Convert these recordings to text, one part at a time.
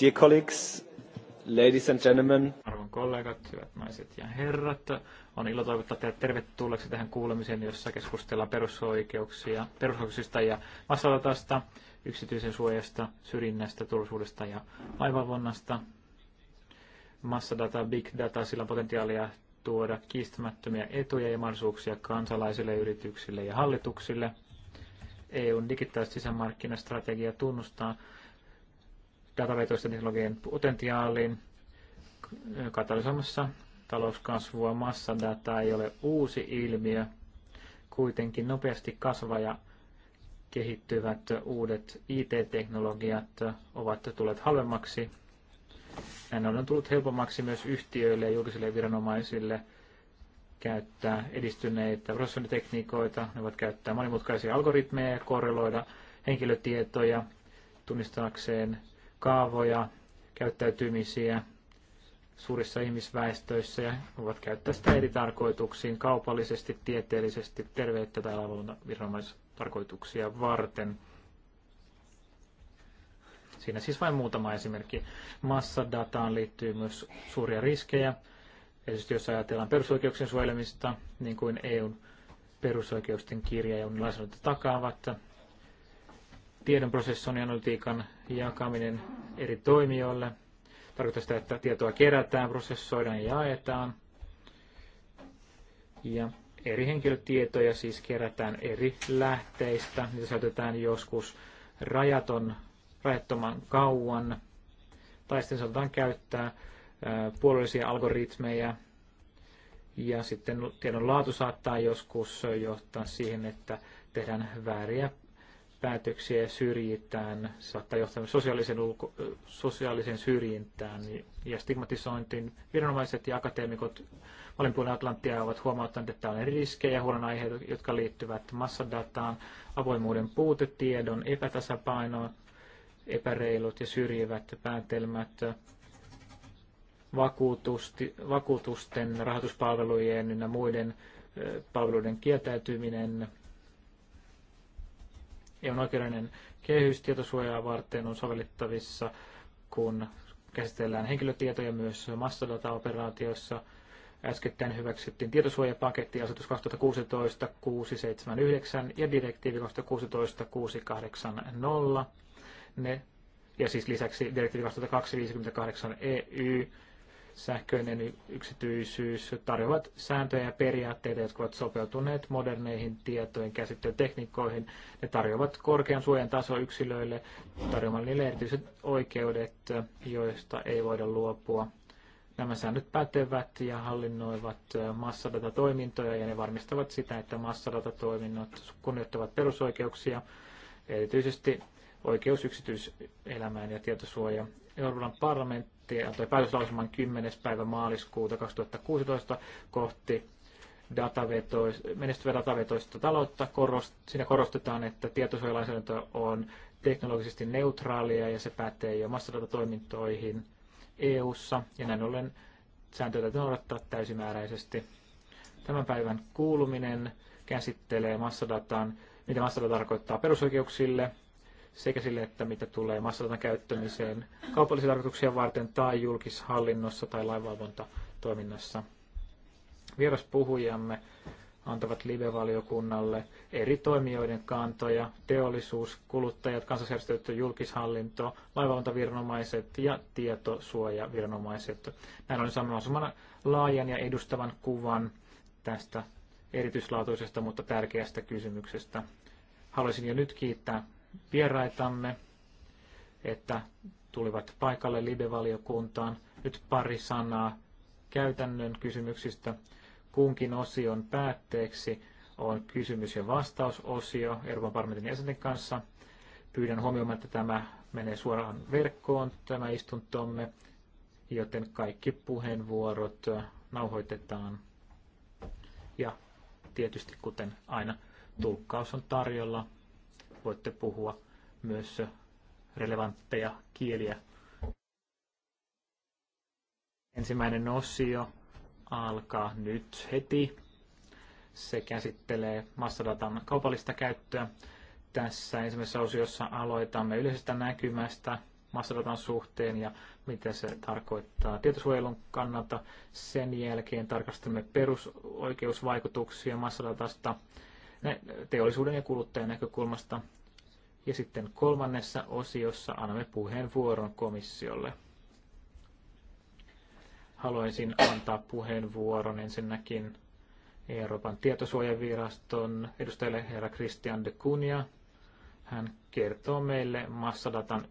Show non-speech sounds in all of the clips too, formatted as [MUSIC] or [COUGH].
Dear colleagues, ladies and gentlemen. Arvon kollegat, hyvät naiset ja herrat, on ilo toivottaa teidät tervetulleeksi tähän kuulemiseen, jossa keskustellaan perusoikeuksia, perusoikeuksista ja vastaanotosta, yksityisen suojasta, syrjinnästä, turvallisuudesta ja lainvalvonnasta. Massadata, big data, sillä on potentiaalia tuoda kiistämättömiä etuja ja mahdollisuuksia kansalaisille, yrityksille ja hallituksille. EUn digitaalista sisämarkkinastrategia tunnustaa datavetoisten teknologian potentiaaliin katalysoimassa talouskasvua. Massadata ei ole uusi ilmiö, kuitenkin nopeasti kasva ja kehittyvät uudet IT-teknologiat ovat tulleet halvemmaksi. Näin on tullut helpommaksi myös yhtiöille ja julkisille viranomaisille käyttää edistyneitä prosessointitekniikoita. Ne voivat käyttää monimutkaisia algoritmeja ja korreloida henkilötietoja tunnistaakseen kaavoja, käyttäytymisiä suurissa ihmisväestöissä ja voivat käyttää sitä eri tarkoituksiin, kaupallisesti, tieteellisesti, terveyttä tai viranomaistarkoituksia varten. Siinä siis vain muutama esimerkki. Massadataan liittyy myös suuria riskejä. Esimerkiksi jos ajatellaan perusoikeuksien suojelemista, niin kuin EUn perusoikeusten kirja ja unilaisuudet takaavat, tiedon prosessoinnin analytiikan jakaminen eri toimijoille. Tarkoittaa sitä, että tietoa kerätään, prosessoidaan ja jaetaan. Ja eri henkilötietoja siis kerätään eri lähteistä. Niitä säilytetään joskus rajaton, rajattoman kauan. Tai sitten saatetaan käyttää puolueellisia algoritmeja. Ja sitten tiedon laatu saattaa joskus johtaa siihen, että tehdään vääriä päätöksiä syrjitään, saattaa johtaa sosiaalisen, ulko, sosiaalisen syrjintään ja stigmatisointiin. Viranomaiset ja akateemikot molemmin puolin Atlanttia ovat huomauttaneet, että on riskejä ja huolenaiheita, jotka liittyvät massadataan, avoimuuden puutetiedon, epätasapainoon, epäreilut ja syrjivät päätelmät, vakuutusten, rahoituspalvelujen ja muiden palveluiden kieltäytyminen, on oikeudellinen kehys tietosuojaa varten on sovellettavissa, kun käsitellään henkilötietoja myös massadata-operaatioissa. Äskettäin hyväksyttiin tietosuojapaketti asetus 2016-679 ja direktiivi 2016-680. Ne, ja siis lisäksi direktiivi 2258 EY sähköinen yksityisyys tarjoavat sääntöjä ja periaatteita, jotka ovat sopeutuneet moderneihin tietojen käsittelytekniikoihin. Ne tarjoavat korkean suojan taso yksilöille tarjoamalla niille erityiset oikeudet, joista ei voida luopua. Nämä säännöt pätevät ja hallinnoivat massadatatoimintoja ja ne varmistavat sitä, että massadatatoiminnot kunnioittavat perusoikeuksia, erityisesti oikeus yksityiselämään ja tietosuoja. Euroopan parlamentti parlamentti antoi päätöslausuman 10. päivä maaliskuuta 2016 kohti datavetoista, menestyvää datavetoista taloutta. Korost, siinä korostetaan, että tietosuojalainsäädäntö on teknologisesti neutraalia ja se pätee jo massadatatoimintoihin EU-ssa ja näin ollen sääntöjä täytyy noudattaa täysimääräisesti. Tämän päivän kuuluminen käsittelee massadatan, mitä massadata tarkoittaa perusoikeuksille, sekä sille, että mitä tulee massatan käyttämiseen kaupallisia tarkoituksia varten tai julkishallinnossa tai lainvalvontatoiminnassa. Vieraspuhujamme antavat live-valiokunnalle eri toimijoiden kantoja, teollisuus, kuluttajat, kansallisjärjestöt, julkishallinto, laivavalvontaviranomaiset ja tietosuojaviranomaiset. Näin on saanut mahdollisimman laajan ja edustavan kuvan tästä erityislaatuisesta, mutta tärkeästä kysymyksestä. Haluaisin jo nyt kiittää vieraitamme, että tulivat paikalle live-valiokuntaan. Nyt pari sanaa käytännön kysymyksistä. Kunkin osion päätteeksi on kysymys- ja vastausosio Euroopan parlamentin jäsenten kanssa. Pyydän huomioimaan, että tämä menee suoraan verkkoon, tämä istuntomme, joten kaikki puheenvuorot äh, nauhoitetaan. Ja tietysti kuten aina tulkkaus on tarjolla voitte puhua myös relevantteja kieliä. Ensimmäinen osio alkaa nyt heti. Se käsittelee massadatan kaupallista käyttöä. Tässä ensimmäisessä osiossa aloitamme yleisestä näkymästä massadatan suhteen ja mitä se tarkoittaa tietosuojelun kannalta. Sen jälkeen tarkastelemme perusoikeusvaikutuksia massadatasta teollisuuden ja kuluttajan näkökulmasta. Ja sitten kolmannessa osiossa annamme puheenvuoron komissiolle. Haluaisin antaa puheenvuoron ensinnäkin Euroopan tietosuojaviraston edustajalle herra Christian de Cunha. Hän kertoo meille massadatan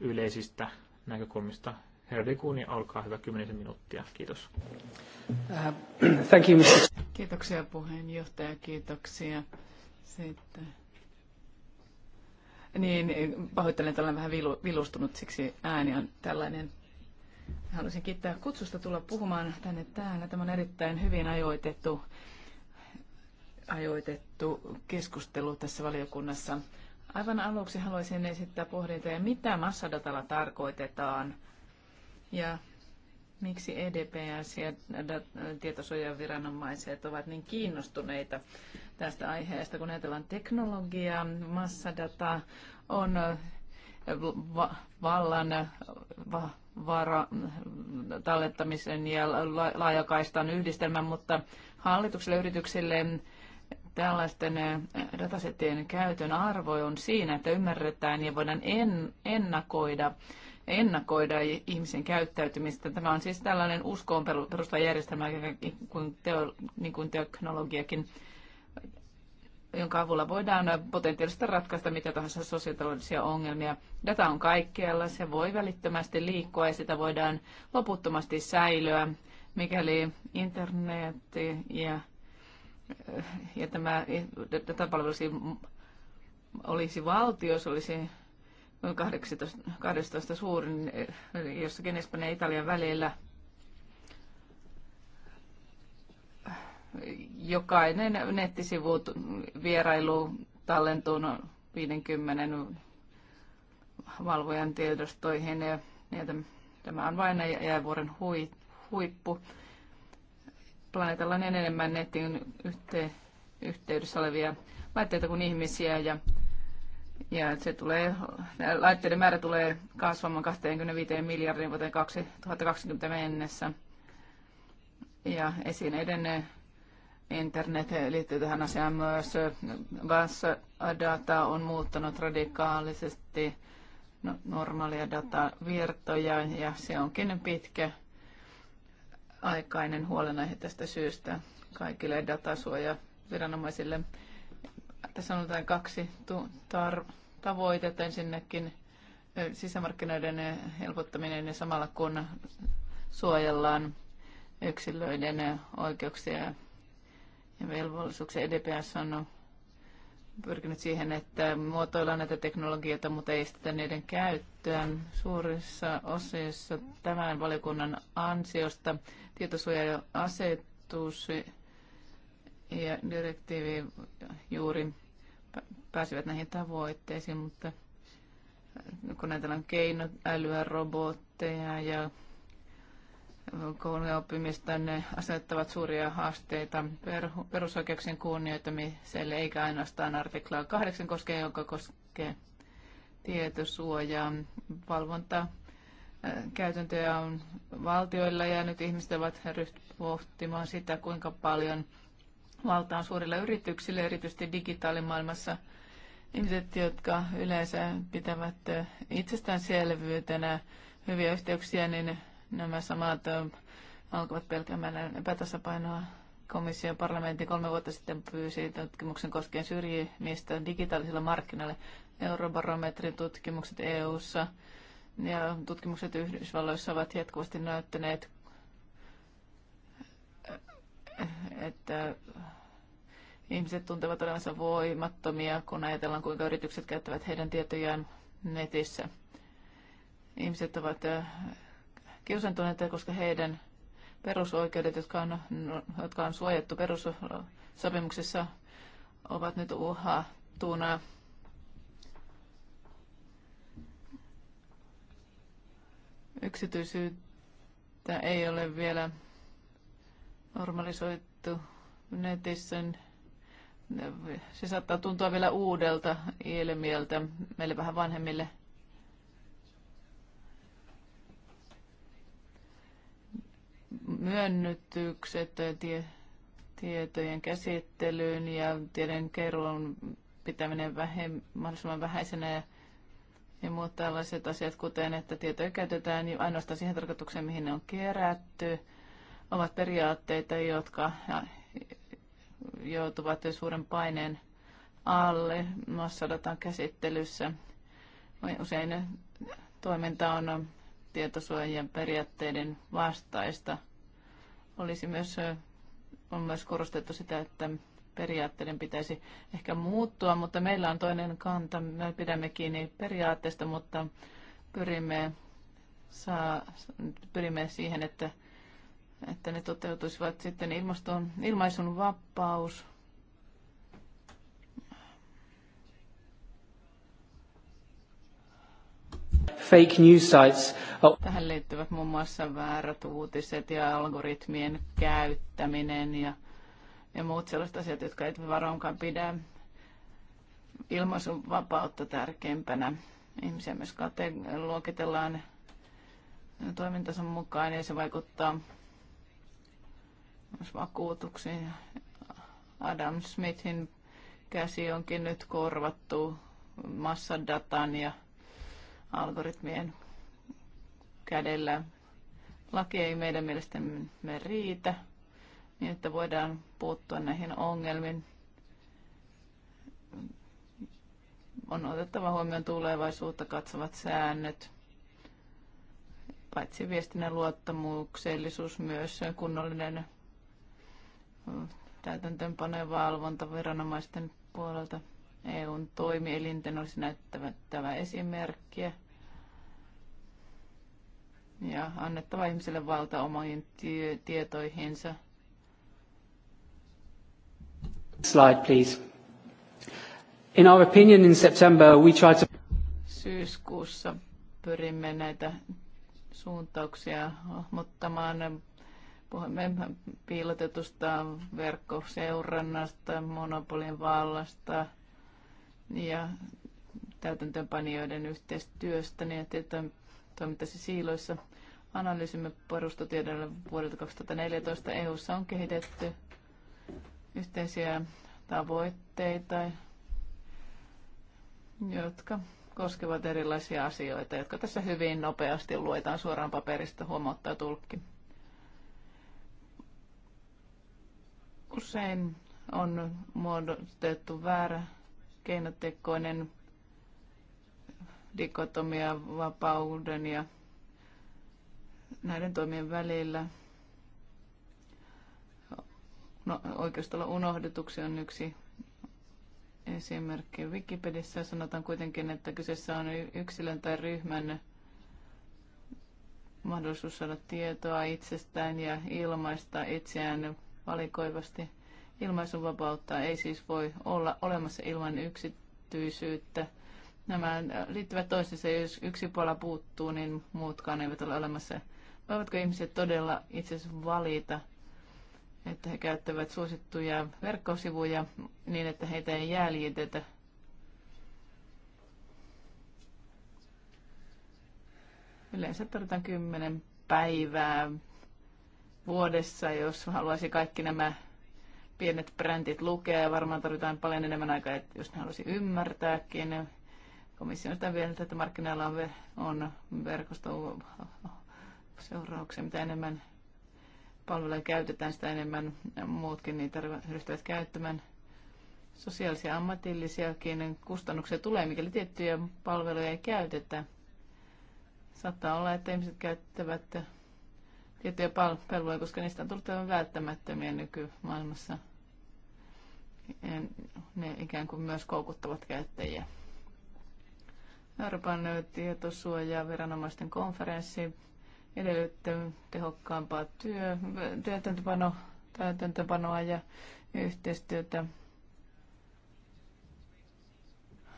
yleisistä näkökulmista. Herra Dekuni, niin olkaa hyvä 10 minuuttia. Kiitos. Äh, thank you, Mr. Kiitoksia puheenjohtaja, kiitoksia. Sitten. Niin, pahoittelen, että olen vähän vilustunut, siksi ääni on tällainen. Haluaisin kiittää kutsusta tulla puhumaan tänne täällä. Tämä on erittäin hyvin ajoitettu, ajoitettu keskustelu tässä valiokunnassa. Aivan aluksi haluaisin esittää pohdintoja, mitä massadatalla tarkoitetaan – ja miksi EDPS ja tietosuojaviranomaiset ovat niin kiinnostuneita tästä aiheesta, kun ajatellaan teknologiaa, massadata on va- vallan va- vara- tallettamisen ja la- laajakaistan yhdistelmän, mutta hallituksille yrityksille tällaisten datasettien käytön arvo on siinä, että ymmärretään ja voidaan en- ennakoida ennakoida ihmisen käyttäytymistä. Tämä on siis tällainen uskoon perustava järjestelmä, kuin teo, niin kuin teknologiakin, jonka avulla voidaan potentiaalisesti ratkaista mitä tahansa sosiaalisia ongelmia. Data on kaikkialla, se voi välittömästi liikkua ja sitä voidaan loputtomasti säilyä, mikäli internet ja, ja tämä datapalvelu olisi valtio, se olisi 18, 12 suurin jossakin Espanjan ja Italian välillä. Jokainen nettisivu vierailu tallentuu 50 no, valvojan tiedostoihin ja, ja tämä on vain jäävuoren hui, huippu. Planeetalla on enemmän netin yhteydessä olevia laitteita kuin ihmisiä ja ja se tulee, laitteiden määrä tulee kasvamaan 25 miljardin vuoteen 2020 mennessä. Ja edenne internet liittyy tähän asiaan myös. Vassa data on muuttanut radikaalisesti no, normaalia datavirtoja ja se onkin pitkä aikainen huolenaihe tästä syystä kaikille datasuojaviranomaisille viranomaisille tässä on kaksi tavoitetta. Ensinnäkin sisämarkkinoiden helpottaminen ja samalla kun suojellaan yksilöiden oikeuksia ja velvollisuuksia. EDPS on pyrkinyt siihen, että muotoillaan näitä teknologioita, mutta ei sitä niiden käyttöä. Suurissa osissa tämän valiokunnan ansiosta tietosuoja-asetus ja direktiivi juuri pääsivät näihin tavoitteisiin, mutta kun ajatellaan keinoälyä, robotteja ja koulun oppimista, niin ne asettavat suuria haasteita perusoikeuksien kunnioittamiselle, eikä ainoastaan artiklaa 8 koskee, joka koskee tietosuojaa. Valvonta käytäntöjä on valtioilla ja nyt ihmiset ovat pohtimaan sitä, kuinka paljon – valtaan suurilla yrityksillä, erityisesti digitaalimaailmassa. Ihmiset, jotka yleensä pitävät itsestäänselvyytenä hyviä yhteyksiä, niin nämä samat alkavat pelkäämään epätasapainoa. Komissio ja parlamentti kolme vuotta sitten pyysi tutkimuksen koskien syrjimistä digitaalisilla markkinoilla. Eurobarometrin tutkimukset EU-ssa ja tutkimukset Yhdysvalloissa ovat jatkuvasti näyttäneet että ihmiset tuntevat olevansa voimattomia, kun ajatellaan, kuinka yritykset käyttävät heidän tietojaan netissä. Ihmiset ovat äh, kiusantuneita, koska heidän perusoikeudet, jotka on, jotka on suojattu perussopimuksessa, ovat nyt uhattuna. Yksityisyyttä ei ole vielä normalisoitu netissä, niin se saattaa tuntua vielä uudelta ilmiöltä meille vähän vanhemmille. Myönnytykset tie, tietojen käsittelyyn ja tiedon keruun pitäminen vähem, mahdollisimman vähäisenä ja, ja muut tällaiset asiat, kuten että tietoja käytetään niin ainoastaan siihen tarkoitukseen, mihin ne on kerätty ovat periaatteita, jotka joutuvat jo suuren paineen alle massadatan käsittelyssä. Usein toiminta on tietosuojan periaatteiden vastaista. Olisi myös, on myös korostettu sitä, että periaatteiden pitäisi ehkä muuttua, mutta meillä on toinen kanta. Me pidämme kiinni periaatteesta, mutta pyrimme, saa, pyrimme siihen, että että ne toteutuisivat sitten ilmaston, ilmaisun vapaus. Fake news sites. Oh. Tähän liittyvät muun muassa väärät uutiset ja algoritmien käyttäminen ja, ja muut sellaiset asiat, jotka eivät varoinkaan pidä ilmaisun vapautta tärkeimpänä. Ihmisiä myös luokitellaan toimintansa mukaan ja se vaikuttaa vakuutuksiin. Adam Smithin käsi onkin nyt korvattu massadatan ja algoritmien kädellä. Laki ei meidän mielestämme riitä, niin että voidaan puuttua näihin ongelmiin. On otettava huomioon tulevaisuutta katsovat säännöt, paitsi viestinnän luottamuksellisuus, myös kunnollinen täytäntöönpanojen valvontaviranomaisten puolelta. EUn toimielinten olisi näyttävä esimerkkiä ja annettava ihmiselle valta omiin tietoihinsa. Slide, please. In our opinion in September we tried to... Syyskuussa pyrimme näitä suuntauksia hahmottamaan Puhumme piilotetusta verkkoseurannasta, monopolin vallasta ja täytäntöönpanijoiden yhteistyöstä niin, että toimittaisi siiloissa. Analyysimme perustotiedolle vuodelta 2014 EU:ssa on kehitetty yhteisiä tavoitteita, jotka koskevat erilaisia asioita, jotka tässä hyvin nopeasti luetaan suoraan paperista, huomauttaa tulkki. Usein on muodostettu väärä keinotekoinen dikotomia vapauden ja näiden toimien välillä. No, oikeastaan unohdetuksi on yksi esimerkki. Wikipedissä sanotaan kuitenkin, että kyseessä on yksilön tai ryhmän mahdollisuus saada tietoa itsestään ja ilmaista itseään valikoivasti. vapautta ei siis voi olla olemassa ilman yksityisyyttä. Nämä liittyvät toisiinsa, jos yksi puola puuttuu, niin muutkaan eivät ole olemassa. Voivatko ihmiset todella itse valita, että he käyttävät suosittuja verkkosivuja niin, että heitä ei jäljitetä Yleensä tarvitaan kymmenen päivää vuodessa, jos haluaisi kaikki nämä pienet brändit lukea. Ja varmaan tarvitaan paljon enemmän aikaa, että jos ne haluaisi ymmärtääkin. Komissio sitä vielä, että markkinoilla on, on verkosto seurauksia, mitä enemmän palveluja käytetään, sitä enemmän muutkin niitä ryhtyvät käyttämään. Sosiaalisia ammatillisiakin kustannuksia tulee, mikäli tiettyjä palveluja ei käytetä. Saattaa olla, että ihmiset käyttävät tiettyjä palveluja, koska niistä on tullut aivan välttämättömiä nykymaailmassa. Ne ikään kuin myös koukuttavat käyttäjiä. Euroopan tietosuojaa viranomaisten konferenssi edellyttää tehokkaampaa työ, täytäntöpanoa ja yhteistyötä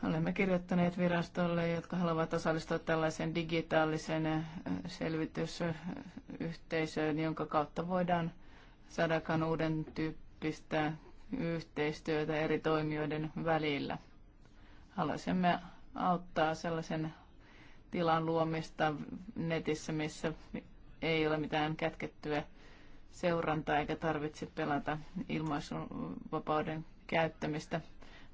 Olemme kirjoittaneet virastolle, jotka haluavat osallistua tällaisen digitaalisen eh, selvitysyhteisöön, jonka kautta voidaan saadakaan uuden tyyppistä yhteistyötä eri toimijoiden välillä. Haluaisimme auttaa sellaisen tilan luomista netissä, missä ei ole mitään kätkettyä seurantaa eikä tarvitse pelata ilmaisuvapauden käyttämistä –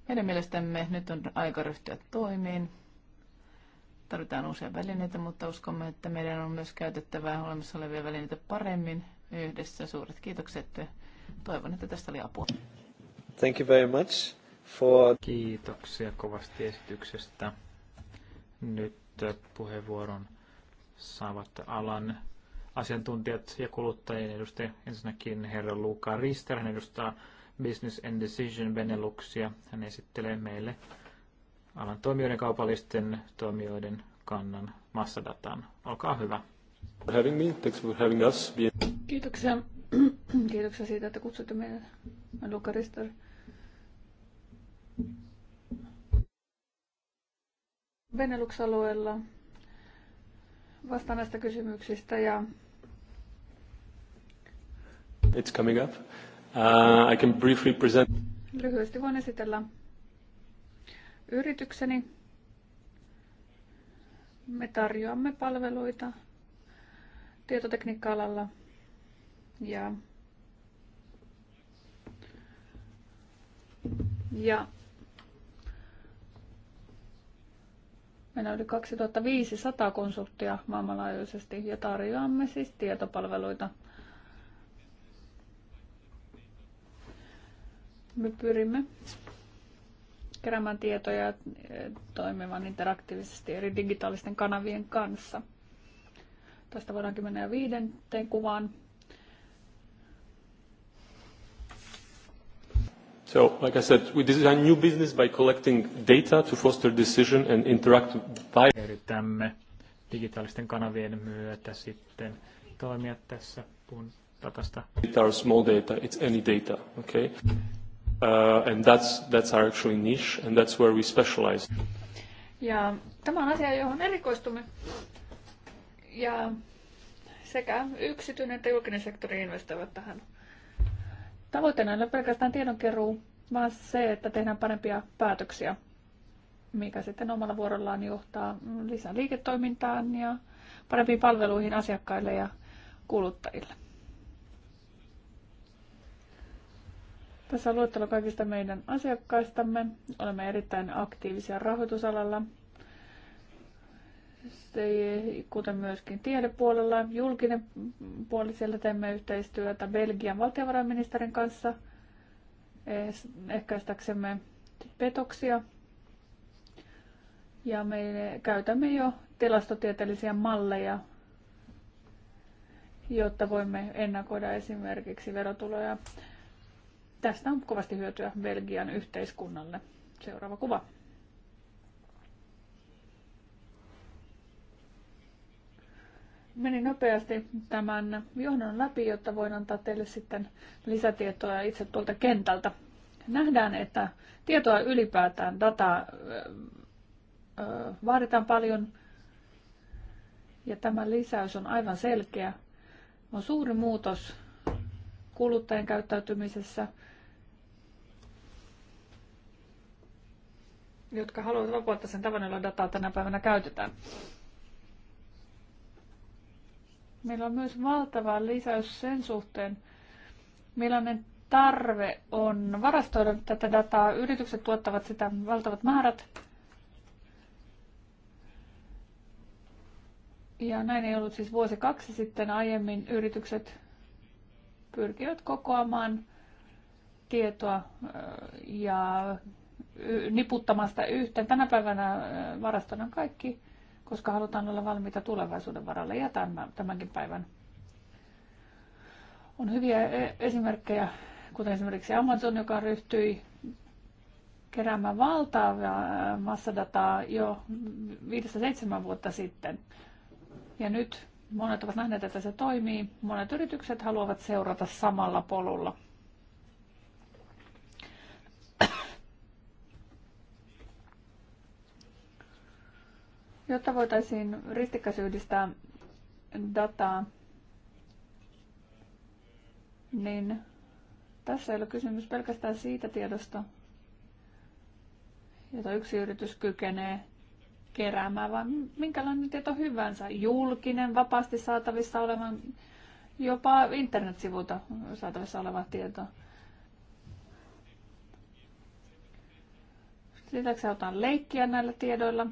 meidän mielestämme nyt on aika ryhtyä toimiin. Tarvitaan uusia välineitä, mutta uskomme, että meidän on myös käytettävää olemassa olevia välineitä paremmin yhdessä. Suuret kiitokset. Toivon, että tästä oli apua. Thank you very much for... Kiitoksia kovasti esityksestä. Nyt äh, puheenvuoron saavat alan asiantuntijat ja kuluttajien edustajat. Ensinnäkin herra Luka Rister, hän edustaa Business and Decision Beneluxia. Hän esittelee meille alan toimijoiden kaupallisten toimijoiden kannan massadataan. Olkaa hyvä. Having me. Thanks for having us. Kiitoksia. [CLEARS THROAT] Kiitoksia siitä, että kutsutte meidät. Luka Ristar. Benelux-alueella vastaan näistä kysymyksistä ja It's coming up. Uh, I can briefly present... Lyhyesti voin esitellä yritykseni. Me tarjoamme palveluita tietotekniikka-alalla ja, ja Meillä oli 2500 konsulttia maailmanlaajuisesti ja tarjoamme siis tietopalveluita – Me pyrimme keräämään tietoja eh, toimimaan interaktiivisesti eri digitaalisten kanavien kanssa. Tästä voidaankin mennä viidenteen kuvaan. So, like I said, we design new business by collecting data to foster decision and interact by... Yritämme digitaalisten kanavien myötä sitten toimia tässä, kun datasta. Data or small data, it's any data, okay? Uh, and that's, that's our actually niche, and that's where we specialize. Ja tämä on asia, johon erikoistumme. Ja sekä yksityinen että julkinen sektori investoivat tähän. Tavoitteena ei ole pelkästään tiedonkeruu, vaan se, että tehdään parempia päätöksiä, mikä sitten omalla vuorollaan johtaa lisää liiketoimintaan ja parempiin palveluihin asiakkaille ja kuluttajille. Tässä on luettelo kaikista meidän asiakkaistamme. Olemme erittäin aktiivisia rahoitusalalla, kuten myöskin tiedepuolella. Julkinen puoli siellä teemme yhteistyötä Belgian valtiovarainministerin kanssa ehkäistäksemme petoksia. Ja me käytämme jo tilastotieteellisiä malleja, jotta voimme ennakoida esimerkiksi verotuloja Tästä on kovasti hyötyä Belgian yhteiskunnalle. Seuraava kuva. Menin nopeasti tämän johdon läpi, jotta voin antaa teille sitten lisätietoa itse tuolta kentältä. Nähdään, että tietoa ylipäätään, dataa vaaditaan paljon ja tämä lisäys on aivan selkeä. On suuri muutos kuluttajien käyttäytymisessä – jotka haluavat vapauttaa sen tavan, jolla dataa tänä päivänä käytetään. Meillä on myös valtava lisäys sen suhteen, millainen tarve on varastoida tätä dataa. Yritykset tuottavat sitä valtavat määrät. Ja näin ei ollut siis vuosi kaksi sitten aiemmin yritykset pyrkivät kokoamaan tietoa ja niputtamasta yhteen. Tänä päivänä äh, varastellaan kaikki, koska halutaan olla valmiita tulevaisuuden varalle ja tämän, tämänkin päivän. On hyviä e- esimerkkejä, kuten esimerkiksi Amazon, joka ryhtyi keräämään valtavaa äh, massadataa jo 5-7 vuotta sitten. Ja nyt monet ovat nähneet, että se toimii. Monet yritykset haluavat seurata samalla polulla – jotta voitaisiin ristikkäs yhdistää dataa, niin tässä ei ole kysymys pelkästään siitä tiedosta, jota yksi yritys kykenee keräämään, vaan minkälainen tieto hyvänsä, julkinen, vapaasti saatavissa olevan, jopa internetsivuilta saatavissa oleva tieto. Lisäksi otan leikkiä näillä tiedoilla,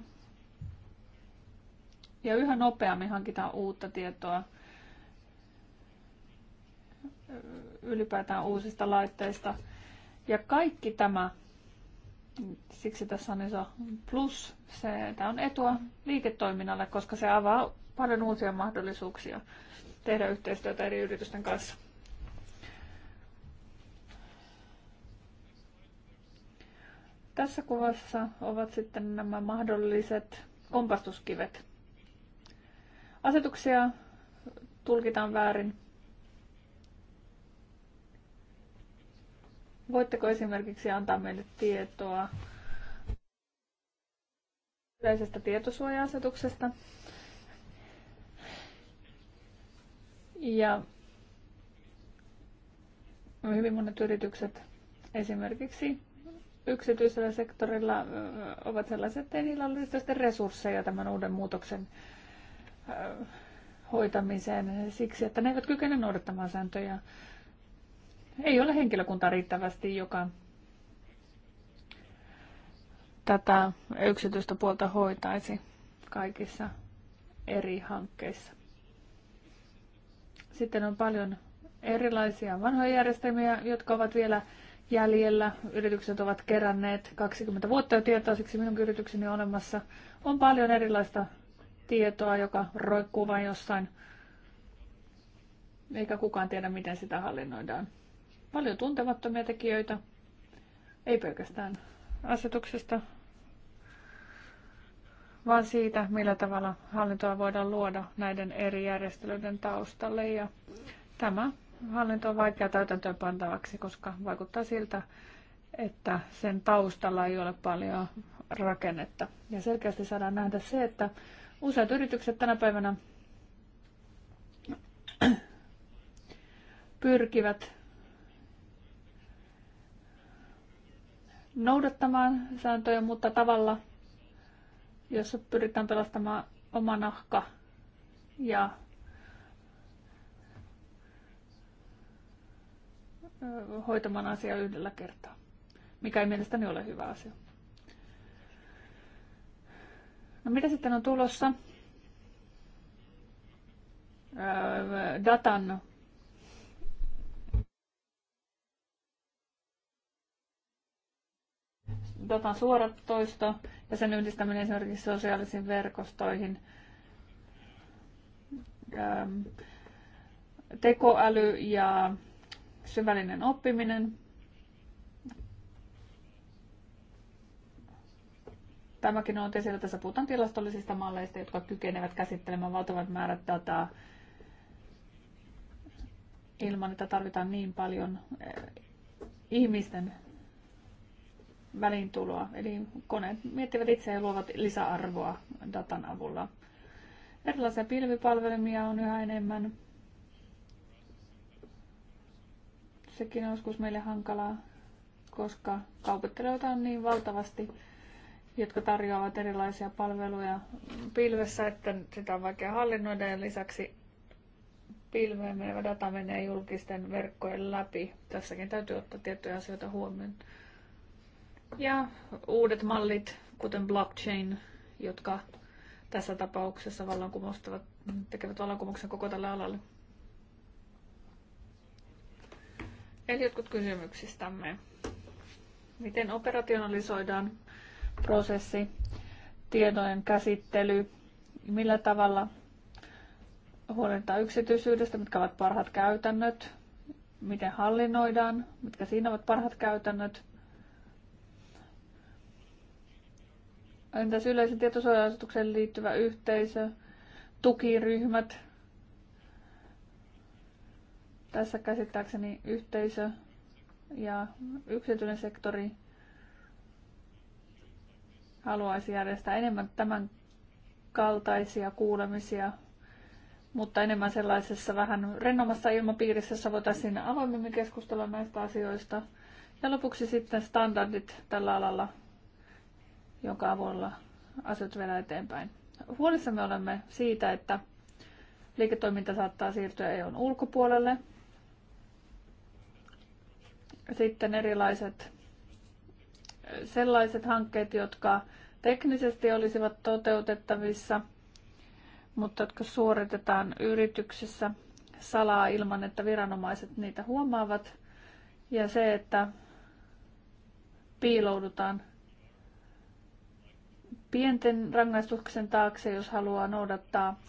ja yhä nopeammin hankitaan uutta tietoa ylipäätään uusista laitteista. Ja kaikki tämä, siksi tässä on iso plus, se, tämä on etua liiketoiminnalle, koska se avaa paljon uusia mahdollisuuksia tehdä yhteistyötä eri yritysten kanssa. Tässä kuvassa ovat sitten nämä mahdolliset kompastuskivet. Asetuksia tulkitaan väärin. Voitteko esimerkiksi antaa meille tietoa yleisestä tietosuoja-asetuksesta? Ja hyvin monet yritykset esimerkiksi yksityisellä sektorilla ovat sellaiset, että ei niillä ole resursseja tämän uuden muutoksen hoitamiseen siksi, että ne eivät kykene noudattamaan sääntöjä. Ei ole henkilökuntaa riittävästi, joka tätä yksityistä puolta hoitaisi kaikissa eri hankkeissa. Sitten on paljon erilaisia vanhoja järjestelmiä, jotka ovat vielä jäljellä. Yritykset ovat keränneet 20 vuotta jo tietoa, siksi minun yritykseni on olemassa. On paljon erilaista tietoa, joka roikkuu vain jossain, eikä kukaan tiedä, miten sitä hallinnoidaan. Paljon tuntemattomia tekijöitä, ei pelkästään asetuksesta, vaan siitä, millä tavalla hallintoa voidaan luoda näiden eri järjestelyiden taustalle. Ja tämä hallinto on vaikea täytäntöön pantavaksi, koska vaikuttaa siltä, että sen taustalla ei ole paljon rakennetta. Ja selkeästi saadaan nähdä se, että Useat yritykset tänä päivänä [CLEARS THROAT] pyrkivät noudattamaan sääntöjä, mutta tavalla, jossa pyritään pelastamaan oma nahka ja hoitamaan asia yhdellä kertaa, mikä ei mielestäni ole hyvä asia. No mitä sitten on tulossa? Öö, datan datan suoratoisto ja sen yhdistäminen esimerkiksi sosiaalisiin verkostoihin. Öö, tekoäly ja syvällinen oppiminen. Tämäkin on esillä. Tässä puhutaan tilastollisista malleista, jotka kykenevät käsittelemään valtavat määrät dataa ilman, että tarvitaan niin paljon eh, ihmisten välintuloa. Eli koneet miettivät itse ja luovat lisäarvoa datan avulla. Erilaisia pilvipalvelimia on yhä enemmän. Sekin on joskus meille hankalaa, koska kaupittelijoita on niin valtavasti jotka tarjoavat erilaisia palveluja pilvessä, että sitä on vaikea hallinnoida ja lisäksi pilveen menevä data menee julkisten verkkojen läpi. Tässäkin täytyy ottaa tiettyjä asioita huomioon. Ja uudet mallit, kuten blockchain, jotka tässä tapauksessa vallankumoustavat, tekevät vallankumouksen koko tälle alalle. Eli jotkut kysymyksistämme. Miten operationalisoidaan prosessi, tietojen käsittely, millä tavalla huolehditaan yksityisyydestä, mitkä ovat parhaat käytännöt, miten hallinnoidaan, mitkä siinä ovat parhaat käytännöt. Entäs yleisen tietosuoja liittyvä yhteisö, tukiryhmät? Tässä käsittääkseni yhteisö ja yksityinen sektori haluaisi järjestää enemmän tämän kaltaisia kuulemisia, mutta enemmän sellaisessa vähän rennomassa ilmapiirissä, jossa voitaisiin avoimemmin keskustella näistä asioista. Ja lopuksi sitten standardit tällä alalla, jonka avulla asiat vielä eteenpäin. Huolissamme olemme siitä, että liiketoiminta saattaa siirtyä EUn ulkopuolelle. Sitten erilaiset sellaiset hankkeet, jotka teknisesti olisivat toteutettavissa, mutta jotka suoritetaan yrityksessä salaa ilman, että viranomaiset niitä huomaavat. Ja se, että piiloudutaan pienten rangaistuksen taakse, jos haluaa noudattaa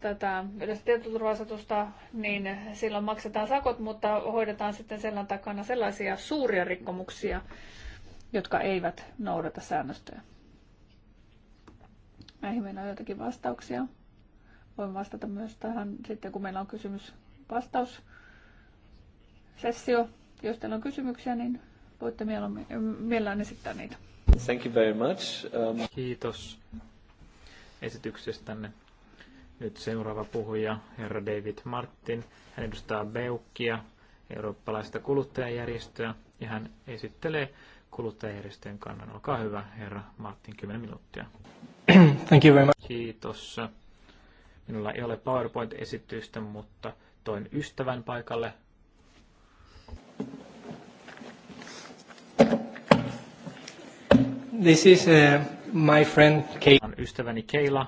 tätä yleistä tietoturva niin silloin maksetaan sakot, mutta hoidetaan sitten sellan takana sellaisia suuria rikkomuksia, jotka eivät noudata säännöstöjä. Näihin meillä on joitakin vastauksia. Voin vastata myös tähän sitten, kun meillä on kysymys vastaus sessio. Jos teillä on kysymyksiä, niin voitte mielellään esittää niitä. Thank you very much. Um... Kiitos esityksestänne. Nyt seuraava puhuja, herra David Martin. Hän edustaa Beukia, eurooppalaista kuluttajajärjestöä, ja hän esittelee kuluttajajärjestöjen kannan. Olkaa hyvä, herra Martin, 10 minuuttia. Thank you very much. Kiitos. Minulla ei ole PowerPoint-esitystä, mutta toin ystävän paikalle. This is uh, my friend Keila. Ystäväni Keila.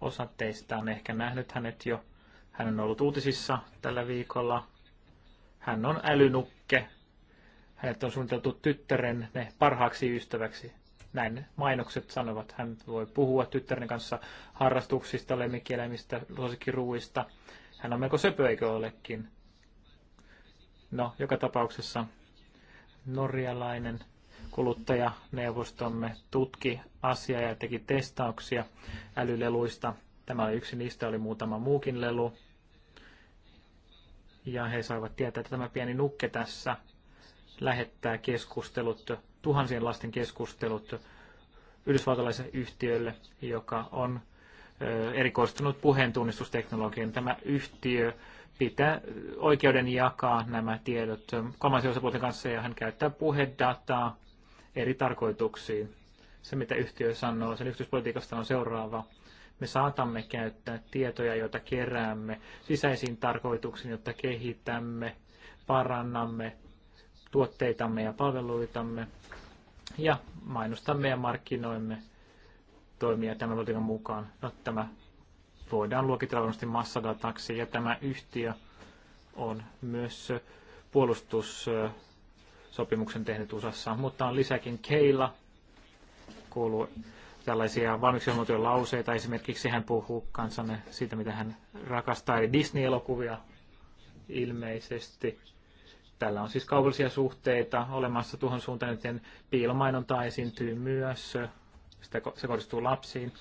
Osa teistä on ehkä nähnyt hänet jo. Hän on ollut uutisissa tällä viikolla. Hän on älynukke. Hänet on suunniteltu tyttären ne parhaaksi ystäväksi. Näin mainokset sanovat. Hän voi puhua tyttären kanssa harrastuksista, lemmikkieläimistä, suosikkiruuista. Hän on melko söpö, eikö olekin? No, joka tapauksessa norjalainen kuluttajaneuvostomme tutki asiaa ja teki testauksia älyleluista. Tämä oli yksi niistä, oli muutama muukin lelu. Ja he saivat tietää, että tämä pieni nukke tässä lähettää keskustelut tuhansien lasten keskustelut yhdysvaltalaisen yhtiölle, joka on erikoistunut puheentunnistusteknologian. Tämä yhtiö pitää oikeuden jakaa nämä tiedot kolmansien osapuolten kanssa ja hän käyttää puhedataa eri tarkoituksiin. Se, mitä yhtiö sanoo sen yhteispolitiikasta on seuraava. Me saatamme käyttää tietoja, joita keräämme sisäisiin tarkoituksiin, jotta kehitämme, parannamme tuotteitamme ja palveluitamme ja mainostamme ja markkinoimme toimia tämän logiikan mukaan. No, tämä voidaan luokitella varmasti massadataksi ja tämä yhtiö on myös puolustussopimuksen tehnyt USAssa, mutta on lisäkin Keila, kuuluu tällaisia valmiiksi ilmoituja lauseita. Esimerkiksi hän puhuu kansanne siitä, mitä hän rakastaa, eli Disney-elokuvia ilmeisesti. Tällä on siis kaupallisia suhteita olemassa tuohon suuntaan, joten piilomainonta esiintyy myös. Sitä, se kohdistuu lapsiin.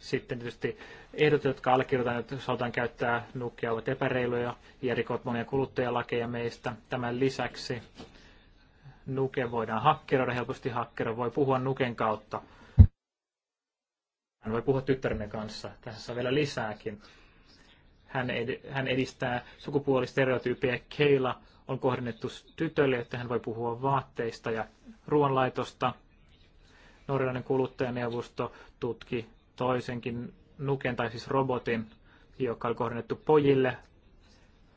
Sitten tietysti ehdot, jotka allekirjoitetaan, että saadaan käyttää nukkia, ovat epäreiluja ja rikot monia kuluttajalakeja meistä. Tämän lisäksi nuke voidaan hakkeroida, helposti hakkero voi puhua nuken kautta. Hän voi puhua tyttärenne kanssa. Tässä on vielä lisääkin. Hän, ed- hän edistää sukupuolistereotyyppiä Keila on kohdennettu tytölle, että hän voi puhua vaatteista ja ruoanlaitosta. Norjalainen kuluttajaneuvosto tutki toisenkin nuken, tai siis robotin, joka oli kohdennettu pojille.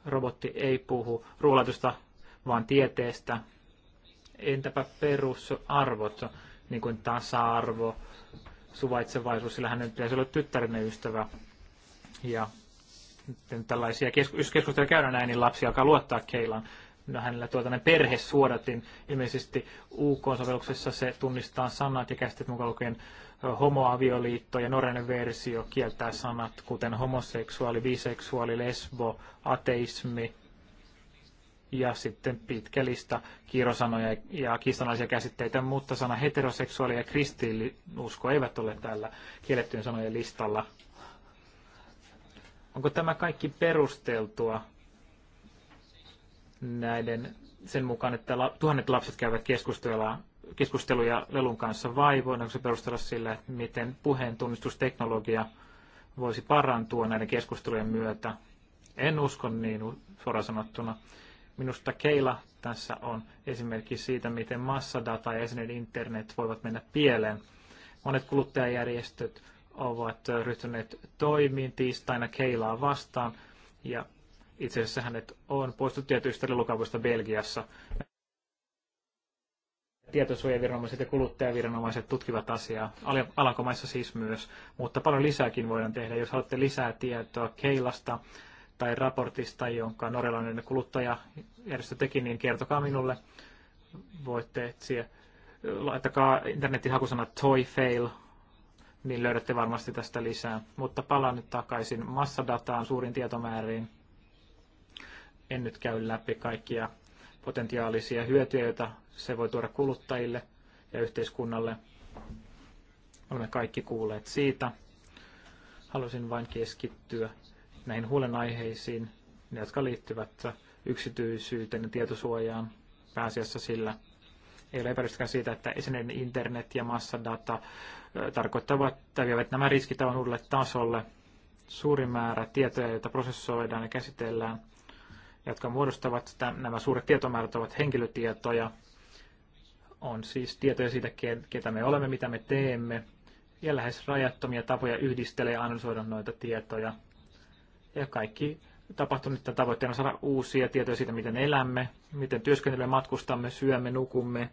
Robotti ei puhu ruoanlaitosta, vaan tieteestä. Entäpä perusarvot, niin kuin tasa-arvo, suvaitsevaisuus, sillä hänen pitäisi olla tyttärinen ystävä. Ja sitten tällaisia, kesku- jos keskustelua käydään näin, niin lapsi alkaa luottaa Keilan. No, hänellä tuota perhe suodatin. Ilmeisesti UK-sovelluksessa se tunnistaa sanat ja käsitteet mukaan lukien homoavioliitto ja norjainen versio kieltää sanat, kuten homoseksuaali, biseksuaali, lesbo, ateismi ja sitten pitkä lista kirosanoja ja kiistanalaisia käsitteitä, mutta sana heteroseksuaali ja usko eivät ole täällä kiellettyjen sanojen listalla. Onko tämä kaikki perusteltua näiden sen mukaan, että la, tuhannet lapset käyvät keskustelua, keskusteluja lelun kanssa vai voidaanko se perustella sillä, että miten puheen tunnistusteknologia voisi parantua näiden keskustelujen myötä? En usko niin suoraan sanottuna. Minusta Keila tässä on esimerkki siitä, miten massadata ja esineiden internet voivat mennä pieleen. Monet kuluttajajärjestöt ovat ryhtyneet toimiin tiistaina Keilaa vastaan ja itse asiassa hänet on poistettu tietyistä lelukaupoista Belgiassa. Tietosuojaviranomaiset ja kuluttajaviranomaiset tutkivat asiaa, Alankomaissa siis myös, mutta paljon lisääkin voidaan tehdä. Jos haluatte lisää tietoa Keilasta tai raportista, jonka norjalainen kuluttajajärjestö teki, niin kertokaa minulle. Voitte etsiä, laittakaa internetin hakusana toy fail niin löydätte varmasti tästä lisää. Mutta palaan nyt takaisin massadataan, suurin tietomääriin. En nyt käy läpi kaikkia potentiaalisia hyötyjä, joita se voi tuoda kuluttajille ja yhteiskunnalle. Olemme kaikki kuulleet siitä. Halusin vain keskittyä näihin huolenaiheisiin, jotka liittyvät yksityisyyteen ja tietosuojaan pääasiassa sillä ei ole epäilystäkään siitä, että esineiden internet ja massadata tarkoittavat että vievät nämä riskit aivan uudelle tasolle. Suuri määrä tietoja, joita prosessoidaan ja käsitellään, jotka muodostavat nämä suuret tietomäärät ovat henkilötietoja, on siis tietoja siitä, ketä me olemme, mitä me teemme, ja lähes rajattomia tapoja yhdistellä ja analysoida noita tietoja. Ja kaikki tapahtuu nyt tavoitteena saada uusia tietoja siitä, miten elämme, miten työskentelemme, matkustamme, syömme, nukumme,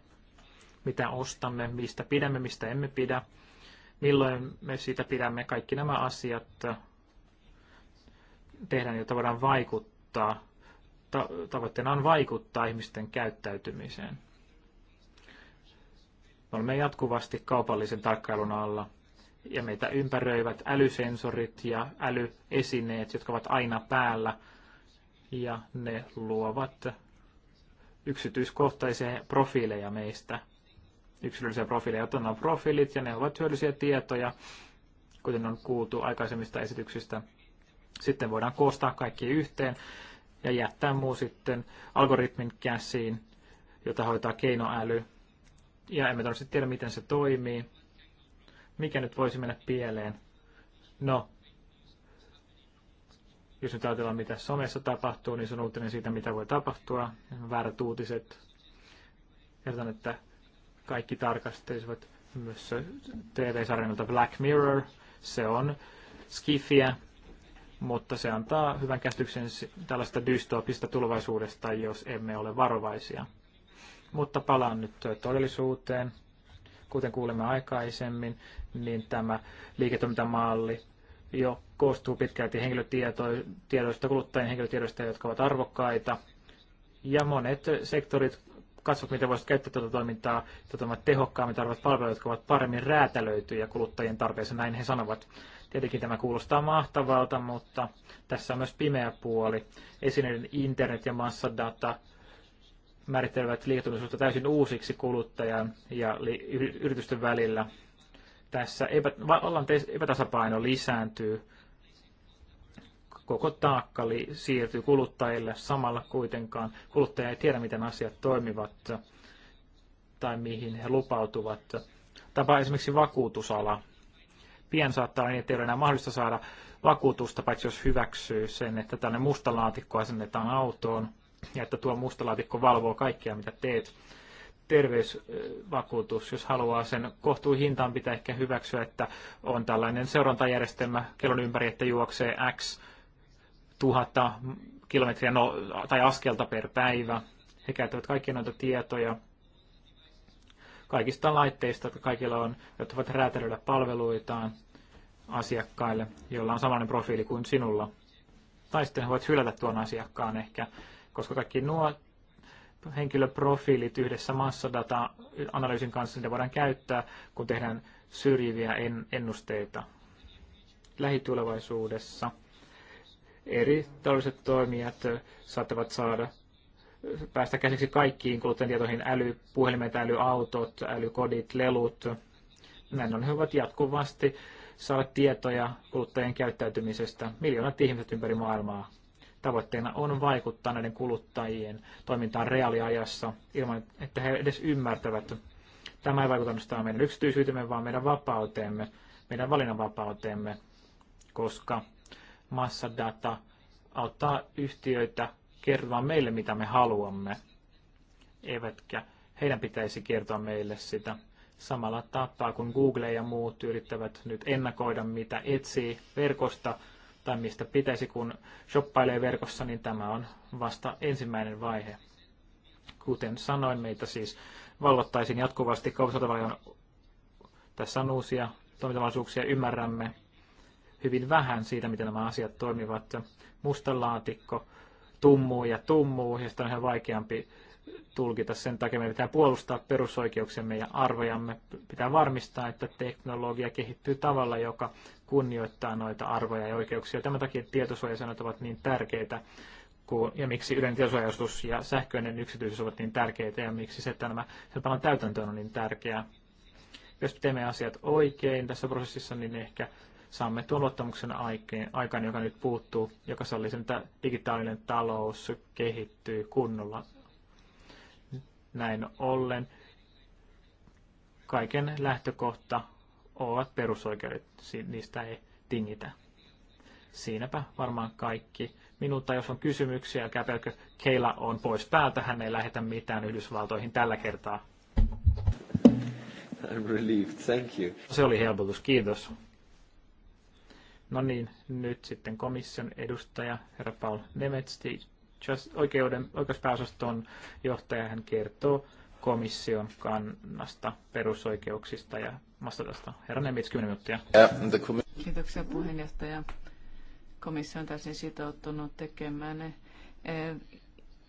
mitä ostamme, mistä pidämme, mistä emme pidä, milloin me siitä pidämme kaikki nämä asiat tehdään, jotta voidaan vaikuttaa. Tavoitteena on vaikuttaa ihmisten käyttäytymiseen. Me olemme jatkuvasti kaupallisen tarkkailun alla ja meitä ympäröivät älysensorit ja älyesineet, jotka ovat aina päällä ja ne luovat yksityiskohtaisia profiileja meistä yksilöllisiä profiileja, joten on profiilit ja ne ovat hyödyllisiä tietoja, kuten on kuultu aikaisemmista esityksistä. Sitten voidaan koostaa kaikki yhteen ja jättää muu sitten algoritmin käsiin, jota hoitaa keinoäly. Ja emme todennäköisesti tiedä, miten se toimii. Mikä nyt voisi mennä pieleen? No, jos nyt ajatellaan, mitä somessa tapahtuu, niin se on uutinen siitä, mitä voi tapahtua. Väärät uutiset. Ehdotan, että kaikki tarkastelisivat myös TV-sarjalta Black Mirror. Se on skifiä, mutta se antaa hyvän käsityksen tällaista dystopista tulevaisuudesta, jos emme ole varovaisia. Mutta palaan nyt todellisuuteen. Kuten kuulemme aikaisemmin, niin tämä liiketoimintamalli jo koostuu pitkälti henkilötietoista, kuluttajien henkilötiedoista, jotka ovat arvokkaita. Ja monet sektorit katsot, miten voisit käyttää tätä toimintaa, tätä tehokkaammin tarvitset palveluita, jotka ovat paremmin räätälöityjä kuluttajien tarpeeseen, näin he sanovat. Tietenkin tämä kuulostaa mahtavalta, mutta tässä on myös pimeä puoli. Esineiden internet ja massadata määrittelevät liiketoimisuutta täysin uusiksi kuluttajan ja yritysten välillä. Tässä epä, vallan epätasapaino lisääntyy koko taakka siirtyy kuluttajille samalla kuitenkaan. Kuluttaja ei tiedä, miten asiat toimivat tai mihin he lupautuvat. Tapa esimerkiksi vakuutusala. pien saattaa niin, että ei ole enää mahdollista saada vakuutusta, paitsi jos hyväksyy sen, että tänne musta laatikko asennetaan autoon ja että tuo musta laatikko valvoo kaikkea, mitä teet. Terveysvakuutus, jos haluaa sen kohtuuhintaan, pitää ehkä hyväksyä, että on tällainen seurantajärjestelmä kellon ympäri, että juoksee X tuhatta kilometriä no, tai askelta per päivä. He käyttävät kaikkia noita tietoja kaikista laitteista, jotka kaikilla on, jotka voivat räätälöidä palveluitaan asiakkaille, joilla on samanlainen profiili kuin sinulla. Tai sitten voit hylätä tuon asiakkaan ehkä, koska kaikki nuo henkilöprofiilit yhdessä massadata-analyysin kanssa, ne voidaan käyttää, kun tehdään syrjiviä ennusteita lähitulevaisuudessa eri taloudelliset toimijat saattavat saada päästä käsiksi kaikkiin kuluttajatietoihin, älypuhelimet, älyautot, älykodit, lelut. Näin on, hyvät jatkuvasti saada tietoja kuluttajien käyttäytymisestä. Miljoonat ihmiset ympäri maailmaa. Tavoitteena on vaikuttaa näiden kuluttajien toimintaan reaaliajassa ilman, että he edes ymmärtävät. Tämä ei vaikuta nostaa meidän yksityisyytemme, vaan meidän vapauteemme, meidän valinnanvapauteemme, koska massadata auttaa yhtiöitä kertomaan meille, mitä me haluamme, eivätkä heidän pitäisi kertoa meille sitä samalla tapaa, kun Google ja muut yrittävät nyt ennakoida, mitä etsii verkosta tai mistä pitäisi, kun shoppailee verkossa, niin tämä on vasta ensimmäinen vaihe. Kuten sanoin, meitä siis vallottaisiin jatkuvasti kaupasotavalion. Tässä on uusia toimintavaisuuksia, ymmärrämme, hyvin vähän siitä, miten nämä asiat toimivat. Musta laatikko tummuu ja tummuu, ja sitä on ihan vaikeampi tulkita. Sen takia meidän pitää puolustaa perusoikeuksemme ja arvojamme. Pitää varmistaa, että teknologia kehittyy tavalla, joka kunnioittaa noita arvoja ja oikeuksia. Tämän takia tietosuojasanat ovat niin tärkeitä, kuin ja miksi yleinen tietosuojaustus ja sähköinen yksityisyys ovat niin tärkeitä, ja miksi se, että nämä sen täytäntöön on niin tärkeää. Jos teemme asiat oikein tässä prosessissa, niin ehkä saamme tuon luottamuksen aikaan, joka nyt puuttuu, joka sallii sen, että digitaalinen talous kehittyy kunnolla. Näin ollen kaiken lähtökohta ovat perusoikeudet, niistä ei tingitä. Siinäpä varmaan kaikki. Minulta, jos on kysymyksiä, älkää pelkö, Keila on pois päältä, hän ei lähetä mitään Yhdysvaltoihin tällä kertaa. I'm relieved, thank you. Se oli helpotus, kiitos. No niin, nyt sitten komission edustaja, herra Paul Nemets, oikeuden, oikeuspääosaston johtaja, hän kertoo komission kannasta perusoikeuksista ja vastausta. Herra Nemets, 10 minuuttia. Kiitoksia puheenjohtaja. Komissio on täysin sitoutunut tekemään eh,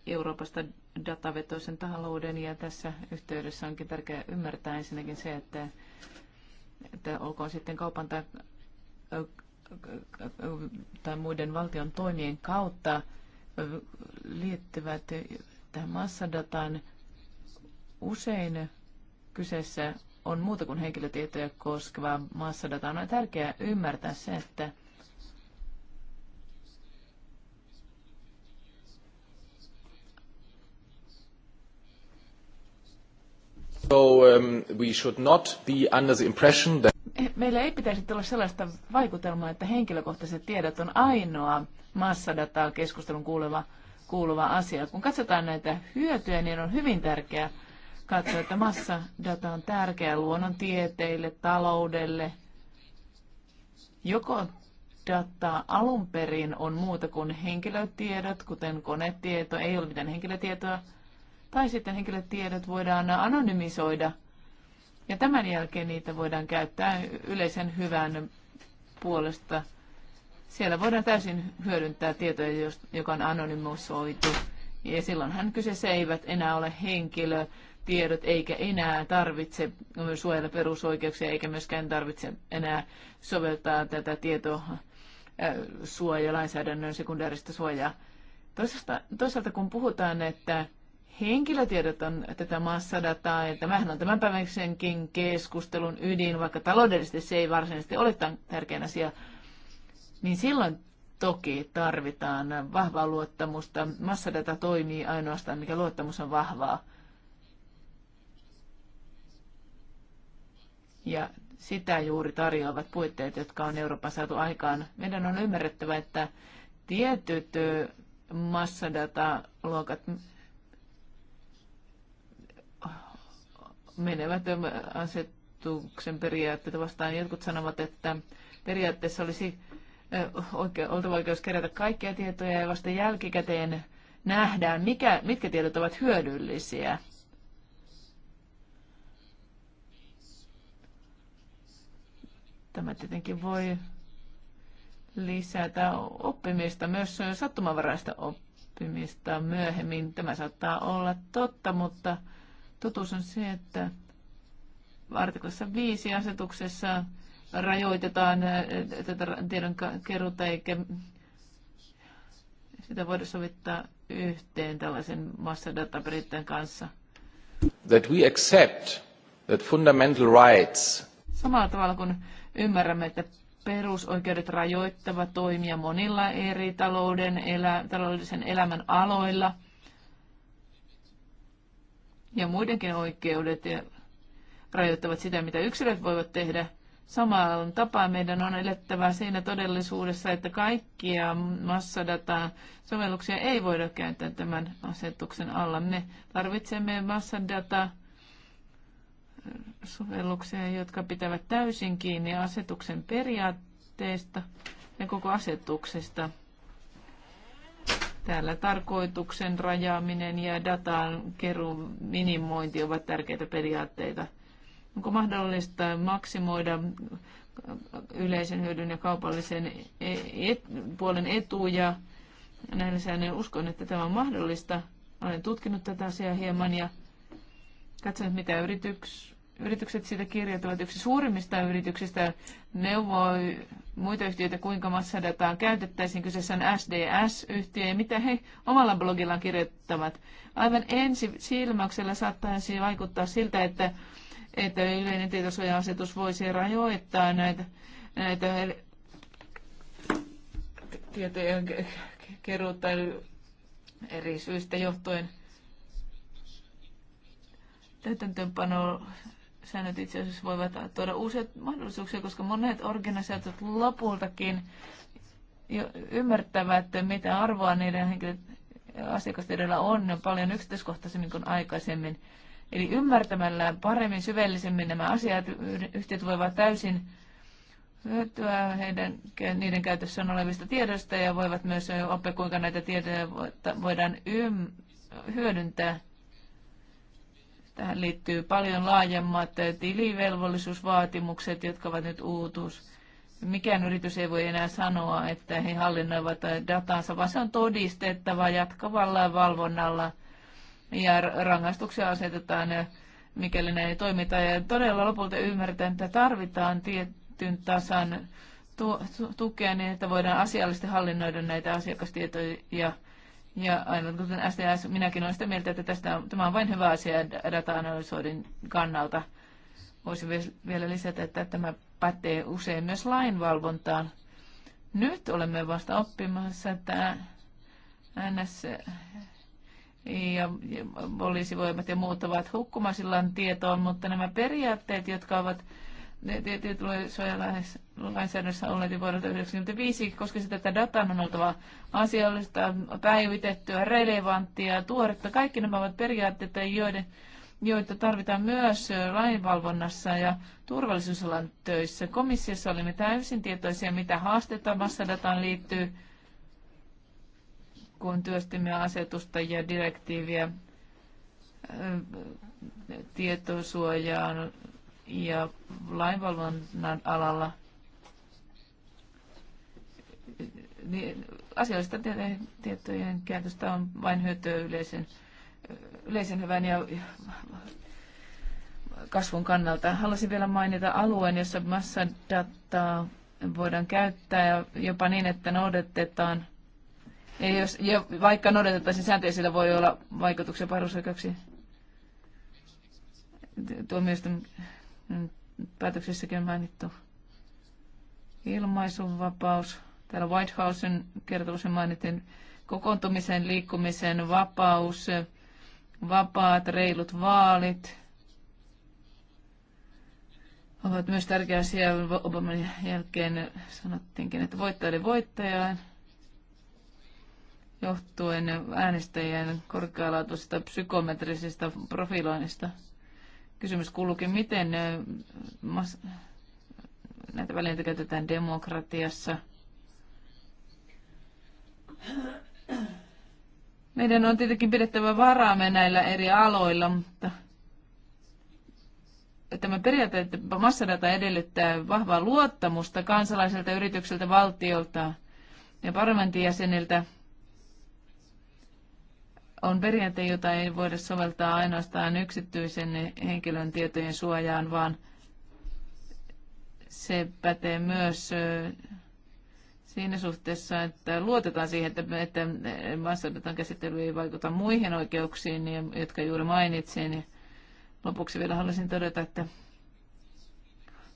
Euroopasta datavetoisen talouden ja tässä yhteydessä onkin tärkeää ymmärtää ensinnäkin se, että, että olkoon sitten kaupan tai tai muiden valtion toimien kautta liittyvät tähän massadataan. Usein kyseessä on muuta kuin henkilötietoja koskevaa massadataa. On tärkeää ymmärtää se, että So um, we should not be under the impression that Eh, meillä ei pitäisi tulla sellaista vaikutelmaa, että henkilökohtaiset tiedot on ainoa massadataa keskustelun kuuleva, kuuluva asia. Kun katsotaan näitä hyötyjä, niin on hyvin tärkeää katsoa, että massadata on tärkeää luonnontieteille, taloudelle. Joko dataa alun perin on muuta kuin henkilötiedot, kuten konetieto, ei ole mitään henkilötietoa, tai sitten henkilötiedot voidaan anonymisoida – ja tämän jälkeen niitä voidaan käyttää yleisen hyvän puolesta. Siellä voidaan täysin hyödyntää tietoja, joka on anonymisoitu. Ja silloinhan kyseessä eivät enää ole henkilötiedot, eikä enää tarvitse suojella perusoikeuksia, eikä myöskään tarvitse enää soveltaa tätä tietosuojalainsäädännön äh, sekundaarista suojaa. Toisaalta, toisaalta kun puhutaan, että henkilötiedot on tätä maassa dataa, ja tämähän on tämän päiväksenkin keskustelun ydin, vaikka taloudellisesti se ei varsinaisesti ole tärkeä asia, niin silloin toki tarvitaan vahvaa luottamusta. Massadata toimii ainoastaan, mikä luottamus on vahvaa. Ja sitä juuri tarjoavat puitteet, jotka on Euroopan saatu aikaan. Meidän on ymmärrettävä, että tietyt massadataluokat menevät asetuksen periaatteita vastaan. Jotkut sanovat, että periaatteessa olisi oike- oltava oikeus kerätä kaikkia tietoja ja vasta jälkikäteen nähdään, mikä, mitkä tiedot ovat hyödyllisiä. Tämä tietenkin voi lisätä oppimista, myös sattumanvaraista oppimista myöhemmin. Tämä saattaa olla totta, mutta Totuus on se, että artiklassa 5 asetuksessa rajoitetaan tätä tiedon keruuta eikä sitä voida sovittaa yhteen tällaisen massadataperiitteen kanssa. That we accept that fundamental rights. Samalla tavalla kun ymmärrämme, että perusoikeudet rajoittavat toimia monilla eri talouden, elä, taloudellisen elämän aloilla – ja muidenkin oikeudet rajoittavat sitä, mitä yksilöt voivat tehdä. Samalla tapaan meidän on elettävä siinä todellisuudessa, että kaikkia massadataa sovelluksia ei voida käyttää tämän asetuksen alla. Me tarvitsemme massadata äh, sovelluksia, jotka pitävät täysin kiinni asetuksen periaatteista ja koko asetuksesta. Täällä tarkoituksen rajaaminen ja datan keruun minimointi ovat tärkeitä periaatteita. Onko mahdollista maksimoida yleisen hyödyn ja kaupallisen e, et, puolen etuja näillä säännöillä? Uskon, että tämä on mahdollista. Olen tutkinut tätä asiaa hieman ja katsonut, mitä yrityks, yritykset siitä kirjoittavat. Yksi suurimmista yrityksistä neuvoo muita yhtiöitä, kuinka massadataa käytettäisiin. Kyseessä on SDS-yhtiö ja mitä he omalla blogillaan kirjoittavat. Aivan ensi silmäksellä saattaisi vaikuttaa siltä, että, että yleinen tietosuoja-asetus voisi rajoittaa näitä, näitä tietojen keruuta eri syistä johtuen täytäntöönpanoa säännöt itse asiassa voivat tuoda uusia mahdollisuuksia, koska monet organisaatiot lopultakin jo ymmärtävät, mitä arvoa niiden henkilöt asiakastiedolla on paljon yksityiskohtaisemmin kuin aikaisemmin. Eli ymmärtämällä paremmin, syvällisemmin nämä asiat, yhtiöt voivat täysin hyötyä heidän, niiden käytössään olevista tiedoista ja voivat myös oppia, kuinka näitä tietoja voidaan ym, hyödyntää Tähän liittyy paljon laajemmat tilivelvollisuusvaatimukset, jotka ovat nyt uutuus. Mikään yritys ei voi enää sanoa, että he hallinnoivat datansa, vaan se on todistettava jatkavalla valvonnalla ja rangaistuksia asetetaan, mikäli näin toimitaan. Ja todella lopulta ymmärretään, että tarvitaan tietyn tasan tukea niin, että voidaan asiallisesti hallinnoida näitä asiakastietoja ja aivan kuten STS, minäkin olen sitä mieltä, että tästä on, tämä on vain hyvä asia data-analysoidin kannalta. Voisin vielä lisätä, että tämä pätee usein myös lainvalvontaan. Nyt olemme vasta oppimassa, että NS ja poliisivoimat ja muut ovat hukkumasillaan tietoon, mutta nämä periaatteet, jotka ovat Tulee suojalainsäädännössä olleet vuodelta 1995, koska sitä että datan on oltava asiallista, päivitettyä, relevanttia, tuoretta. Kaikki nämä ovat periaatteita, joiden, joita tarvitaan myös lainvalvonnassa ja turvallisuusalan töissä. Komissiossa olimme täysin tietoisia, mitä haasteita massadataan liittyy, kun työstimme asetusta ja direktiiviä tietosuojaan ja lainvalvonnan alalla niin asiallista tietojen käytöstä on vain hyötyä yleisen, yleisen hyvän ja kasvun kannalta. Haluaisin vielä mainita alueen, jossa massadataa voidaan käyttää ja jopa niin, että noudatetaan. Ja jos, ja vaikka noudatettaisiin sääntöjä, sillä voi olla vaikutuksia perusoikeuksiin. Tuomioistuin päätöksessäkin on mainittu ilmaisunvapaus. Täällä Whitehousen kertomus mainittiin kokoontumisen, liikkumisen vapaus, vapaat, reilut vaalit ovat myös tärkeä asia. Obaman jälkeen sanottiinkin, että voittaja voittaja johtuen äänestäjien korkealaatuisesta psykometrisestä profiloinnista – Kysymys kuuluukin, miten näitä välineitä käytetään demokratiassa. Meidän on tietenkin pidettävä varaamme näillä eri aloilla, mutta tämä periaate, että massadata edellyttää vahvaa luottamusta kansalaiselta, yritykseltä, valtiolta ja parlamentin jäseniltä – on periaate, jota ei voida soveltaa ainoastaan yksityisen henkilön tietojen suojaan, vaan se pätee myös siinä suhteessa, että luotetaan siihen, että, että massadaton käsittely ei vaikuta muihin oikeuksiin, jotka juuri mainitsin. Ja lopuksi vielä haluaisin todeta, että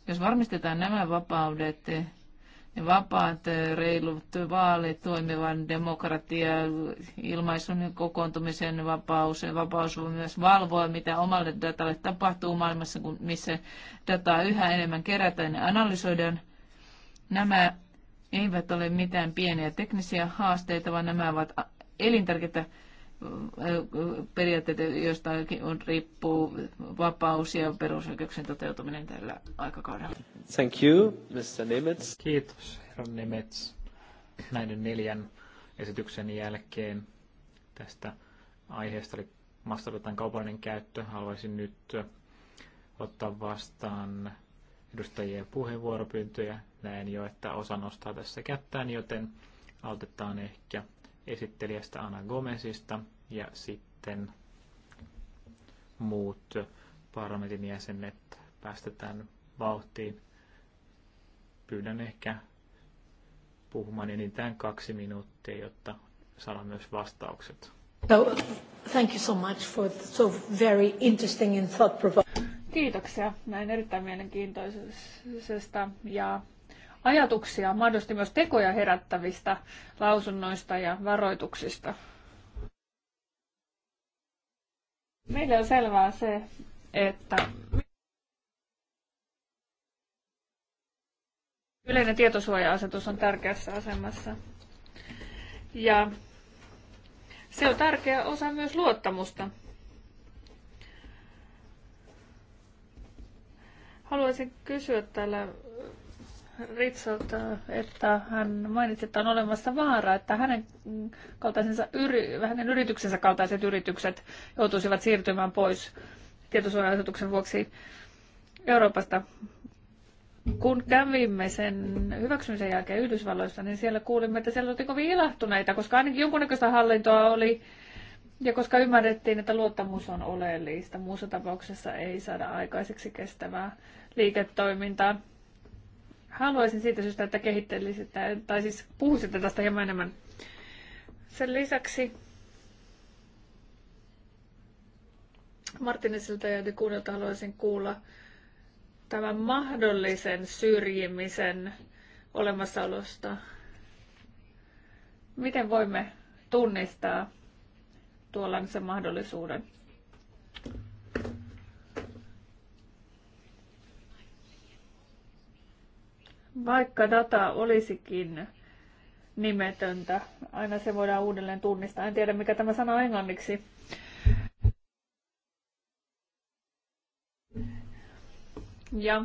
jos varmistetaan nämä vapaudet, vapaat, reilut vaalit, toimivan demokratia, ilmaisun kokoontumisen vapaus. Vapaus voi myös valvoa, mitä omalle datalle tapahtuu maailmassa, kun missä dataa yhä enemmän kerätään ja analysoidaan. Nämä eivät ole mitään pieniä teknisiä haasteita, vaan nämä ovat elintärkeitä periaatteita, joista on riippuu vapaus ja perusoikeuksien toteutuminen tällä aikakaudella. Thank you, Mr. Nimitz. Kiitos, herra Nimitz. Näiden neljän esityksen jälkeen tästä aiheesta, eli mastodotan kaupallinen käyttö, haluaisin nyt ottaa vastaan edustajien puheenvuoropyyntöjä. Näen jo, että osa nostaa tässä kättään, joten autetaan ehkä esittelijästä Ana Gomesista ja sitten muut parlamentin jäsenet päästetään vauhtiin. Pyydän ehkä puhumaan enintään kaksi minuuttia, jotta saadaan myös vastaukset. So, thank you so much for so very interesting and thought-provoking. Kiitoksia näin erittäin mielenkiintoisesta ja ajatuksia, mahdollisesti myös tekoja herättävistä lausunnoista ja varoituksista. Meille on selvää se, että yleinen tietosuoja-asetus on tärkeässä asemassa. Ja se on tärkeä osa myös luottamusta. Haluaisin kysyä täällä Ritsot, että hän mainitsi, että on olemassa vaara, että hänen, kaltaisensa yri, hänen yrityksensä kaltaiset yritykset joutuisivat siirtymään pois tietosuoja vuoksi Euroopasta. Kun kävimme sen hyväksymisen jälkeen Yhdysvalloissa, niin siellä kuulimme, että siellä oltiin kovin ilahtuneita, koska ainakin jonkunnäköistä hallintoa oli, ja koska ymmärrettiin, että luottamus on oleellista, muussa tapauksessa ei saada aikaiseksi kestävää liiketoimintaa. Haluaisin siitä syystä, että kehittelisit, tai siis puhuisitte tästä hieman enemmän. Sen lisäksi Martinisilta ja Dikunilta haluaisin kuulla tämän mahdollisen syrjimisen olemassaolosta. Miten voimme tunnistaa tuollaisen mahdollisuuden? Vaikka data olisikin nimetöntä, aina se voidaan uudelleen tunnistaa. En tiedä, mikä tämä sana on englanniksi. Ja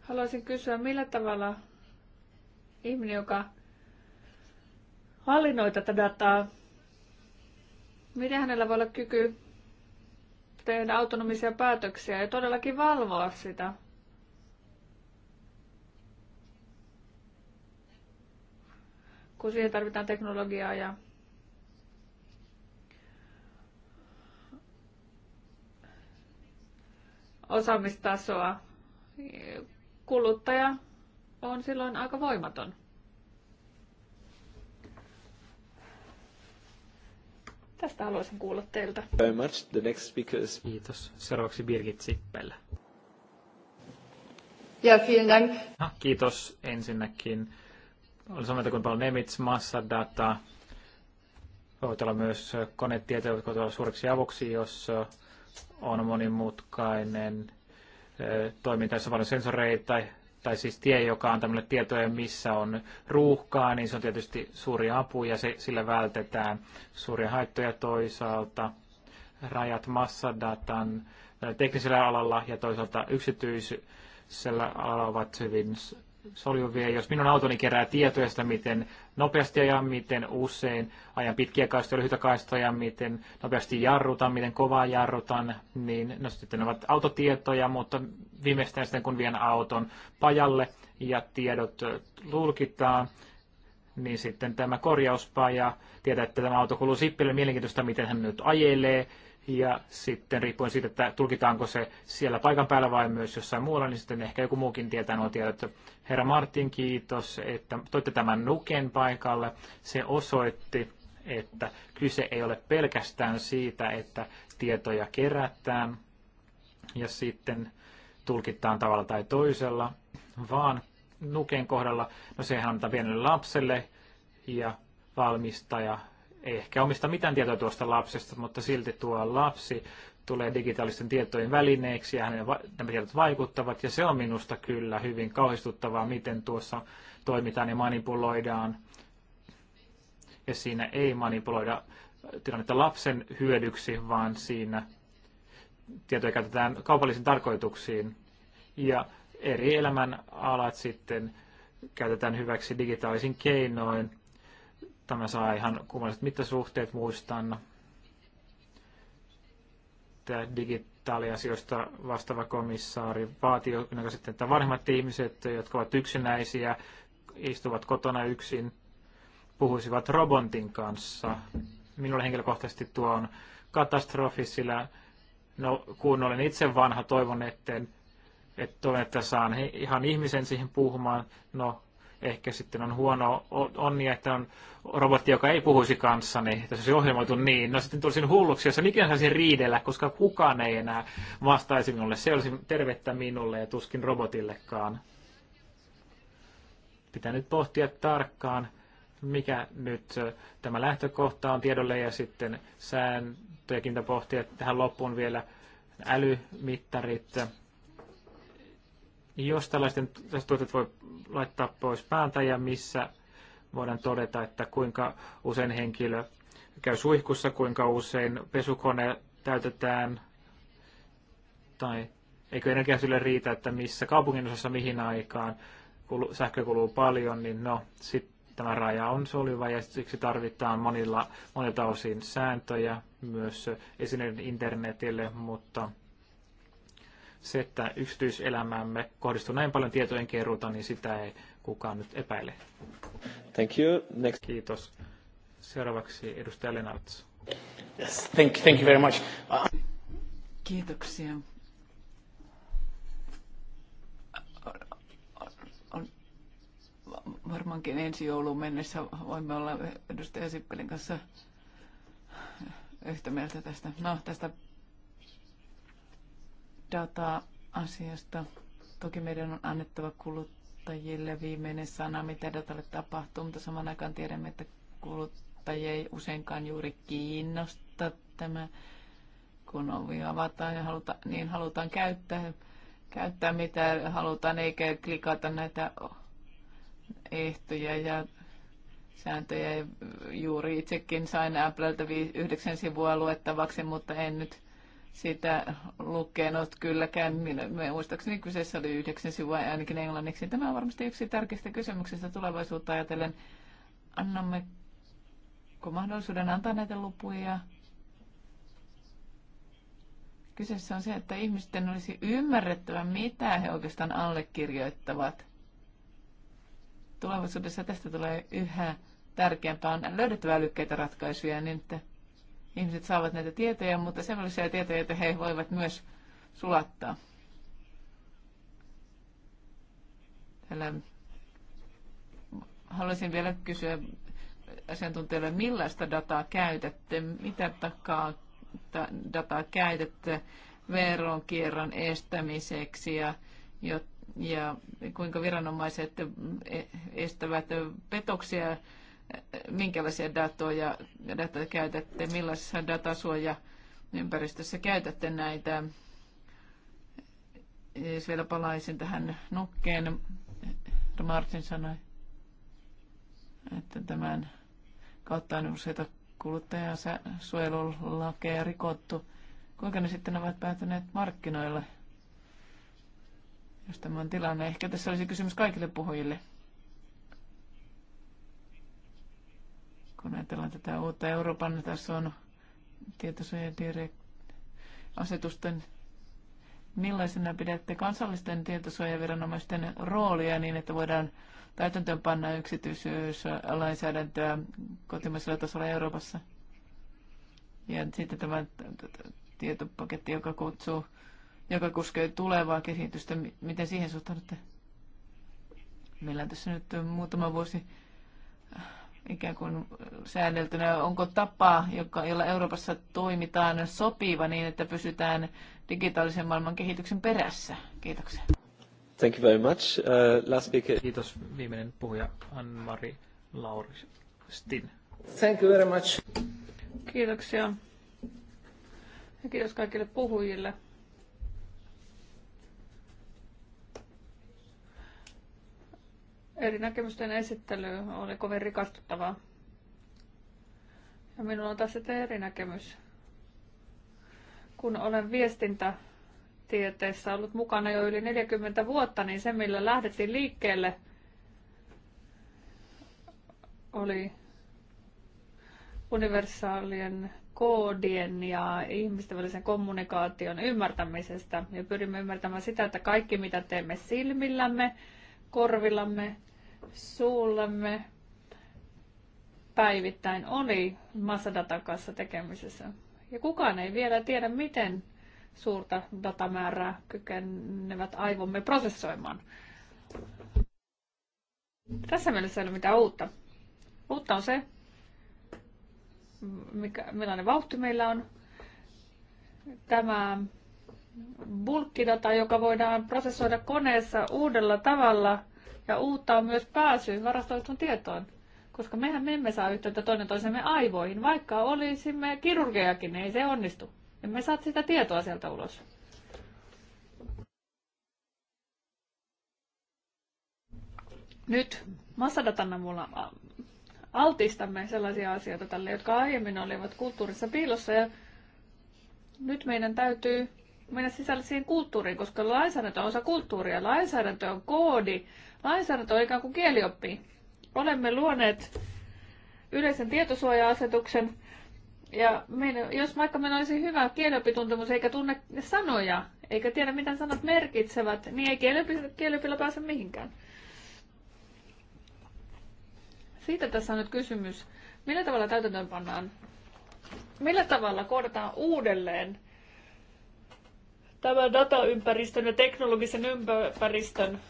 haluaisin kysyä, millä tavalla ihminen, joka hallinnoi tätä dataa, miten hänellä voi olla kyky tehdä autonomisia päätöksiä ja todellakin valvoa sitä. Kun siihen tarvitaan teknologiaa ja osaamistasoa, kuluttaja on silloin aika voimaton. Tästä haluaisin kuulla teiltä. Very much. The next speaker is... Kiitos. Seuraavaksi Birgit Sippel. Ja, vielen dank. No, kiitos ensinnäkin. Olen samalta kuin paljon Nemitz, massadata. Voit olla myös konetietoja, jotka olla suureksi avuksi, jos on monimutkainen toiminta, jossa on paljon sensoreita, tai siis tie, joka on tämmöinen tietoja, missä on ruuhkaa, niin se on tietysti suuri apu ja se, sillä vältetään suuria haittoja toisaalta. Rajat massadatan teknisellä alalla ja toisaalta yksityisellä alalla ovat hyvin soljuvia. Jos minun autoni kerää tietoja sitä, miten nopeasti ajaa, miten usein ajan pitkiä kaistoja, lyhyitä kaistoja, miten nopeasti jarrutan, miten kovaa jarrutan, niin no sitten ne ovat autotietoja, mutta viimeistään sitten kun vien auton pajalle ja tiedot tulkitaan, niin sitten tämä korjauspaja tietää, että tämä auto kuuluu sippille, mielenkiintoista, miten hän nyt ajelee, ja sitten riippuen siitä, että tulkitaanko se siellä paikan päällä vai myös jossain muualla, niin sitten ehkä joku muukin tietää nuo tiedot. Herra Martin, kiitos, että toitte tämän nuken paikalle. Se osoitti, että kyse ei ole pelkästään siitä, että tietoja kerätään ja sitten tulkitaan tavalla tai toisella, vaan nuken kohdalla, no sehän antaa pienelle lapselle ja valmistaja ei ehkä omista mitään tietoa tuosta lapsesta, mutta silti tuo lapsi tulee digitaalisten tietojen välineeksi ja hänen va- nämä tiedot vaikuttavat. Ja se on minusta kyllä hyvin kauhistuttavaa, miten tuossa toimitaan ja manipuloidaan. Ja siinä ei manipuloida tilannetta lapsen hyödyksi, vaan siinä tietoja käytetään kaupallisiin tarkoituksiin. Ja eri elämän alat sitten käytetään hyväksi digitaalisin keinoin Tämä saa ihan kuvalliset mittasuhteet, muistan. Tämä digitaaliasioista vastaava komissaari vaatii sitten, että vanhemmat ihmiset, jotka ovat yksinäisiä, istuvat kotona yksin, puhuisivat robotin kanssa. Minulle henkilökohtaisesti tuo on katastrofi, sillä no, kun olen itse vanha, toivon, etten, että toivon, että saan ihan ihmisen siihen puhumaan. No, ehkä sitten on huono onni, niin, että on robotti, joka ei puhuisi kanssani, tässä se ohjelmoitu niin. No sitten tulisin hulluksi, jos mikään saisi riidellä, koska kukaan ei enää vastaisi minulle. Se olisi tervettä minulle ja tuskin robotillekaan. Pitää nyt pohtia tarkkaan, mikä nyt tämä lähtökohta on tiedolle ja sitten sääntöjäkin pohtia tähän loppuun vielä älymittarit jos tällaisten tuotteet voi laittaa pois päältä ja missä voidaan todeta, että kuinka usein henkilö käy suihkussa, kuinka usein pesukone täytetään tai eikö energia sille riitä, että missä kaupungin osassa mihin aikaan kulu, sähkö kuluu paljon, niin no, sitten tämä raja on soljuva ja siksi tarvitaan monilla, monilta osin sääntöjä myös esineiden internetille, mutta se, että yksityiselämäämme kohdistuu näin paljon tietojen keruuta, niin sitä ei kukaan nyt epäile. Thank you. Next. Kiitos. Seuraavaksi edustaja Lenarts. Yes, thank, thank you very much. Kiitoksia. varmaankin ensi jouluun mennessä voimme olla edustaja Sippelin kanssa yhtä mieltä tästä, no, tästä dataa asiasta. Toki meidän on annettava kuluttajille viimeinen sana, mitä datalle tapahtuu, mutta saman aikaan tiedämme, että kuluttajia ei useinkaan juuri kiinnosta tämä, kun ovi avataan ja haluta, niin halutaan käyttää, käyttää mitä halutaan, eikä klikata näitä ehtoja ja sääntöjä. Juuri itsekin sain Appleltä 9 sivua luettavaksi, mutta en nyt sitä lukenut no, kylläkään. Minä, muistaakseni kyseessä oli yhdeksän sivua ainakin englanniksi. Tämä on varmasti yksi tärkeistä kysymyksistä tulevaisuutta ajatellen. Annamme mahdollisuuden antaa näitä lupuja. Kyseessä on se, että ihmisten olisi ymmärrettävä, mitä he oikeastaan allekirjoittavat. Tulevaisuudessa tästä tulee yhä tärkeämpää. On löydettävä älykkäitä ratkaisuja niin, että ihmiset saavat näitä tietoja, mutta sellaisia tietoja, joita he voivat myös sulattaa. Tällä haluaisin vielä kysyä asiantuntijoille, millaista dataa käytätte, mitä takaa dataa käytätte veronkierron estämiseksi ja, ja kuinka viranomaiset e-, estävät petoksia minkälaisia datoja, data käytätte, millaisessa datasuoja ympäristössä käytätte näitä. Jos vielä palaisin tähän nukkeen, Martin sanoi, että tämän kautta on useita kuluttajansuojelulakeja rikottu. Kuinka ne sitten ovat päätyneet markkinoille? Jos tämä on tilanne, ehkä tässä olisi kysymys kaikille puhujille. kun ajatellaan tätä uutta Euroopan tason asetusten millaisena pidätte kansallisten tietosuojaviranomaisten roolia niin, että voidaan panna yksityisyyslainsäädäntöä kotimaisella tasolla Euroopassa? Ja sitten tämä tietopaketti, joka kutsuu, joka koskee tulevaa kehitystä, miten siihen suhtaudutte? Meillä on tässä nyt muutama vuosi ikään kuin säädeltynä. Onko tapa, joka, jolla Euroopassa toimitaan sopiva niin, että pysytään digitaalisen maailman kehityksen perässä? Kiitoksia. Thank you very much. Uh, last speaker. Kiitos viimeinen puhuja Anne-Mari Lauristin. Thank you very much. Kiitoksia. Ja kiitos kaikille puhujille. eri näkemysten esittely oli kovin rikastuttavaa. Ja minulla on taas sitten eri näkemys. Kun olen viestintätieteessä ollut mukana jo yli 40 vuotta, niin se millä lähdettiin liikkeelle oli universaalien koodien ja ihmisten välisen kommunikaation ymmärtämisestä. Ja pyrimme ymmärtämään sitä, että kaikki mitä teemme silmillämme, korvillamme, suullamme päivittäin oli massadatan kanssa tekemisessä. Ja kukaan ei vielä tiedä, miten suurta datamäärää kykenevät aivomme prosessoimaan. Tässä mielessä ei ole mitään uutta. Uutta on se, mikä, millainen vauhti meillä on. Tämä bulkkidata, joka voidaan prosessoida koneessa uudella tavalla ja uutta on myös pääsy varastoitun tietoon. Koska mehän me emme saa yhteyttä toinen toisemme aivoihin, vaikka olisimme kirurgejakin, niin ei se onnistu. Emme saa sitä tietoa sieltä ulos. Nyt massadatan avulla altistamme sellaisia asioita tälle, jotka aiemmin olivat kulttuurissa piilossa ja nyt meidän täytyy mennä sisälle siihen kulttuuriin, koska lainsäädäntö on osa kulttuuria, lainsäädäntö on koodi, lainsäädäntö on ikään kuin kielioppi. Olemme luoneet yleisen tietosuoja-asetuksen, ja meidän, jos vaikka meillä olisi hyvä kieliopituntemus eikä tunne sanoja, eikä tiedä mitä sanat merkitsevät, niin ei kieliopilla pääse mihinkään. Siitä tässä on nyt kysymys. Millä tavalla täytäntöön pannaan? Millä tavalla koodataan uudelleen tämän dataympäristön ja teknologisen ympäristön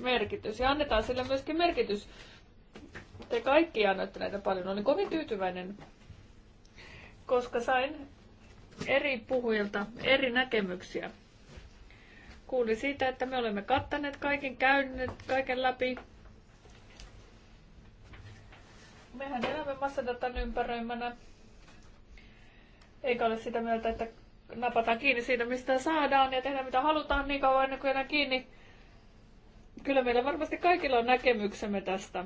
merkitys. Ja annetaan sille myöskin merkitys. Te kaikki annoitte näitä paljon. Olen kovin tyytyväinen, koska sain eri puhujilta eri näkemyksiä. Kuulin siitä, että me olemme kattaneet kaiken, käyneet kaiken läpi. Mehän elämme massadatan ympäröimänä. Eikä ole sitä mieltä, että napataan kiinni siitä, mistä saadaan ja tehdään mitä halutaan niin kauan ennen kuin enää kiinni. Kyllä meillä varmasti kaikilla on näkemyksemme tästä.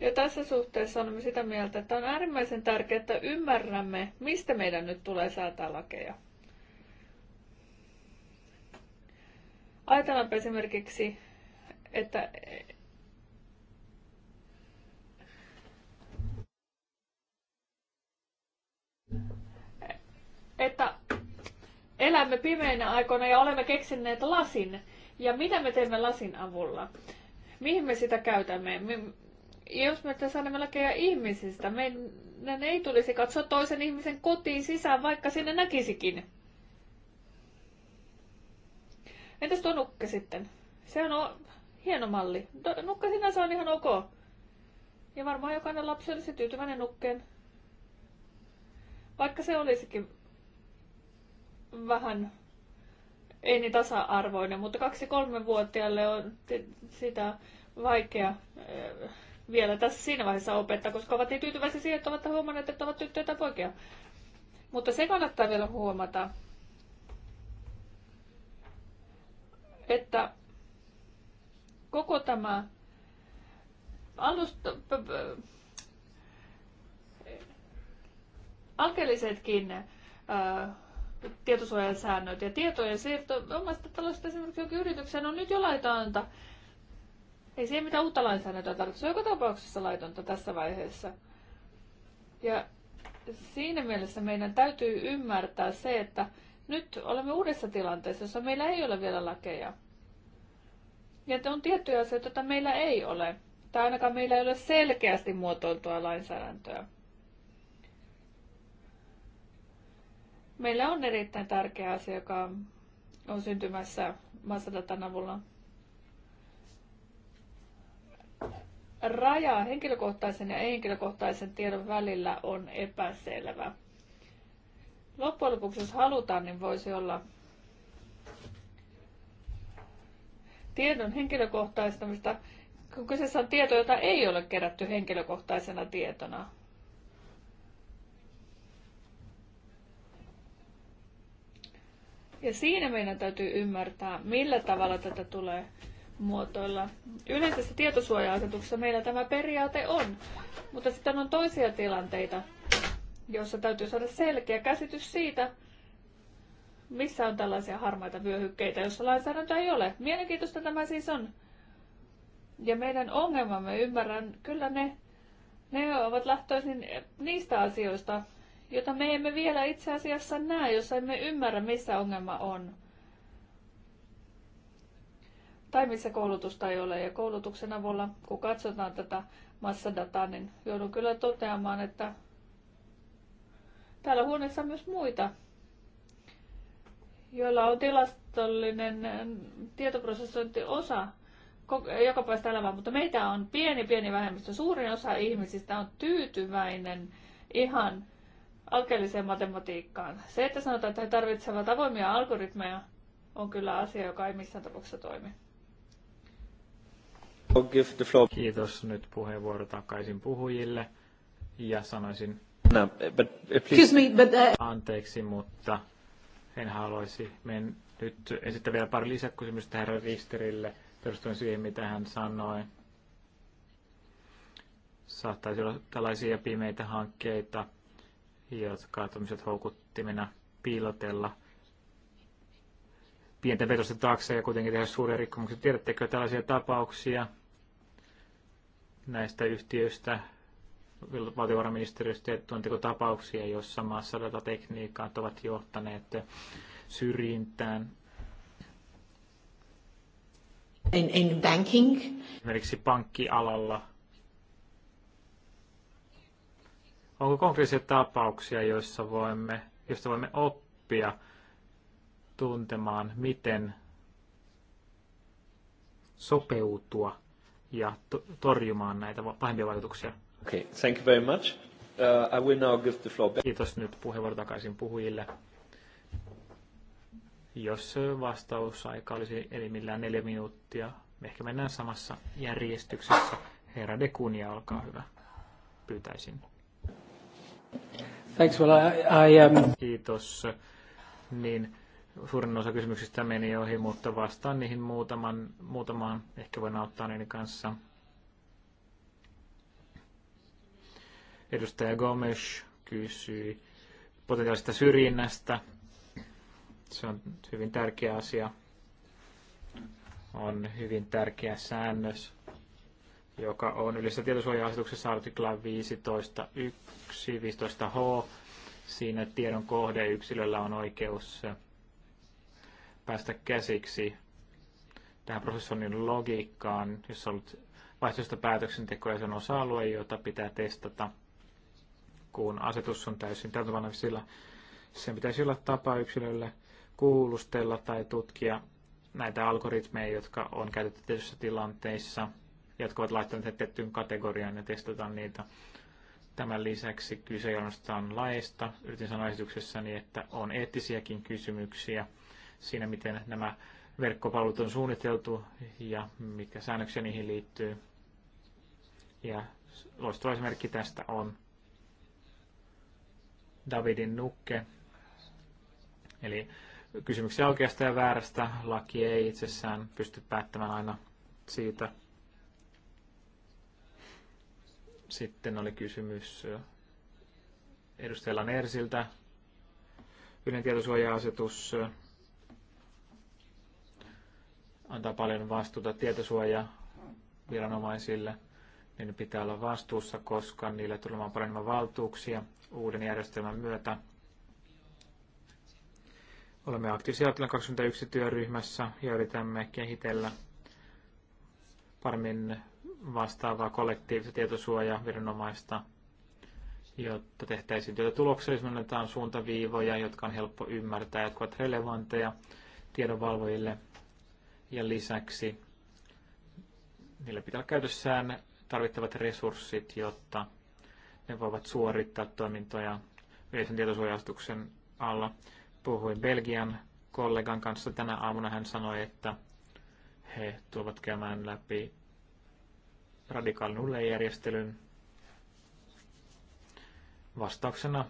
Ja tässä suhteessa olemme sitä mieltä, että on äärimmäisen tärkeää, että ymmärrämme, mistä meidän nyt tulee säätää lakeja. Ajatellaanpa esimerkiksi, että että elämme pimeinä aikoina ja olemme keksineet lasin. Ja mitä me teemme lasin avulla? Mihin me sitä käytämme? Me, jos me saamme lakeja ihmisistä, meidän ei tulisi katsoa toisen ihmisen kotiin sisään, vaikka sinne näkisikin. Entäs tuo nukke sitten? Se on hieno malli. Nukke sinänsä on ihan ok. Ja varmaan jokainen lapsi olisi tyytyväinen nukkeen. Vaikka se olisikin vähän ei niin tasa-arvoinen, mutta kaksi kolme vuotiaalle on sitä vaikea eh, vielä tässä siinä vaiheessa opettaa, koska ovat niin tyytyväisiä siihen, että ovat huomanneet, että ovat tyttöjä tai poikia. Mutta se kannattaa vielä huomata, että koko tämä alusta, alkeellisetkin äh, tietosuojan säännöt ja tietojen siirto omasta talosta esimerkiksi jokin yritykseen on nyt jo laitonta. Ei siihen mitään uutta lainsäädäntöä tarvitse. Se on joka tapauksessa laitonta tässä vaiheessa. Ja siinä mielessä meidän täytyy ymmärtää se, että nyt olemme uudessa tilanteessa, jossa meillä ei ole vielä lakeja. Ja on tiettyjä asioita, joita meillä ei ole. Tai ainakaan meillä ei ole selkeästi muotoiltua lainsäädäntöä. Meillä on erittäin tärkeä asia, joka on syntymässä massadatan avulla. Raja henkilökohtaisen ja henkilökohtaisen tiedon välillä on epäselvä. Loppujen lopuksi, jos halutaan, niin voisi olla tiedon henkilökohtaistamista, kun kyseessä on tieto, jota ei ole kerätty henkilökohtaisena tietona. Ja siinä meidän täytyy ymmärtää, millä tavalla tätä tulee muotoilla. Yleensä tietosuoja-asetuksessa meillä tämä periaate on, mutta sitten on toisia tilanteita, joissa täytyy saada selkeä käsitys siitä, missä on tällaisia harmaita vyöhykkeitä, joissa lainsäädäntö ei ole. Mielenkiintoista tämä siis on. Ja meidän ongelmamme, ymmärrän, kyllä ne, ne ovat lähtöisin niistä asioista, jota me emme vielä itse asiassa näe, jos emme ymmärrä, missä ongelma on. Tai missä koulutusta ei ole. Ja koulutuksen avulla, kun katsotaan tätä massadataa, niin joudun kyllä toteamaan, että täällä huoneessa on myös muita, joilla on tilastollinen ähm, tietoprosessointiosa päästä elämään, mutta meitä on pieni, pieni vähemmistö. Suurin osa ihmisistä on tyytyväinen ihan alkeelliseen matematiikkaan. Se, että sanotaan, että he tarvitsevat avoimia algoritmeja, on kyllä asia, joka ei missään tapauksessa toimi. Kiitos nyt puheenvuoro takaisin puhujille. Ja sanoisin, no, but, please. Me, but, uh... anteeksi, mutta en haluaisi mennä nyt esittää vielä pari lisäkysymystä herra Risterille perustuen siihen, mitä hän sanoi. Saattaisi olla tällaisia pimeitä hankkeita, jotka toimisivat houkuttimina piilotella pienten petosten taakse ja kuitenkin tehdä suuria rikkomuksia. Tiedättekö tällaisia tapauksia näistä yhtiöistä, valtiovarainministeriöstä, että on tapauksia, joissa maassa datatekniikat ovat johtaneet syrjintään? In, in banking. Esimerkiksi pankkialalla Onko konkreettisia tapauksia, joissa voimme, joista voimme oppia tuntemaan, miten sopeutua ja to- torjumaan näitä pahimpia vaikutuksia? Okay, thank you very much. Uh, I will now give the floor back. Kiitos nyt puheenvuoro takaisin puhujille. Jos vastausaika olisi enimmillään neljä minuuttia, me ehkä mennään samassa järjestyksessä. Herra Dekunia, olkaa hyvä. Pyytäisin. Thanks, well, I, I, um... Kiitos. Niin, suurin osa kysymyksistä meni ohi, mutta vastaan niihin muutaman, muutamaan. Ehkä voin auttaa niiden kanssa. Edustaja Gomes kysyi potentiaalista syrjinnästä. Se on hyvin tärkeä asia. On hyvin tärkeä säännös joka on yleisessä tietosuoja-asetuksessa artikla 15.1, 15h. Siinä tiedon kohde yksilöllä on oikeus päästä käsiksi tähän prosessoinnin logiikkaan, jos on ollut vaihtoehtoista päätöksentekoa ja se on osa-alue, jota pitää testata, kun asetus on täysin täytäntöpano, sen pitäisi olla tapa yksilölle kuulustella tai tutkia näitä algoritmeja, jotka on käytetty tietyissä tilanteissa – jotka ovat laittaneet tiettyyn kategoriaan ja testataan niitä. Tämän lisäksi kyse ei ainoastaan laista. Yritin sanoa esityksessäni, että on eettisiäkin kysymyksiä siinä, miten nämä verkkopalvelut on suunniteltu ja mitkä säännöksiä niihin liittyy. Ja loistava esimerkki tästä on Davidin nukke. Eli kysymyksiä oikeasta ja väärästä laki ei itsessään pysty päättämään aina siitä, sitten oli kysymys edustajalla Nersiltä. Yleinen tietosuoja-asetus antaa paljon vastuuta tietosuoja viranomaisille. Niin pitää olla vastuussa, koska niille tulee paljon valtuuksia uuden järjestelmän myötä. Olemme aktiivisia 21 työryhmässä ja yritämme kehitellä paremmin vastaavaa kollektiivista viranomaista, jotta tehtäisiin työtä tuloksellisemmin, annetaan suuntaviivoja, jotka on helppo ymmärtää, jotka ovat relevanteja tiedonvalvojille. Ja lisäksi niillä pitää olla käytössään tarvittavat resurssit, jotta ne voivat suorittaa toimintoja yleisen tietosuojastuksen alla. Puhuin Belgian kollegan kanssa tänä aamuna. Hän sanoi, että he tuovat käymään läpi nulle järjestelyn vastauksena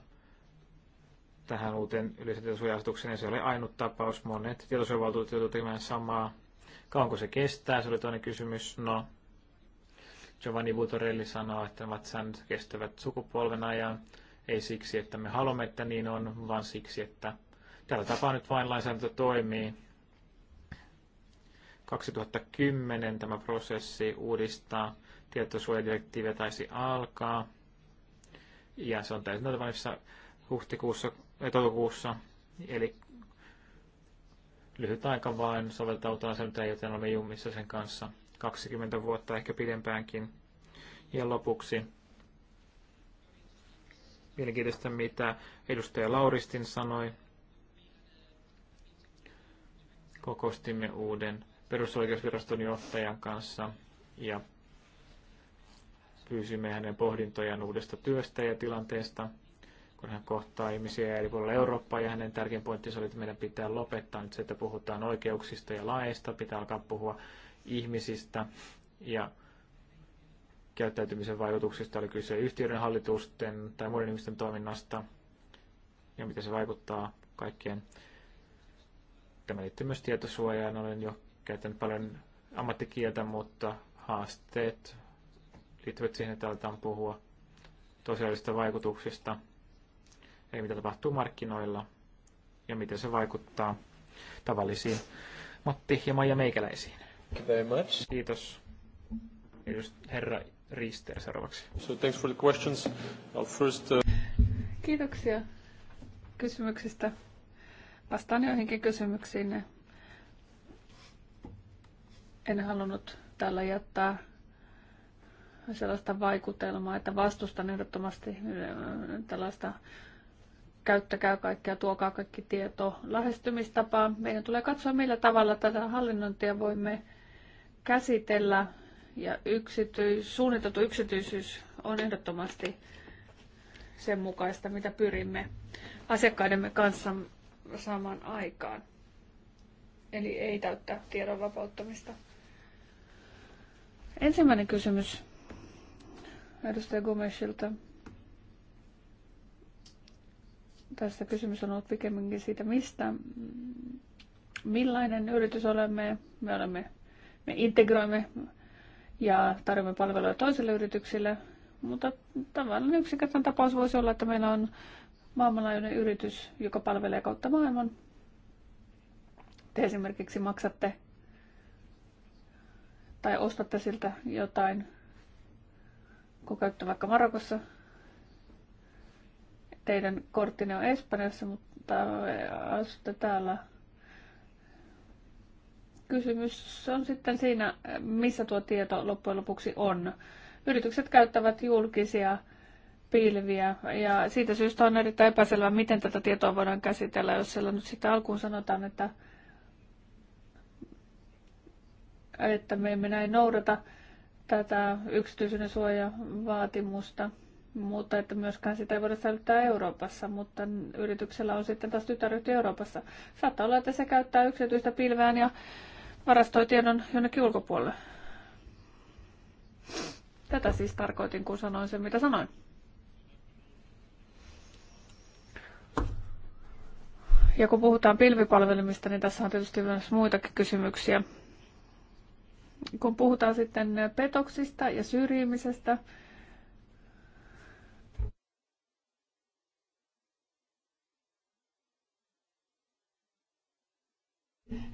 tähän uuteen yleisen asetukseen se oli ainut tapaus. Monet tietosuojavaltuutetut joutuivat tekemään samaa. Kauanko se kestää, se oli toinen kysymys. No, Giovanni Butorelli sanoo, että nämä säännöt kestävät sukupolven ajan. Ei siksi, että me haluamme, että niin on, vaan siksi, että tällä tapaa nyt vain lainsäädäntö toimii. 2010 tämä prosessi uudistaa tietosuojadirektiiviä taisi alkaa. Ja se on täysin huhtikuussa ja eh, toukokuussa. Eli lyhyt aika vain soveltautua sen, joten olemme jumissa sen kanssa 20 vuotta, ehkä pidempäänkin. Ja lopuksi mielenkiintoista, mitä edustaja Lauristin sanoi. Kokostimme uuden perusoikeusviraston johtajan kanssa ja Pyysimme hänen pohdintojaan uudesta työstä ja tilanteesta, kun hän kohtaa ihmisiä eri puolilla Eurooppaa. Ja hänen tärkein pointtinsa oli, että meidän pitää lopettaa nyt se, että puhutaan oikeuksista ja laeista. Pitää alkaa puhua ihmisistä ja käyttäytymisen vaikutuksista. Oli kyse yhtiöiden hallitusten tai muiden ihmisten toiminnasta ja miten se vaikuttaa kaikkien. Tämä liittyy myös tietosuojaan. Olen jo käyttänyt paljon ammattikieltä, mutta haasteet liittyvät siihen, että aletaan puhua tosiaalisista vaikutuksista, eli mitä tapahtuu markkinoilla ja miten se vaikuttaa tavallisiin Matti ja Maija Meikäläisiin. Thank you very much. Kiitos. herra Riister seuraavaksi. So thanks for the questions. I'll first, uh... Kiitoksia kysymyksistä. Vastaan joihinkin kysymyksiin. En halunnut tällä jättää sellaista vaikutelmaa, että vastustan ehdottomasti tällaista käyttäkää kaikkea, tuokaa kaikki tieto lähestymistapaa. Meidän tulee katsoa, millä tavalla tätä hallinnointia voimme käsitellä ja yksityis, suunniteltu yksityisyys on ehdottomasti sen mukaista, mitä pyrimme asiakkaidemme kanssa saamaan aikaan. Eli ei täyttää tiedon vapauttamista. Ensimmäinen kysymys edustaja Gomesilta. Tässä kysymys on ollut pikemminkin siitä, mistä, millainen yritys olemme. Me, olemme, me integroimme ja tarjoamme palveluja toisille yrityksille, mutta tavallaan yksinkertainen tapaus voisi olla, että meillä on maailmanlaajuinen yritys, joka palvelee kautta maailman. Te esimerkiksi maksatte tai ostatte siltä jotain kun käytte vaikka Marokossa, teidän korttinne on Espanjassa, mutta äh, asutte täällä. Kysymys on sitten siinä, missä tuo tieto loppujen lopuksi on. Yritykset käyttävät julkisia pilviä ja siitä syystä on erittäin epäselvää, miten tätä tietoa voidaan käsitellä, jos siellä nyt sitten alkuun sanotaan, että, että me emme näin noudata tätä yksityisyyden suojavaatimusta, mutta että myöskään sitä ei voida säilyttää Euroopassa, mutta yrityksellä on sitten taas tytäryhtiö Euroopassa. Saattaa olla, että se käyttää yksityistä pilveään ja varastoi tiedon jonnekin ulkopuolelle. Tätä siis tarkoitin, kun sanoin sen, mitä sanoin. Ja kun puhutaan pilvipalvelimista, niin tässä on tietysti myös muitakin kysymyksiä kun puhutaan sitten petoksista ja syrjimisestä,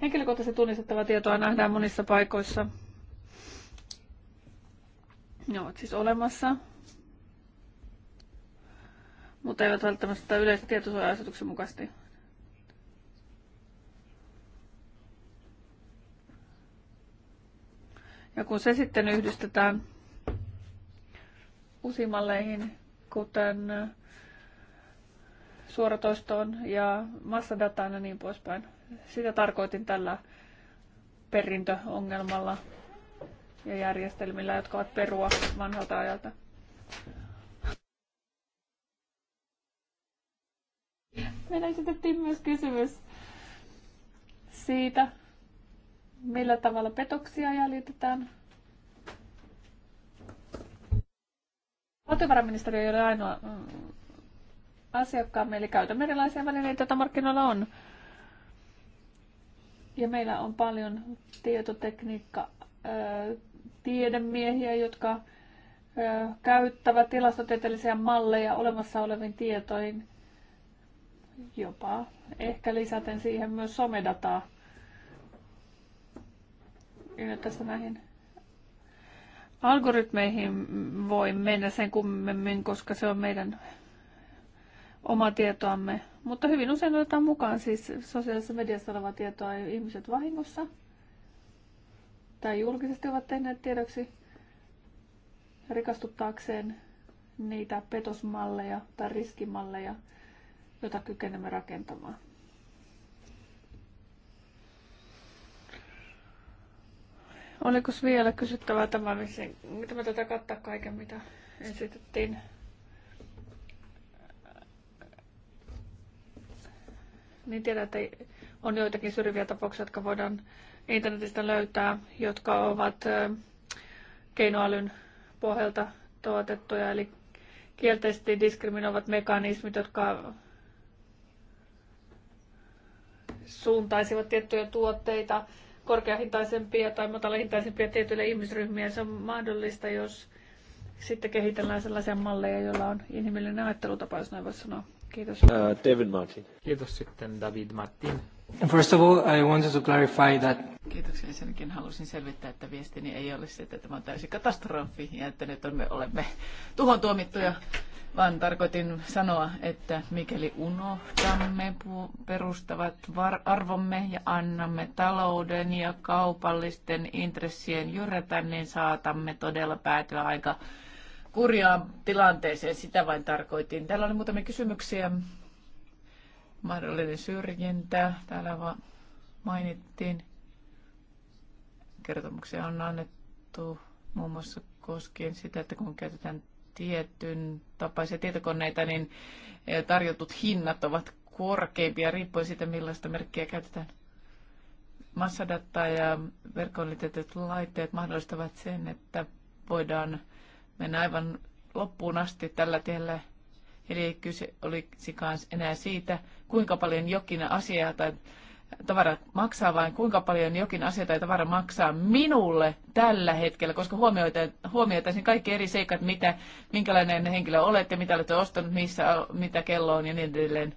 Henkilökohtaisesti tunnistettavaa tietoa nähdään monissa paikoissa. Ne ovat siis olemassa, mutta eivät välttämättä yleisen tietosuoja-asetuksen mukaisesti Ja kun se sitten yhdistetään usimalleihin, kuten äh, suoratoistoon ja massadataan ja niin poispäin. Sitä tarkoitin tällä perintöongelmalla ja järjestelmillä, jotka ovat perua vanhalta ajalta. Meillä esitettiin myös kysymys siitä, millä tavalla petoksia jäljitetään. Valtiovarainministeriö ei ole ainoa mm, asiakkaamme, eli käytämme erilaisia välineitä, joita markkinoilla on. Ja meillä on paljon tietotekniikka, tiedemiehiä, jotka käyttävät tilastotieteellisiä malleja olemassa oleviin tietoihin, jopa ehkä lisäten siihen myös somedataa. Ja tässä näihin algoritmeihin voi mennä sen kummemmin, koska se on meidän oma tietoamme. Mutta hyvin usein otetaan mukaan siis sosiaalisessa mediassa olevaa tietoa ihmiset vahingossa tai julkisesti ovat tehneet tiedoksi rikastuttaakseen niitä petosmalleja tai riskimalleja, joita kykenemme rakentamaan. Oliko vielä kysyttävää tämä, mitä me tätä kattaa kaiken, mitä esitettiin? Niin tiedän, että on joitakin syrjiviä tapauksia, jotka voidaan internetistä löytää, jotka ovat keinoälyn pohjalta tuotettuja, eli kielteisesti diskriminoivat mekanismit, jotka suuntaisivat tiettyjä tuotteita korkeahintaisempia tai matalahintaisempia tietyille ihmisryhmiä. Se on mahdollista, jos sitten kehitellään sellaisia malleja, joilla on inhimillinen ajattelutapa, jos näin voisi sanoa. Kiitos. Uh, David Martin. Kiitos sitten David Martin. First of all, I wanted to clarify that... Kiitoksia. Ensinnäkin halusin selvittää, että viestini ei ole se, että tämä on täysi katastrofi ja että nyt me olemme tuhon tuomittuja. Yeah vaan tarkoitin sanoa, että mikäli unohdamme perustavat arvomme ja annamme talouden ja kaupallisten intressien jyrätä, niin saatamme todella päätyä aika kurjaan tilanteeseen. Sitä vain tarkoitin. Täällä oli muutamia kysymyksiä. Mahdollinen syrjintä. Täällä vaan mainittiin. Kertomuksia on annettu muun muassa koskien sitä, että kun käytetään tietyn tapaisia tietokoneita, niin eh, tarjotut hinnat ovat korkeimpia riippuen siitä, millaista merkkiä käytetään. massadatta ja verkkoon liitetyt laitteet mahdollistavat sen, että voidaan mennä aivan loppuun asti tällä tiellä. Eli kyse olisikaan enää siitä, kuinka paljon jokin asia tai tavara maksaa, vaan kuinka paljon jokin asia tai tavara maksaa minulle tällä hetkellä, koska huomioitaisiin kaikki eri seikat, mitä, minkälainen henkilö olet ja mitä olette ostanut, missä, mitä kello on ja niin edelleen.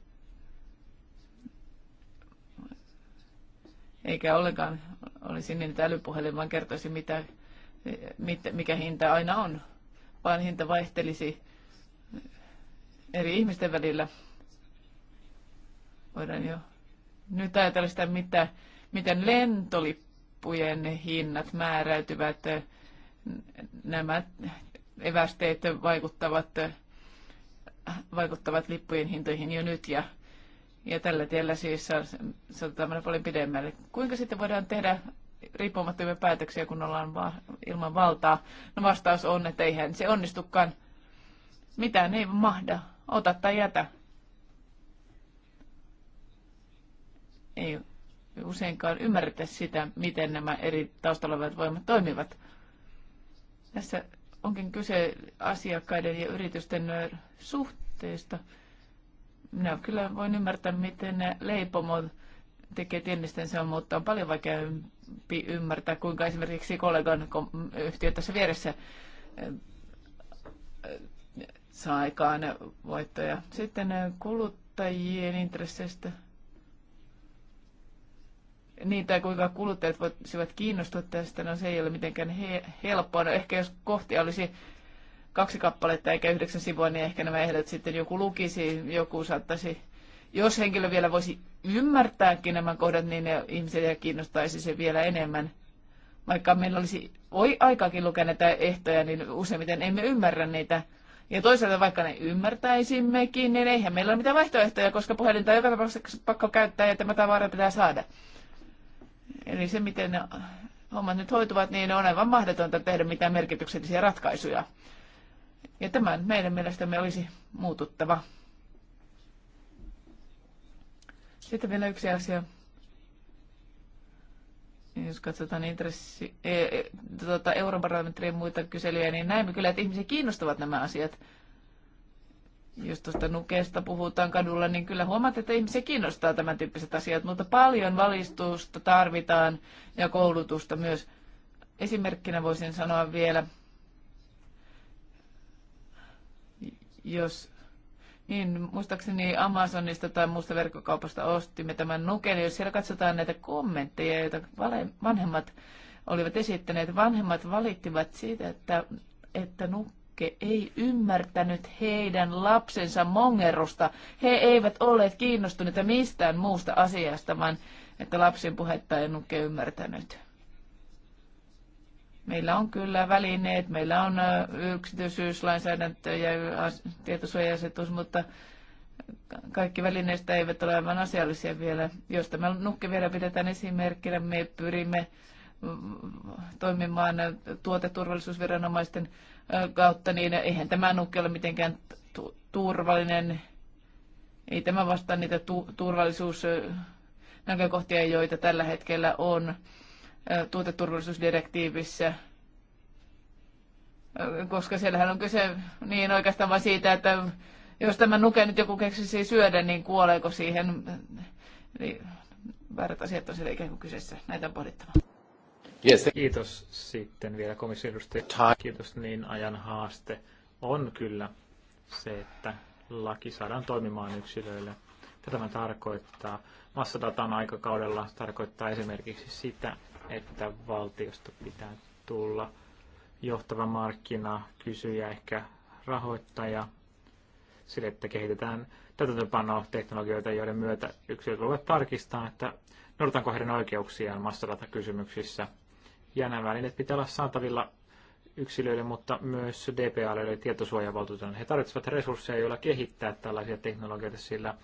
Eikä ollenkaan olisi niin, että älypuhelin vaan kertoisi, mitä, mikä hinta aina on, vaan hinta vaihtelisi eri ihmisten välillä. Voidaan jo nyt ajatella sitä, mitä, miten lentolippujen hinnat määräytyvät, nämä evästeet vaikuttavat, vaikuttavat lippujen hintoihin jo nyt ja, ja tällä tiellä siis sanotaan mennä paljon pidemmälle. Kuinka sitten voidaan tehdä riippumattomia päätöksiä, kun ollaan va- ilman valtaa? No vastaus on, että eihän se onnistukaan. Mitään ei mahda. Ota tai jätä. ei useinkaan ymmärretä sitä, miten nämä eri taustalla olevat voimat toimivat. Tässä onkin kyse asiakkaiden ja yritysten suhteesta. Minä kyllä voin ymmärtää, miten leipomo tekee tiennistensä, mutta on paljon vaikeampi ymmärtää, kuinka esimerkiksi kollegan yhtiö tässä vieressä saa aikaan voittoja. Sitten kuluttajien intresseistä niitä, kuinka kuluttajat voisivat kiinnostua tästä, no se ei ole mitenkään he- helppoa. No ehkä jos kohtia olisi kaksi kappaletta eikä yhdeksän sivua, niin ehkä nämä ehdot sitten joku lukisi, joku saattaisi, jos henkilö vielä voisi ymmärtääkin nämä kohdat, niin ne ihmisiä kiinnostaisi se vielä enemmän. Vaikka meillä olisi voi aikaakin lukea näitä ehtoja, niin useimmiten emme ymmärrä niitä. Ja toisaalta vaikka ne ymmärtäisimmekin, niin eihän meillä ole mitään vaihtoehtoja, koska puhelinta joka pakko käyttää ja tämä tavara pitää saada. Eli se, miten hommat nyt hoituvat, niin on aivan mahdotonta tehdä mitään merkityksellisiä ratkaisuja. Ja tämän meidän mielestämme olisi muututtava. Sitten vielä yksi asia. Jos katsotaan intressi, e, e, tuota, parlamentin muita kyselyjä, niin näemme kyllä, että ihmisiä kiinnostavat nämä asiat jos tuosta nukeesta puhutaan kadulla, niin kyllä huomaat, että ihmisiä kiinnostaa tämän tyyppiset asiat, mutta paljon valistusta tarvitaan ja koulutusta myös. Esimerkkinä voisin sanoa vielä, jos niin, muistaakseni Amazonista tai muusta verkkokaupasta ostimme tämän nuken. Jos siellä katsotaan näitä kommentteja, joita vanhemmat olivat esittäneet, vanhemmat valittivat siitä, että, että nukke Jukke ei ymmärtänyt heidän lapsensa mongerusta. He eivät olleet kiinnostuneita mistään muusta asiasta, vaan että lapsen puhetta ei nukke ymmärtänyt. Meillä on kyllä välineet, meillä on yksityisyyslainsäädäntö ja tietosuoja mutta kaikki välineistä eivät ole aivan asiallisia vielä. Jos tämä nukke vielä pidetään esimerkkinä, me pyrimme mm, toimimaan tuoteturvallisuusviranomaisten kautta, niin eihän tämä nukke ole mitenkään turvallinen. Ei tämä vastaa niitä tu- turvallisuusnäkökohtia, joita tällä hetkellä on tuoteturvallisuusdirektiivissä koska siellähän on kyse niin oikeastaan vain siitä, että jos tämä nuke nyt joku keksisi syödä, niin kuoleeko siihen. Niin väärät asiat on siellä ikään kuin kyseessä. Näitä on pohdittava. Yes. Kiitos sitten vielä komissiodustaja. Kiitos, niin ajan haaste on kyllä se, että laki saadaan toimimaan yksilöille. Tätä mä tarkoittaa. Massadatan aikakaudella tarkoittaa esimerkiksi sitä, että valtiosta pitää tulla johtava markkina, kysyjä, ehkä rahoittaja, sille, että kehitetään täytäntöpanoa teknologioita, joiden myötä yksilöt voivat tarkistaa, että noudatanko heidän oikeuksiaan massadata kysymyksissä – ja nämä välineet pitää olla saatavilla yksilöille, mutta myös DPA-alueille tietosuojavaltuutetun. He tarvitsevat resursseja, joilla kehittää tällaisia teknologioita, sillä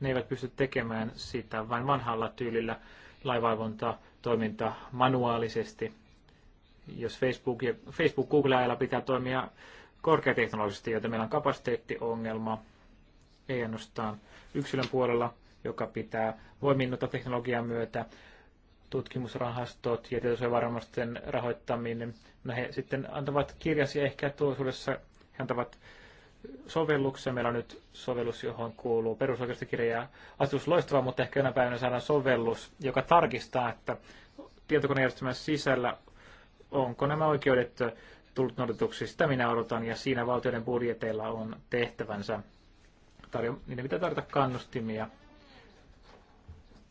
ne eivät pysty tekemään sitä vain vanhalla tyylillä laivaivonta toiminta manuaalisesti. Jos Facebook, ja, Facebook Google-ajalla pitää toimia korkeateknologisesti, joten meillä on kapasiteettiongelma, ei ainoastaan yksilön puolella, joka pitää voiminnota teknologian myötä, tutkimusrahastot ja tietosuojavarmuusten rahoittaminen. No he sitten antavat kirjasi ehkä tuollaisuudessa, he antavat sovelluksen. Meillä on nyt sovellus, johon kuuluu perusoikeustikirja ja asetus loistava, mutta ehkä jonain päivänä saadaan sovellus, joka tarkistaa, että tietokonejärjestelmän sisällä onko nämä oikeudet tullut noudatetuksi. Sitä minä odotan ja siinä valtioiden budjeteilla on tehtävänsä. Tarjo- niiden pitää tarjota kannustimia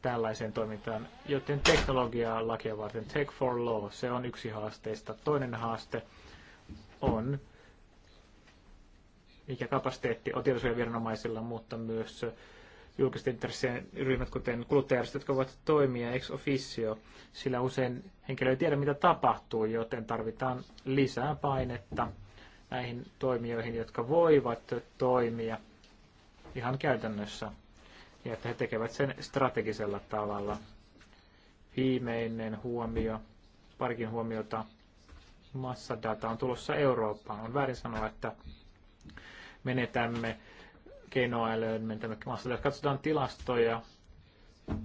tällaiseen toimintaan, joten teknologiaa lakia varten, tech for law, se on yksi haasteista. Toinen haaste on, mikä kapasiteetti on tietosuojaviranomaisilla, mutta myös julkisten intressien ryhmät, kuten kuluttajärjestöt, jotka voivat toimia ex officio, sillä usein henkilö ei tiedä, mitä tapahtuu, joten tarvitaan lisää painetta näihin toimijoihin, jotka voivat toimia ihan käytännössä ja että he tekevät sen strategisella tavalla. Viimeinen huomio, parikin huomiota, massadata on tulossa Eurooppaan. On väärin sanoa, että menetämme keinoälyyn, menetämme massadata. Katsotaan tilastoja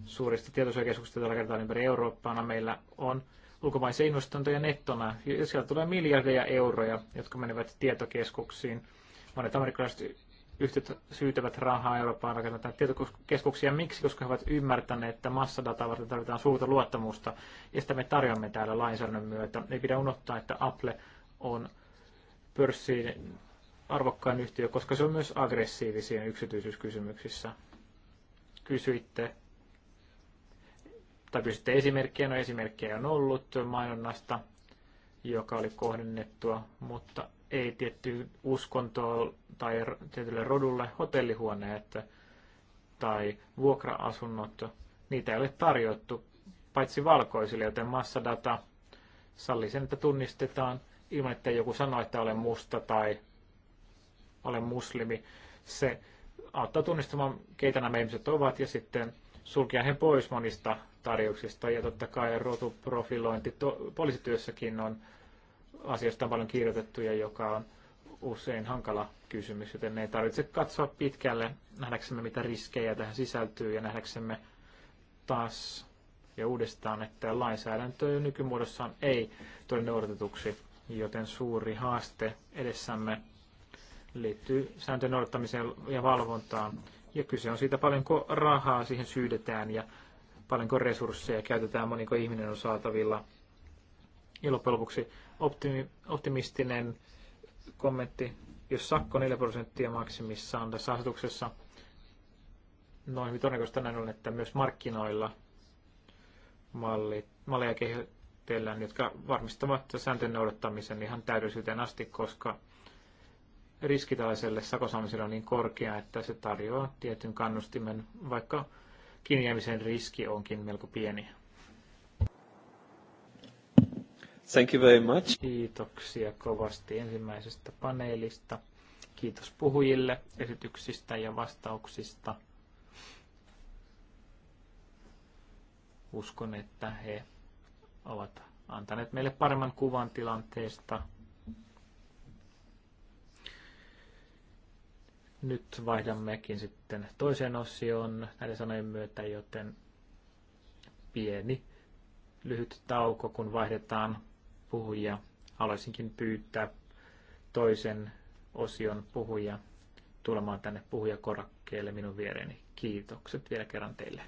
suurista tietosuojakeskuksista tällä kertaa ympäri Eurooppaana. Meillä on ulkomaisia investointeja nettona. Sieltä tulee miljardeja euroja, jotka menevät tietokeskuksiin. Monet amerikkalaiset yhtiöt syytävät rahaa Eurooppaan rakennetaan tietokeskuksia. Miksi? Koska he ovat ymmärtäneet, että massadataa varten tarvitaan suurta luottamusta, ja sitä me tarjoamme täällä lainsäädännön myötä. Ei pidä unohtaa, että Apple on pörssiin arvokkain yhtiö, koska se on myös aggressiivisia yksityisyyskysymyksissä. Kysyitte, tai kysytte esimerkkiä, no esimerkkejä on ollut mainonnasta, joka oli kohdennettua, mutta ei tiettyyn uskontoon tai tietylle rodulle hotellihuoneet tai vuokra-asunnot, niitä ei ole tarjottu paitsi valkoisille, joten massadata salli sen, että tunnistetaan ilman, että joku sanoo, että olen musta tai olen muslimi. Se auttaa tunnistamaan, keitä nämä ihmiset ovat ja sitten sulkea he pois monista tarjouksista. Ja totta kai rotuprofilointi to- poliisityössäkin on asiasta on paljon kirjoitettu ja joka on usein hankala kysymys, joten ei tarvitse katsoa pitkälle nähdäksemme, mitä riskejä tähän sisältyy ja nähdäksemme taas ja uudestaan, että lainsäädäntö nykymuodossaan ei tule noudatetuksi, joten suuri haaste edessämme liittyy sääntöjen noudattamiseen ja valvontaan. Ja kyse on siitä, paljonko rahaa siihen syydetään ja paljonko resursseja käytetään, moniko ihminen on saatavilla. Ja loppujen lopuksi optimi, optimistinen kommentti, jos sakko 4 prosenttia maksimissaan tässä asetuksessa, noin hyvin todennäköistä näin on, että myös markkinoilla mallit, malleja kehitellään, jotka varmistavat sääntöjen noudattamisen ihan täydellisyyteen asti, koska riski tällaiselle sakosaamiselle on niin korkea, että se tarjoaa tietyn kannustimen, vaikka kiinnijäämisen riski onkin melko pieni. Thank you very much. Kiitoksia kovasti ensimmäisestä paneelista. Kiitos puhujille esityksistä ja vastauksista. Uskon, että he ovat antaneet meille paremman kuvan tilanteesta. Nyt vaihdammekin sitten toiseen osioon näiden sanojen myötä, joten pieni lyhyt tauko, kun vaihdetaan puhuja. Haluaisinkin pyytää toisen osion puhuja tulemaan tänne puhujakorakkeelle minun viereeni. Kiitokset vielä kerran teille.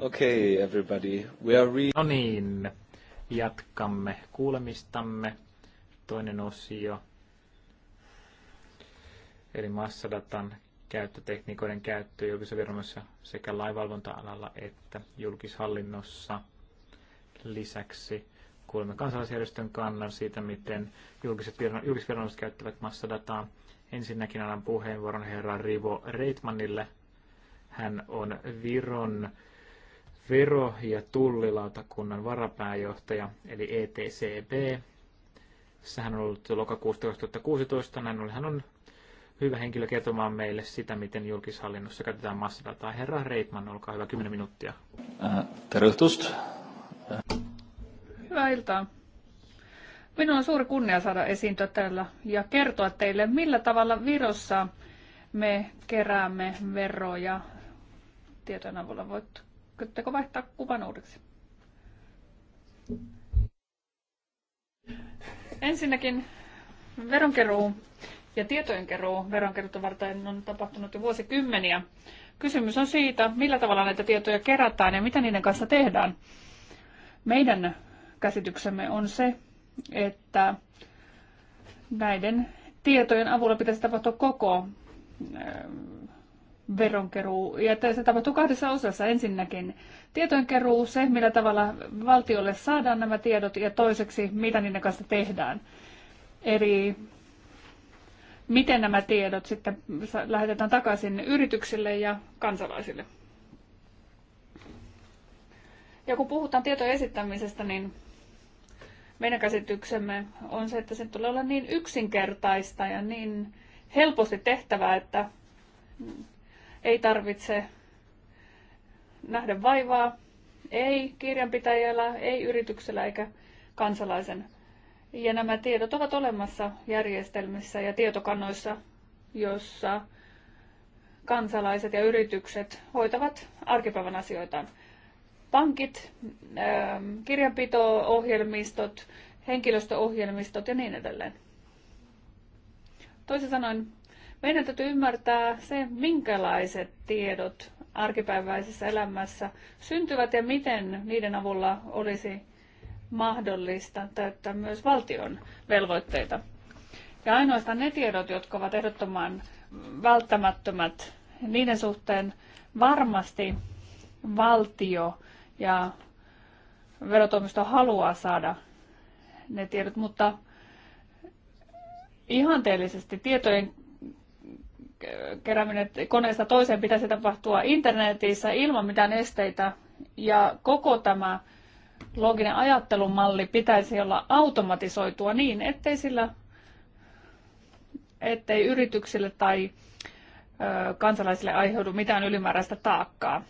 Okay, everybody. We are re- no niin, jatkamme kuulemistamme. Toinen osio, eli massadatan käyttötekniikoiden käyttö julkisessa viranomaisessa sekä laivalvonta-alalla että julkishallinnossa. Lisäksi kuulemme kansalaisjärjestön kannan siitä, miten julkiset viran, julkisviranomaiset käyttävät massadataa. Ensinnäkin annan puheenvuoron herra Rivo Reitmanille. Hän on Viron vero- ja tullilautakunnan varapääjohtaja, eli ETCB. Hän on ollut lokakuusta 2016, näin ollen hän on hyvä henkilö kertomaan meille sitä, miten julkishallinnossa käytetään massadataa. Herra Reitman, olkaa hyvä, 10 minuuttia. Äh, Tervetuloa. Hyvää iltaa. Minun on suuri kunnia saada esiintyä täällä ja kertoa teille, millä tavalla Virossa me keräämme veroja tietojen avulla voittoa. Kyttekö vaihtaa kuvan uudeksi? Ensinnäkin veronkeruu ja tietojenkeruu veronkeruuta varten on tapahtunut jo vuosikymmeniä. Kysymys on siitä, millä tavalla näitä tietoja kerätään ja mitä niiden kanssa tehdään. Meidän käsityksemme on se, että näiden tietojen avulla pitäisi tapahtua koko veronkeruu. Ja se tapahtuu kahdessa osassa. Ensinnäkin tietojenkeruu, se millä tavalla valtiolle saadaan nämä tiedot ja toiseksi mitä niiden kanssa tehdään. Eri miten nämä tiedot sitten lähetetään takaisin yrityksille ja kansalaisille. Ja kun puhutaan tietojen esittämisestä, niin meidän käsityksemme on se, että se tulee olla niin yksinkertaista ja niin helposti tehtävää, että ei tarvitse nähdä vaivaa, ei kirjanpitäjällä, ei yrityksellä eikä kansalaisen. Ja nämä tiedot ovat olemassa järjestelmissä ja tietokannoissa, joissa kansalaiset ja yritykset hoitavat arkipäivän asioitaan. Pankit, ähm, kirjanpito-ohjelmistot, henkilöstöohjelmistot ja niin edelleen. Toisin sanoen, meidän täytyy ymmärtää se, minkälaiset tiedot arkipäiväisessä elämässä syntyvät ja miten niiden avulla olisi mahdollista täyttää myös valtion velvoitteita. Ja ainoastaan ne tiedot, jotka ovat ehdottoman välttämättömät, niiden suhteen varmasti valtio ja verotoimisto haluaa saada ne tiedot, mutta ihanteellisesti tietojen kerääminen koneesta toiseen pitäisi tapahtua internetissä ilman mitään esteitä. Ja koko tämä looginen ajattelumalli pitäisi olla automatisoitua niin, ettei sillä ettei yrityksille tai ö, kansalaisille aiheudu mitään ylimääräistä taakkaa.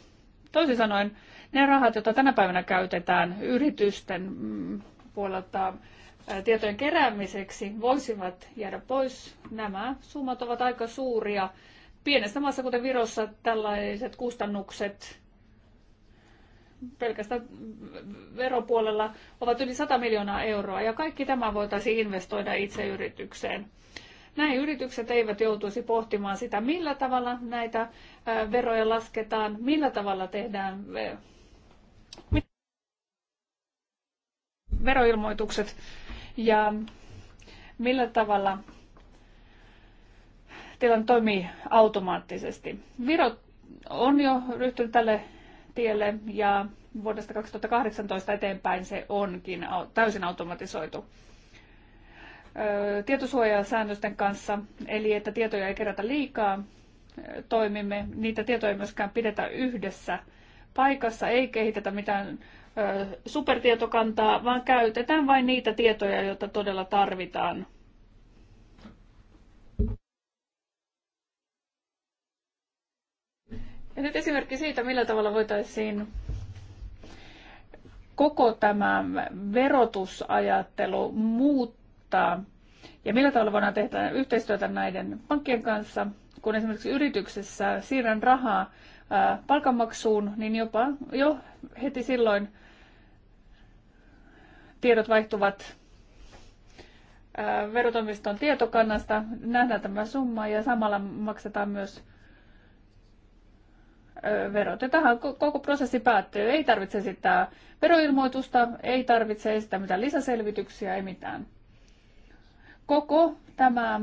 Toisin sanoen, ne rahat, joita tänä päivänä käytetään yritysten mm, puolelta tietojen keräämiseksi voisivat jäädä pois. Nämä summat ovat aika suuria. Pienessä maassa, kuten Virossa, tällaiset kustannukset pelkästään veropuolella ovat yli 100 miljoonaa euroa ja kaikki tämä voitaisiin investoida itse yritykseen. Näin yritykset eivät joutuisi pohtimaan sitä, millä tavalla näitä veroja lasketaan, millä tavalla tehdään veroilmoitukset ja millä tavalla tilanne toimii automaattisesti. Viro on jo ryhtynyt tälle tielle ja vuodesta 2018 eteenpäin se onkin täysin automatisoitu tietosuojasäännösten kanssa, eli että tietoja ei kerätä liikaa, toimimme. Niitä tietoja ei myöskään pidetä yhdessä paikassa, ei kehitetä mitään supertietokantaa, vaan käytetään vain niitä tietoja, joita todella tarvitaan. Ja nyt esimerkki siitä, millä tavalla voitaisiin koko tämä verotusajattelu muuttaa ja millä tavalla voidaan tehdä yhteistyötä näiden pankkien kanssa, kun esimerkiksi yrityksessä siirrän rahaa palkanmaksuun, niin jopa jo heti silloin tiedot vaihtuvat verotoimiston tietokannasta, nähdään tämä summa ja samalla maksetaan myös verot. Ja tähän koko prosessi päättyy. Ei tarvitse sitä veroilmoitusta, ei tarvitse esittää mitään lisäselvityksiä, ei mitään. Koko tämä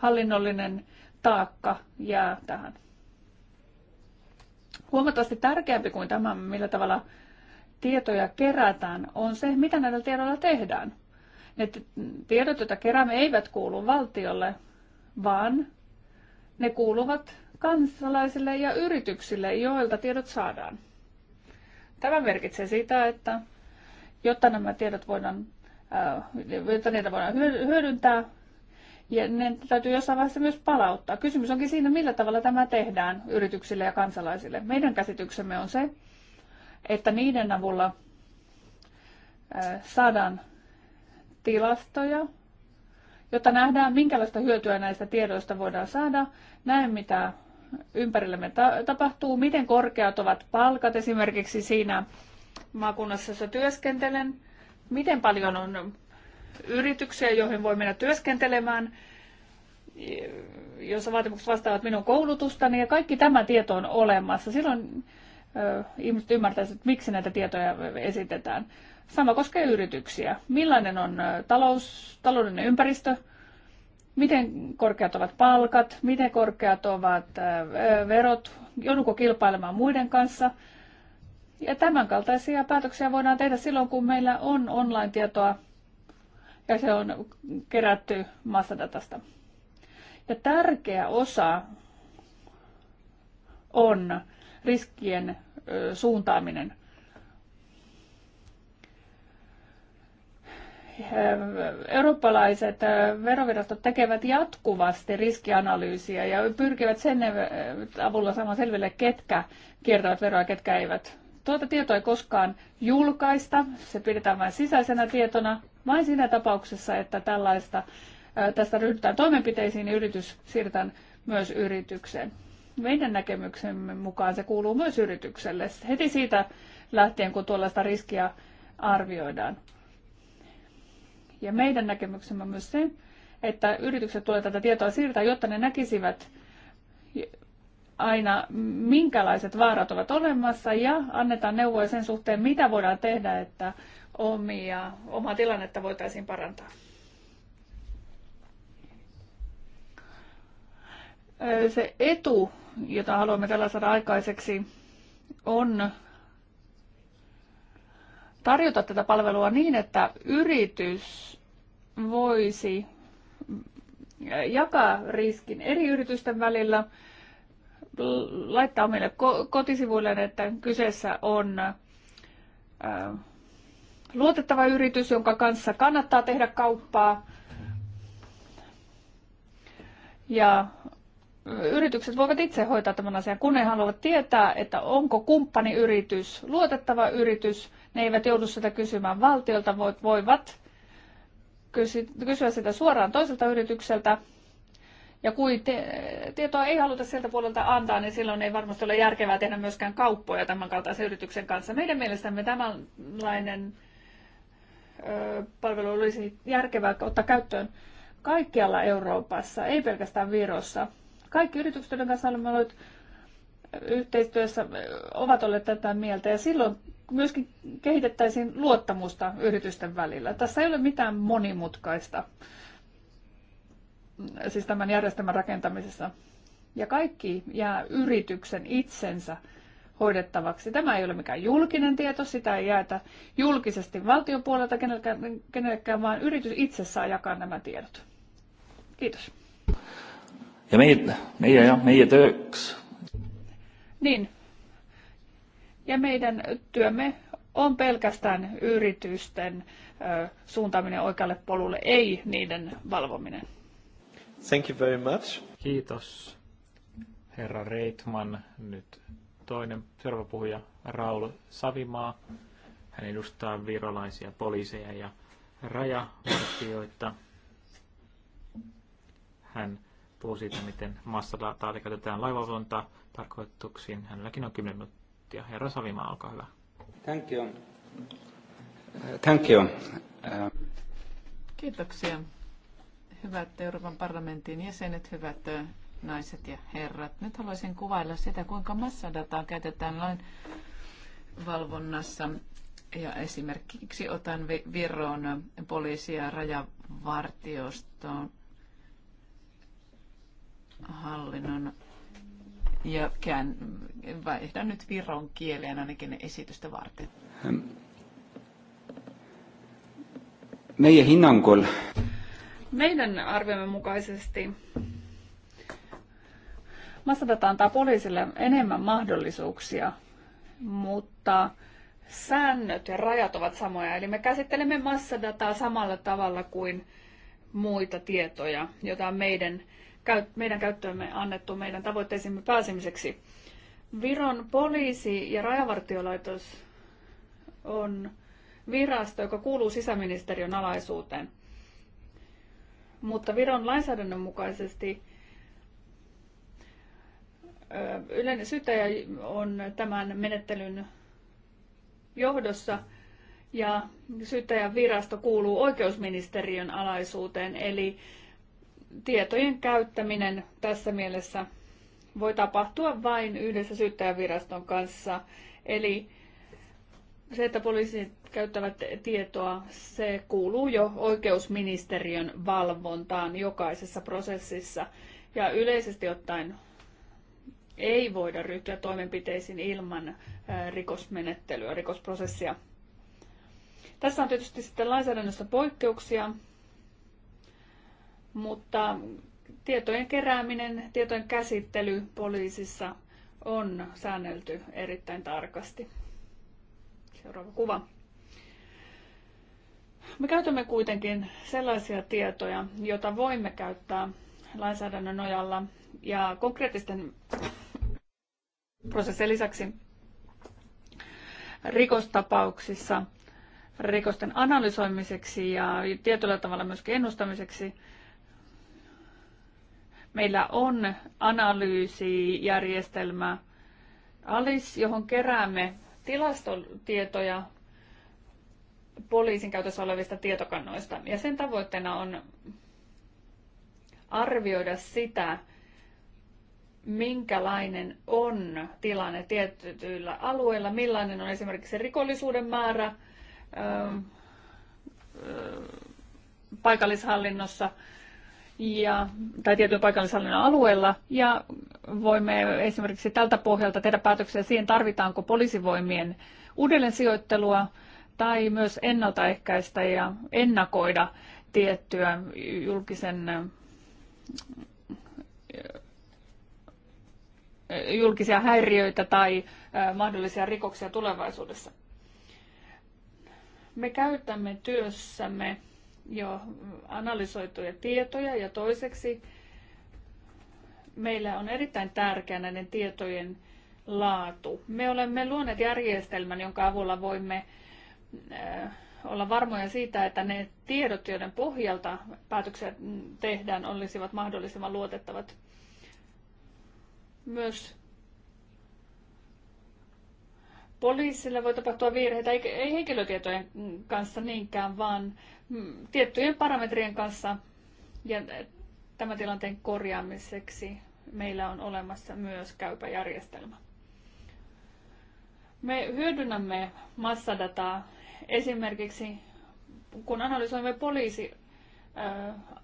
hallinnollinen taakka jää tähän. Huomattavasti tärkeämpi kuin tämä, millä tavalla tietoja kerätään, on se, mitä näillä tiedoilla tehdään. Ne tiedot, joita keräämme, eivät kuulu valtiolle, vaan ne kuuluvat kansalaisille ja yrityksille, joilta tiedot saadaan. Tämä merkitsee sitä, että jotta nämä tiedot voidaan, äh, jotta niitä voidaan hyödyntää, ja ne täytyy jossain vaiheessa myös palauttaa. Kysymys onkin siinä, millä tavalla tämä tehdään yrityksille ja kansalaisille. Meidän käsityksemme on se, että niiden avulla saadaan tilastoja, jotta nähdään, minkälaista hyötyä näistä tiedoista voidaan saada, näen mitä ympärillemme ta- tapahtuu, miten korkeat ovat palkat esimerkiksi siinä maakunnassa, jossa työskentelen, miten paljon on yrityksiä, joihin voi mennä työskentelemään, joissa vaatimukset vastaavat minun koulutustani ja kaikki tämä tieto on olemassa. Silloin ihmiset ymmärtäisivät, miksi näitä tietoja esitetään. Sama koskee yrityksiä. Millainen on talous, taloudellinen ympäristö, miten korkeat ovat palkat, miten korkeat ovat verot, joudunko kilpailemaan muiden kanssa. Ja tämän kaltaisia päätöksiä voidaan tehdä silloin, kun meillä on online-tietoa ja se on kerätty massadatasta. Ja tärkeä osa on riskien suuntaaminen. Eurooppalaiset verovirastot tekevät jatkuvasti riskianalyysiä ja pyrkivät sen avulla saamaan selville, ketkä kiertävät veroa ja ketkä eivät. Tuota tietoa ei koskaan julkaista, se pidetään vain sisäisenä tietona, vain siinä tapauksessa, että tällaista, tästä ryhdytään toimenpiteisiin, niin yritys siirretään myös yritykseen. Meidän näkemyksemme mukaan se kuuluu myös yritykselle heti siitä lähtien, kun tuollaista riskiä arvioidaan. Ja meidän näkemyksemme on myös se, että yritykset tulee tätä tietoa siirtää, jotta ne näkisivät aina, minkälaiset vaarat ovat olemassa ja annetaan neuvoja sen suhteen, mitä voidaan tehdä, että omia, omaa tilannetta voitaisiin parantaa. Se etu, jota haluamme tällä saada aikaiseksi, on tarjota tätä palvelua niin, että yritys voisi jakaa riskin eri yritysten välillä – laittaa ko- kotisivuille, että kyseessä on äh, luotettava yritys, jonka kanssa kannattaa tehdä kauppaa. Ja äh, yritykset voivat itse hoitaa tämän asian, kun ne haluavat tietää, että onko kumppaniyritys luotettava yritys. Ne eivät joudu sitä kysymään valtiolta, voivat kysyä sitä suoraan toiselta yritykseltä ja kun te- tietoa ei haluta sieltä puolelta antaa, niin silloin ei varmasti ole järkevää tehdä myöskään kauppoja tämän kaltaisen yrityksen kanssa. Meidän mielestämme tämänlainen ö, palvelu olisi järkevää ottaa käyttöön kaikkialla Euroopassa, ei pelkästään Virossa. Kaikki yritykset, joiden kanssa olemme olleet yhteistyössä, ovat olleet tätä mieltä ja silloin myöskin kehitettäisiin luottamusta yritysten välillä. Tässä ei ole mitään monimutkaista siis tämän järjestelmän rakentamisessa. Ja kaikki jää yrityksen itsensä hoidettavaksi. Tämä ei ole mikään julkinen tieto, sitä ei jäätä julkisesti valtion puolelta kenellekään, kenellekään vaan yritys itse saa jakaa nämä tiedot. Kiitos. Ja meidän, meidän ja meidän työks. Niin. Ja meidän työmme on pelkästään yritysten ö, suuntaaminen oikealle polulle, ei niiden valvominen. Thank you very much. Kiitos, herra Reitman. Nyt toinen seuraava puhuja, Raul Savimaa. Hän edustaa virolaisia poliiseja ja rajavartioita. Hän puhuu siitä, miten massadataa käytetään laivavalvonta tarkoituksiin. Hänelläkin on 10 minuuttia. Herra Savimaa, olkaa hyvä. Thank you. Thank you. Uh, Kiitoksia. Hyvät Euroopan parlamentin jäsenet, hyvät naiset ja herrat. Nyt haluaisin kuvailla sitä, kuinka massadataa käytetään lain valvonnassa. Ja esimerkiksi otan Viron poliisia rajavartioston hallinnon ja kään, vaihdan nyt Viron kieleen ainakin esitystä varten. Meidän hinnangul meidän arviomme mukaisesti massadata antaa poliisille enemmän mahdollisuuksia, mutta säännöt ja rajat ovat samoja. Eli me käsittelemme massadataa samalla tavalla kuin muita tietoja, joita on meidän, meidän käyttöömme annettu meidän tavoitteisiimme pääsemiseksi. Viron poliisi ja rajavartiolaitos on virasto, joka kuuluu sisäministeriön alaisuuteen. Mutta Viron lainsäädännön mukaisesti yleinen syyttäjä on tämän menettelyn johdossa ja syyttäjän virasto kuuluu oikeusministeriön alaisuuteen, eli tietojen käyttäminen tässä mielessä voi tapahtua vain yhdessä syyttäjän viraston kanssa. Eli se, että poliisit käyttävät tietoa, se kuuluu jo oikeusministeriön valvontaan jokaisessa prosessissa. Ja yleisesti ottaen ei voida ryhtyä toimenpiteisiin ilman rikosmenettelyä, rikosprosessia. Tässä on tietysti sitten lainsäädännössä poikkeuksia, mutta tietojen kerääminen, tietojen käsittely poliisissa on säännelty erittäin tarkasti. Seuraava kuva. Me käytämme kuitenkin sellaisia tietoja, joita voimme käyttää lainsäädännön nojalla ja konkreettisten prosessien lisäksi rikostapauksissa rikosten analysoimiseksi ja tietyllä tavalla myöskin ennustamiseksi. Meillä on analyysijärjestelmä ALIS, johon keräämme tilastotietoja poliisin käytössä olevista tietokannoista. Ja sen tavoitteena on arvioida sitä, minkälainen on tilanne tietyillä alueilla, millainen on esimerkiksi rikollisuuden määrä paikallishallinnossa, ja, tai tietyn paikallishallinnon alueella ja voimme esimerkiksi tältä pohjalta tehdä päätöksiä siihen, tarvitaanko poliisivoimien uudelleen sijoittelua tai myös ennaltaehkäistä ja ennakoida tiettyä julkisen julkisia häiriöitä tai mahdollisia rikoksia tulevaisuudessa. Me käytämme työssämme jo analysoituja tietoja ja toiseksi meillä on erittäin tärkeä näiden tietojen laatu. Me olemme luoneet järjestelmän, jonka avulla voimme äh, olla varmoja siitä, että ne tiedot, joiden pohjalta päätöksiä tehdään, olisivat mahdollisimman luotettavat. Myös poliisille voi tapahtua virheitä, ei henkilötietojen kanssa niinkään, vaan Hmm, tiettyjen parametrien kanssa ja tämän tilanteen korjaamiseksi meillä on olemassa myös käypä järjestelmä. Me hyödynnämme massadataa esimerkiksi, kun analysoimme poliisi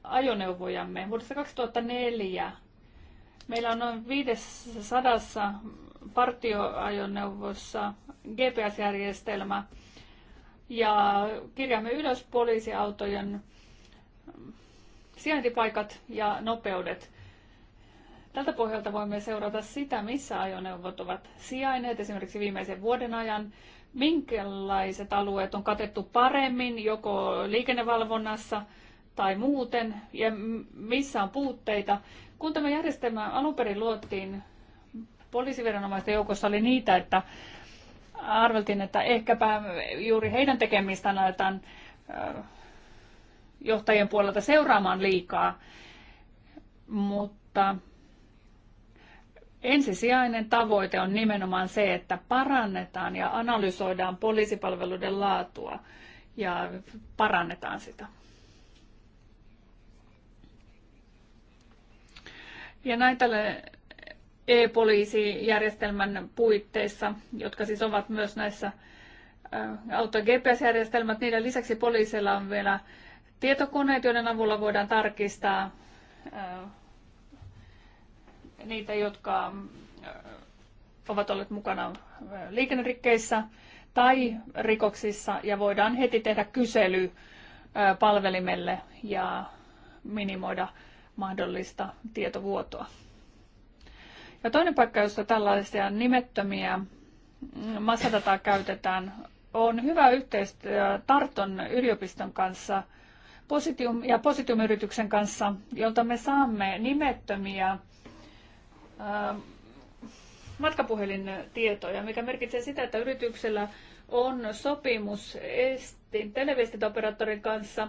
ajoneuvojamme. Vuodesta 2004 meillä on noin 500 partioajoneuvossa GPS-järjestelmä, ja kirjaamme ylös poliisiautojen sijaintipaikat ja nopeudet. Tältä pohjalta voimme seurata sitä, missä ajoneuvot ovat sijainneet esimerkiksi viimeisen vuoden ajan, minkälaiset alueet on katettu paremmin joko liikennevalvonnassa tai muuten ja missä on puutteita. Kun tämä järjestelmä alun perin luotiin, poliisiviranomaisten joukossa oli niitä, että arveltiin, että ehkäpä juuri heidän tekemistään aletaan johtajien puolelta seuraamaan liikaa, mutta ensisijainen tavoite on nimenomaan se, että parannetaan ja analysoidaan poliisipalveluiden laatua ja parannetaan sitä. Ja näitä e-poliisijärjestelmän puitteissa, jotka siis ovat myös näissä äh, auto- ja GPS-järjestelmät. Niiden lisäksi poliisilla on vielä tietokoneet, joiden avulla voidaan tarkistaa äh, niitä, jotka äh, ovat olleet mukana liikennerikkeissä tai rikoksissa ja voidaan heti tehdä kysely palvelimelle ja minimoida mahdollista tietovuotoa. Ja toinen paikka, jossa tällaisia nimettömiä massadataa käytetään, on hyvä yhteistyö Tarton yliopiston kanssa Positium, ja Positium-yrityksen kanssa, jolta me saamme nimettömiä matkapuhelin ähm, matkapuhelintietoja, mikä merkitsee sitä, että yrityksellä on sopimus Estin televiestintäoperaattorin kanssa,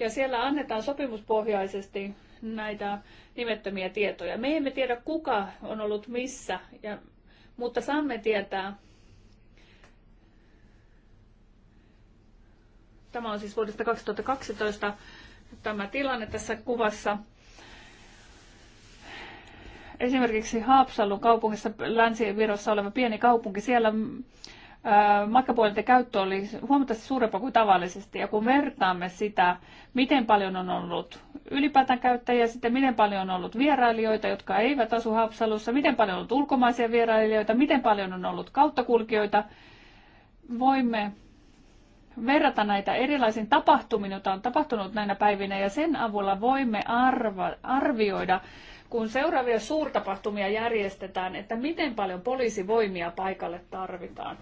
ja siellä annetaan sopimuspohjaisesti näitä nimettömiä tietoja. Me emme tiedä, kuka on ollut missä, ja, mutta saamme tietää. Tämä on siis vuodesta 2012 tämä tilanne tässä kuvassa. Esimerkiksi Haapsalun kaupungissa, Länsi-Virossa oleva pieni kaupunki, siellä matkapuhelinten käyttö oli huomattavasti suurempaa kuin tavallisesti. Ja kun vertaamme sitä, miten paljon on ollut ylipäätään käyttäjiä, sitten miten paljon on ollut vierailijoita, jotka eivät asu Hapsalussa, miten paljon on ollut ulkomaisia vierailijoita, miten paljon on ollut kauttakulkijoita, voimme verrata näitä erilaisiin tapahtumiin, joita on tapahtunut näinä päivinä, ja sen avulla voimme arva, arvioida, kun seuraavia suurtapahtumia järjestetään, että miten paljon poliisivoimia paikalle tarvitaan.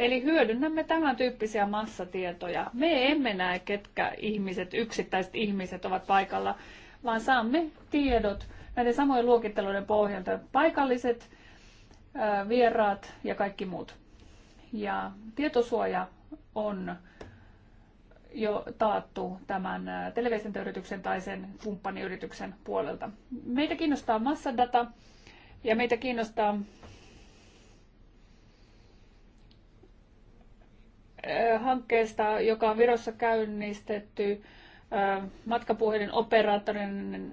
Eli hyödynnämme tämän tyyppisiä massatietoja. Me emme näe, ketkä ihmiset, yksittäiset ihmiset ovat paikalla, vaan saamme tiedot näiden samojen luokitteluiden pohjalta. Paikalliset, vieraat ja kaikki muut. Ja tietosuoja on jo taattu tämän televisiointiyrityksen tai sen kumppaniyrityksen puolelta. Meitä kiinnostaa massadata ja meitä kiinnostaa hankkeesta, joka on Virossa käynnistetty matkapuhelin operaattorin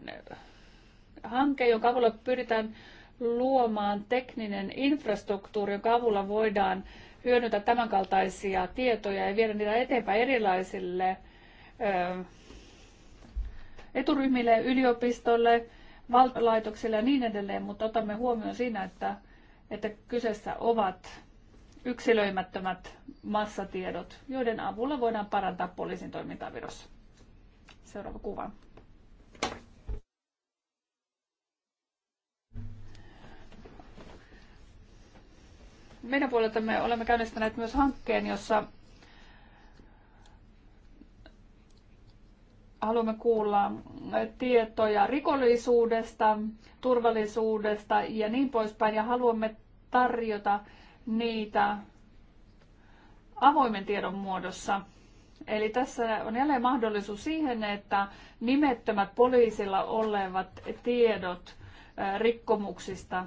hanke, jonka avulla pyritään luomaan tekninen infrastruktuuri, jonka avulla voidaan hyödyntää tämänkaltaisia tietoja ja viedä niitä eteenpäin erilaisille eturyhmille, yliopistolle, valtolaitoksille ja niin edelleen, mutta otamme huomioon siinä, että, että kyseessä ovat yksilöimättömät massatiedot, joiden avulla voidaan parantaa poliisin toimintaa Virossa. Seuraava kuva. Meidän puolelta me olemme käynnistäneet myös hankkeen, jossa haluamme kuulla tietoja rikollisuudesta, turvallisuudesta ja niin poispäin. Ja haluamme tarjota niitä avoimen tiedon muodossa. Eli tässä on jälleen mahdollisuus siihen, että nimettömät poliisilla olevat tiedot rikkomuksista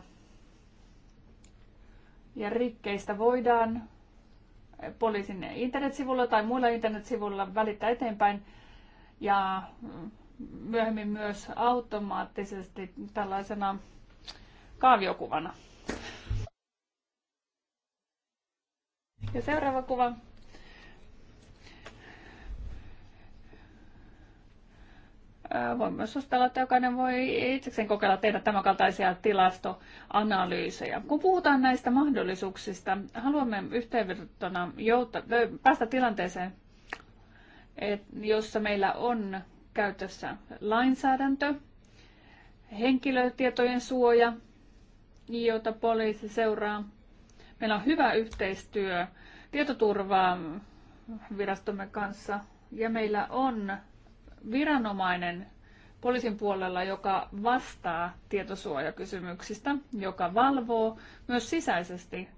ja rikkeistä voidaan poliisin internetsivulla tai muilla internetsivuilla välittää eteenpäin ja mm, myöhemmin myös automaattisesti tällaisena kaaviokuvana. Ja seuraava kuva. Äh, Voin myös suositella, että jokainen voi itsekseen kokeilla tehdä tämänkaltaisia tilastoanalyysejä. Kun puhutaan näistä mahdollisuuksista, haluamme yhteenvetona päästä tilanteeseen, et, jossa meillä on käytössä lainsäädäntö, henkilötietojen suoja, jota poliisi seuraa Meillä on hyvä yhteistyö tietoturvaa virastomme kanssa ja meillä on viranomainen poliisin puolella, joka vastaa tietosuojakysymyksistä, joka valvoo myös sisäisesti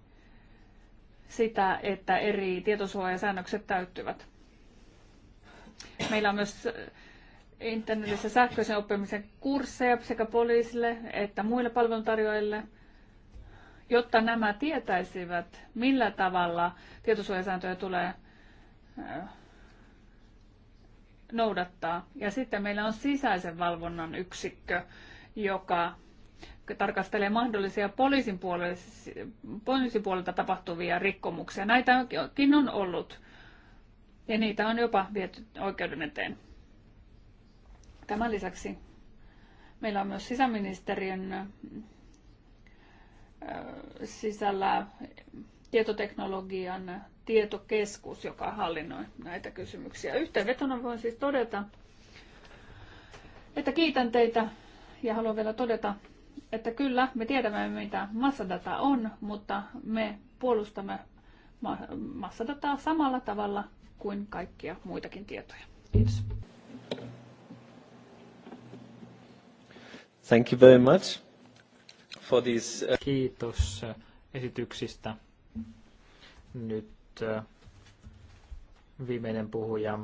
sitä, että eri tietosuojasäännökset täyttyvät. Meillä on myös internetissä sähköisen oppimisen kursseja sekä poliisille että muille palveluntarjoajille – jotta nämä tietäisivät, millä tavalla tietosuojasääntöjä tulee noudattaa. Ja sitten meillä on sisäisen valvonnan yksikkö, joka tarkastelee mahdollisia poliisin puolelta, poliisin puolelta tapahtuvia rikkomuksia. Näitäkin on ollut. Ja niitä on jopa viety oikeuden eteen. Tämän lisäksi meillä on myös sisäministeriön sisällä tietoteknologian tietokeskus, joka hallinnoi näitä kysymyksiä. Yhteenvetona voin siis todeta, että kiitän teitä ja haluan vielä todeta, että kyllä me tiedämme mitä massadata on, mutta me puolustamme massadataa samalla tavalla kuin kaikkia muitakin tietoja. Kiitos. Thank you very much for this. Uh, Kiitos äh, esityksistä. Nyt äh, viimeinen puhuja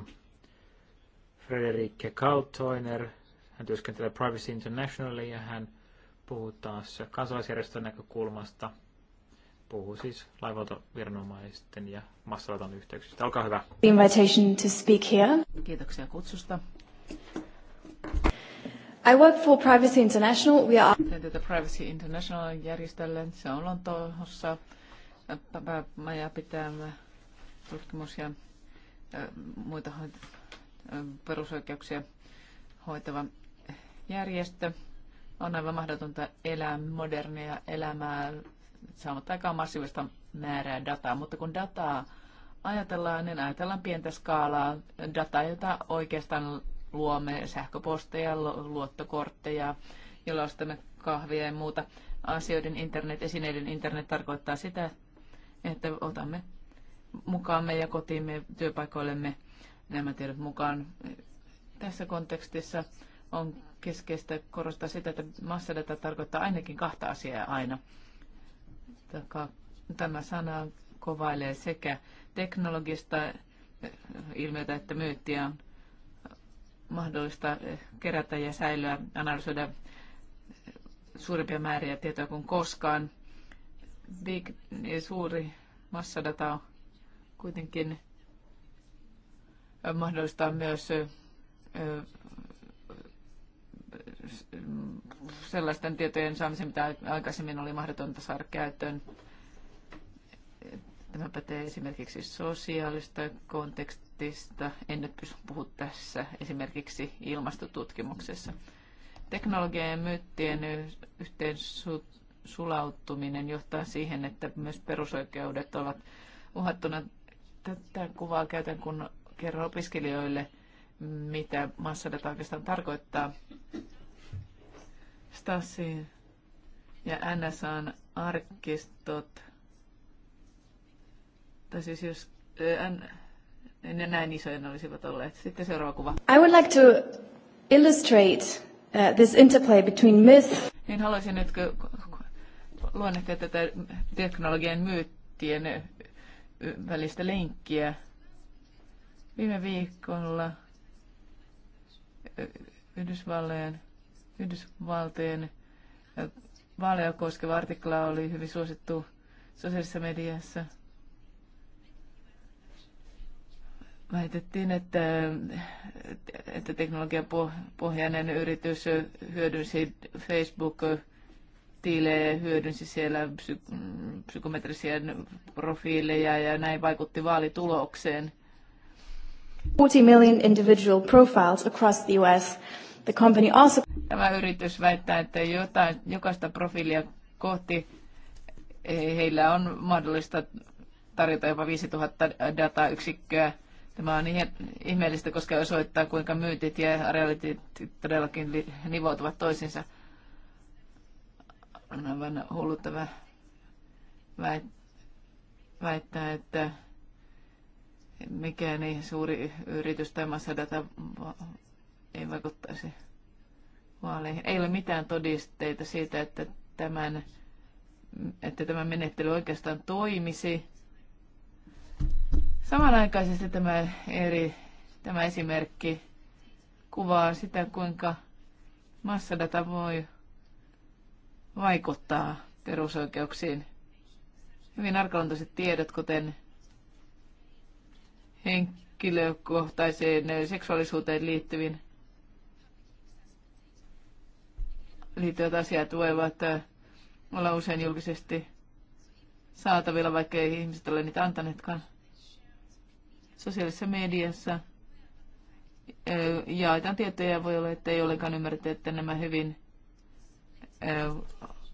Frederikke Kaltoiner. Hän työskentelee Privacy Internationalille ja hän puhuu taas kansalaisjärjestön näkökulmasta. Puhuu siis laivaltoviranomaisten ja massalautan yhteyksistä. Olkaa hyvä. Invitation to speak here. Kiitoksia kutsusta. I work for Privacy International. We are... Teen tätä Privacy International järjestölle. Se on Lontoossa maja pitää tutkimus- ja muita perusoikeuksia hoitava järjestö. On aivan mahdotonta elää modernia elämää saamatta aikaan massiivista määrää dataa, mutta kun dataa ajatellaan, niin ajatellaan pientä skaalaa dataa, jota oikeastaan luomme sähköposteja, luottokortteja, joilla ostamme kahvia ja muuta. Asioiden internet, esineiden internet tarkoittaa sitä, että otamme mukaamme ja kotiimme, työpaikoillemme nämä tiedot mukaan. Tässä kontekstissa on keskeistä korostaa sitä, että massadata tarkoittaa ainakin kahta asiaa aina. Tämä sana kovailee sekä teknologista ilmiötä että myyttiä mahdollista kerätä ja säilyä, analysoida suurempia määriä tietoa kuin koskaan. Big, niin suuri massadata kuitenkin mahdollistaa myös sellaisten tietojen saamisen, mitä aikaisemmin oli mahdotonta saada käyttöön. Tämä pätee esimerkiksi sosiaalista kontekstia Arktista en nyt puhu tässä esimerkiksi ilmastotutkimuksessa. Teknologian ja myyttien yhteen sulauttuminen johtaa siihen, että myös perusoikeudet ovat uhattuna. Tätä kuvaa käytän, kun kerron opiskelijoille, mitä massadata oikeastaan tarkoittaa. Stassi ja NSAn arkistot, tai siis jos ne näin isoja ne olisivat olleet. Sitten seuraava kuva. I would like to illustrate uh, this interplay between myth... Niin haluaisin nyt luonnehtia tätä teknologian myyttien välistä lenkkiä. Viime viikolla Yhdysvaltojen, Yhdysvaltojen vaaleja koskeva artikla oli hyvin suosittu sosiaalisessa mediassa – väitettiin, että, että teknologiapohjainen yritys hyödynsi Facebook-tilejä, hyödynsi siellä psyk- psykometrisiä profiileja ja näin vaikutti vaalitulokseen. 40 million individual profiles across the US. The company also... Tämä yritys väittää, että jotain, jokaista profiilia kohti eh, heillä on mahdollista tarjota jopa 5000 datayksikköä Tämä on ihmeellistä, koska osoittaa, kuinka myytit ja realiteetit todellakin nivoutuvat toisiinsa. On aivan hulluttava väittää, että mikään niin suuri yritys tai massadata ei vaikuttaisi vaaleihin. Ei ole mitään todisteita siitä, että, tämän, että tämä menettely oikeastaan toimisi Samanaikaisesti tämä, eri, tämä esimerkki kuvaa sitä, kuinka massadata voi vaikuttaa perusoikeuksiin. Hyvin arkaluontoiset tiedot, kuten henkilökohtaiseen seksuaalisuuteen liittyvin liittyvät asiat voivat äh, olla usein julkisesti saatavilla, vaikka ei ihmiset ole niitä antaneetkaan sosiaalisessa mediassa jaetaan tietoja ja voi olla, että ei ollenkaan ymmärretä, että nämä hyvin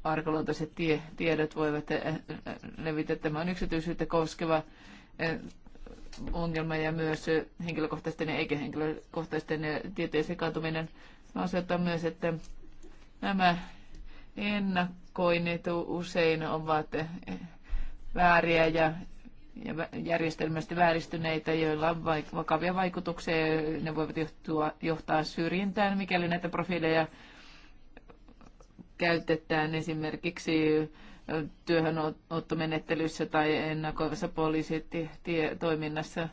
arkaluontoiset tie, tiedot voivat levitä. Tämä on yksityisyyttä koskeva ongelma ja myös henkilökohtaisten ja eikä henkilökohtaisten tietojen sekaantuminen osoittaa myös, että nämä ennakkoinnit usein ovat vääriä ja ja järjestelmästi vääristyneitä, joilla on vakavia vaikutuksia. Ne voivat johtua, johtaa syrjintään, mikäli näitä profiileja käytetään esimerkiksi työhönottomenettelyssä tai ennakoivassa poliisitoiminnassa.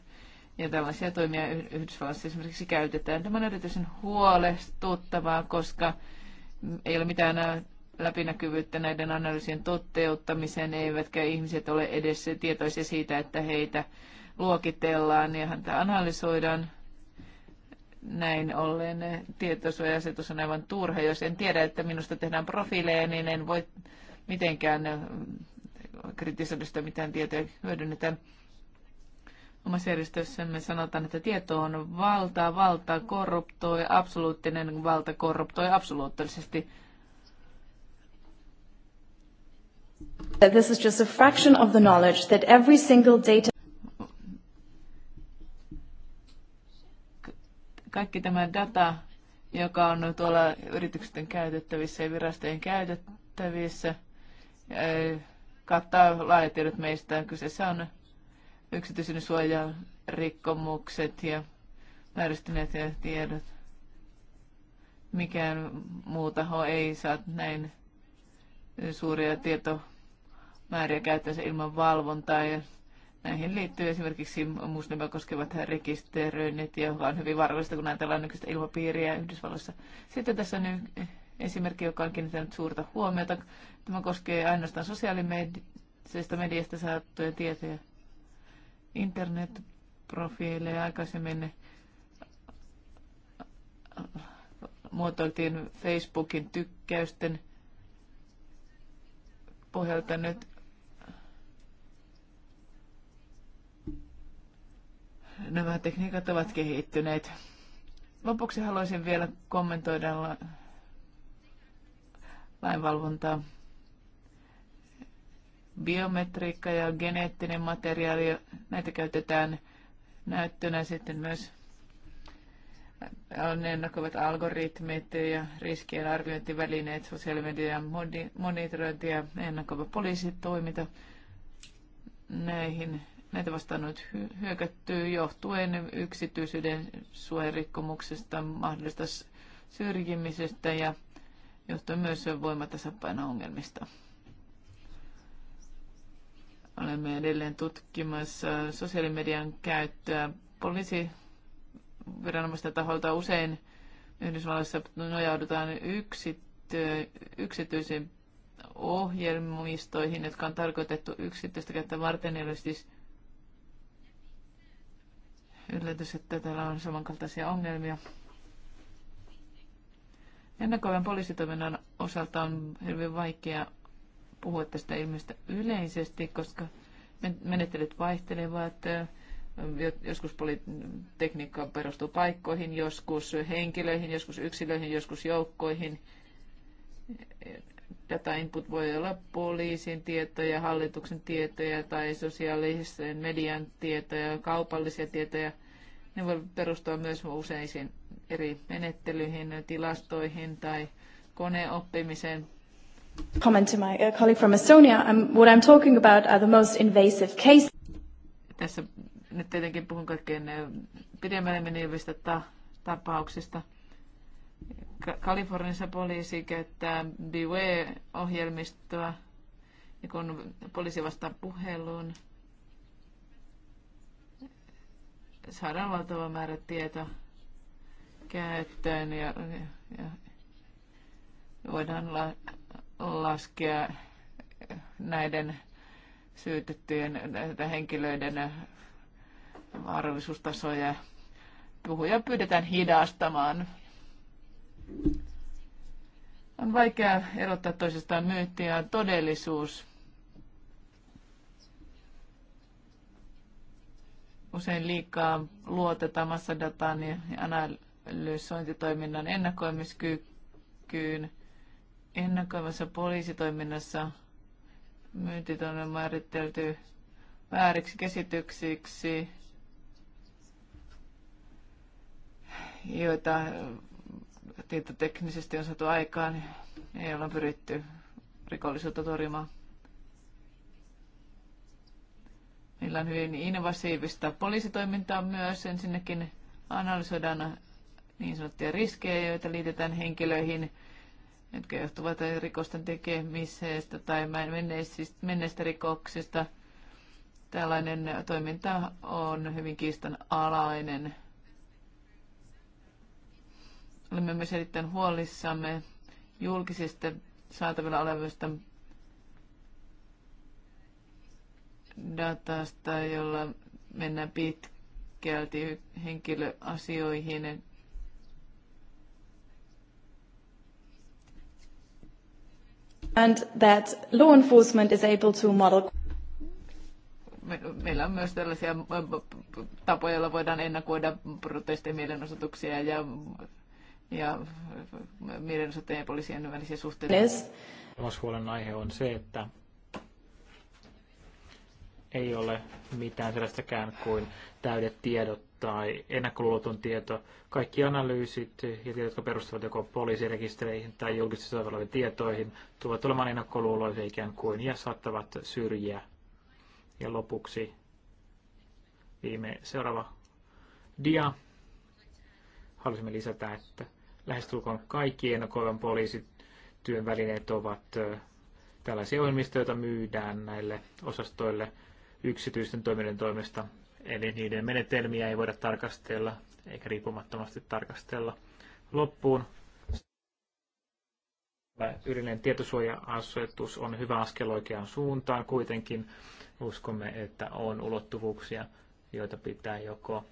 Ja tällaisia toimia Yhdysvalloissa esimerkiksi käytetään. Tämä on erityisen huolestuttavaa, koska ei ole mitään läpinäkyvyyttä näiden analyysien toteuttamiseen, eivätkä ihmiset ole edes tietoisia siitä, että heitä luokitellaan ja häntä analysoidaan. Näin ollen tietosuoja-asetus on aivan turha. Jos en tiedä, että minusta tehdään profiileja, niin en voi mitenkään kritisoida sitä, mitään tietoja hyödynnetään. Omassa järjestössämme sanotaan, että tieto on valtaa, valtaa korruptoi, absoluuttinen valta korruptoi absoluuttisesti. This is just a fraction of the knowledge that every single data kaikki tämä data, joka on tuolla yritysten käytettävissä ja virastojen käytettävissä, kattaa laajatiedot meistä. Kyseessä on yksityisen suojan rikkomukset ja vääristyneet tiedot. Mikään muu taho ei saa näin suuria tietoja määriä käyttöönsä ilman valvontaa. Ja näihin liittyy esimerkiksi muslimia koskevat rekisteröinnit, joka on hyvin vaarallista, kun ajatellaan nykyistä ilmapiiriä Yhdysvalloissa. Sitten tässä on esimerkki, joka on kiinnittänyt suurta huomiota. Tämä koskee ainoastaan sosiaalisedista mediasta saattuja tietoja. Internetprofiileja aikaisemmin muotoiltiin Facebookin tykkäysten pohjalta nyt nämä tekniikat ovat kehittyneet. Lopuksi haluaisin vielä kommentoida la- lainvalvontaa. Biometriikka ja geneettinen materiaali, näitä käytetään näyttönä sitten myös on ennakoivat algoritmit ja riskien arviointivälineet, sosiaalimedian monitorointi ja ennakoiva poliisitoiminta. Näihin näitä vastaan nyt hyökätty johtuen yksityisyyden suojarikkomuksesta, mahdollisesta syrjimisestä ja johtuen myös voimatasapaino-ongelmista. Olemme edelleen tutkimassa sosiaalimedian käyttöä viranomaista taholta. Usein Yhdysvalloissa nojaudutaan yksity, yksityisiin ohjelmistoihin, jotka on tarkoitettu yksityistä käyttöä varten, eli siis yllätys, että täällä on samankaltaisia ongelmia. Ennakoivan poliisitoiminnan osalta on hyvin vaikea puhua tästä ilmiöstä yleisesti, koska menettelyt vaihtelevat. Joskus tekniikka perustuu paikkoihin, joskus henkilöihin, joskus yksilöihin, joskus joukkoihin. Data input voi olla poliisin tietoja, hallituksen tietoja tai sosiaalisen median tietoja, kaupallisia tietoja. Ne voi perustua myös useisiin eri menettelyihin, tilastoihin tai koneoppimiseen. Comment to my uh, colleague from Estonia. I'm, um, what I'm talking about are the most invasive cases. Tässä nyt tietenkin puhun kaikkein uh, pidemmälle menevistä ta- tapauksista. Kaliforniassa poliisi käyttää Beware-ohjelmistoa, ja kun poliisi vastaa puheluun, saadaan valtava määrä tietoa käyttöön ja, ja, ja voidaan la, laskea näiden syytettyjen näitä henkilöiden vaarallisuustasoja. Puhuja pyydetään hidastamaan on vaikea erottaa toisistaan myytti ja todellisuus. Usein liikaa luotetaan massadataan ja analysointitoiminnan ennakoimiskykyyn. Ennakoimassa poliisitoiminnassa myyntit on määritelty vääriksi käsityksiksi, joita tietoteknisesti on saatu aikaan, niin ei olla pyritty rikollisuutta torjumaan. Meillä on hyvin invasiivista poliisitoimintaa myös. Ensinnäkin analysoidaan niin sanottuja riskejä, joita liitetään henkilöihin, jotka johtuvat rikosten tekemisestä tai menneistä rikoksista. Tällainen toiminta on hyvin kiistanalainen alainen Olemme myös erittäin huolissamme julkisista saatavilla olevista datasta, jolla mennään pitkälti henkilöasioihin. And that law enforcement is able to model meillä on myös tällaisia tapoja, joilla voidaan ennakoida protestimielenosoituksia ja ja mielenosoittajien ja poliisien välisiä suhteita. Kolmas huolenaihe on se, että ei ole mitään sellaistakään kuin täydet tiedot tai ennakkoluuloton tieto. Kaikki analyysit ja tiedot, jotka perustuvat joko poliisirekistereihin tai julkisesti saataville tietoihin, tulevat olemaan ennakkoluuloisia ikään kuin ja saattavat syrjiä. Ja lopuksi viime seuraava dia. Halusimme lisätä, että Lähestulkoon kaikki ennakoivan poliisityön välineet ovat tällaisia ohjelmistoja, joita myydään näille osastoille yksityisten toimijoiden toimesta. Eli niiden menetelmiä ei voida tarkastella eikä riippumattomasti tarkastella loppuun. Yleinen tietosuoja-asetus on hyvä askel oikeaan suuntaan. Kuitenkin uskomme, että on ulottuvuuksia, joita pitää joko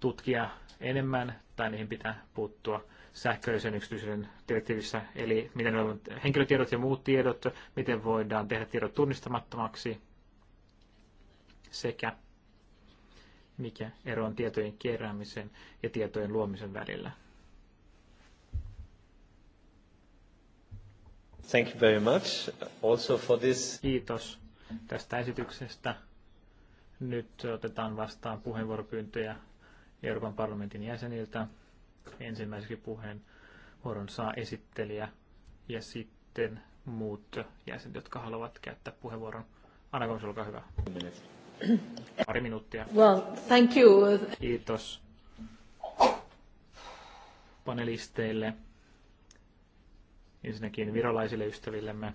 tutkia enemmän tai niihin pitää puuttua sähköisen yksityisyyden direktiivissä, eli miten on henkilötiedot ja muut tiedot, miten voidaan tehdä tiedot tunnistamattomaksi sekä mikä ero on tietojen keräämisen ja tietojen luomisen välillä. Thank you very much also for this. Kiitos tästä esityksestä. Nyt otetaan vastaan puheenvuoropyyntöjä Euroopan parlamentin jäseniltä. Ensimmäiseksi puheen vuoron saa esittelijä ja sitten muut jäsenet, jotka haluavat käyttää puheenvuoron. Anna Koms, olkaa hyvä. Pari minuuttia. Well, thank you. Kiitos panelisteille, ensinnäkin virolaisille ystävillemme.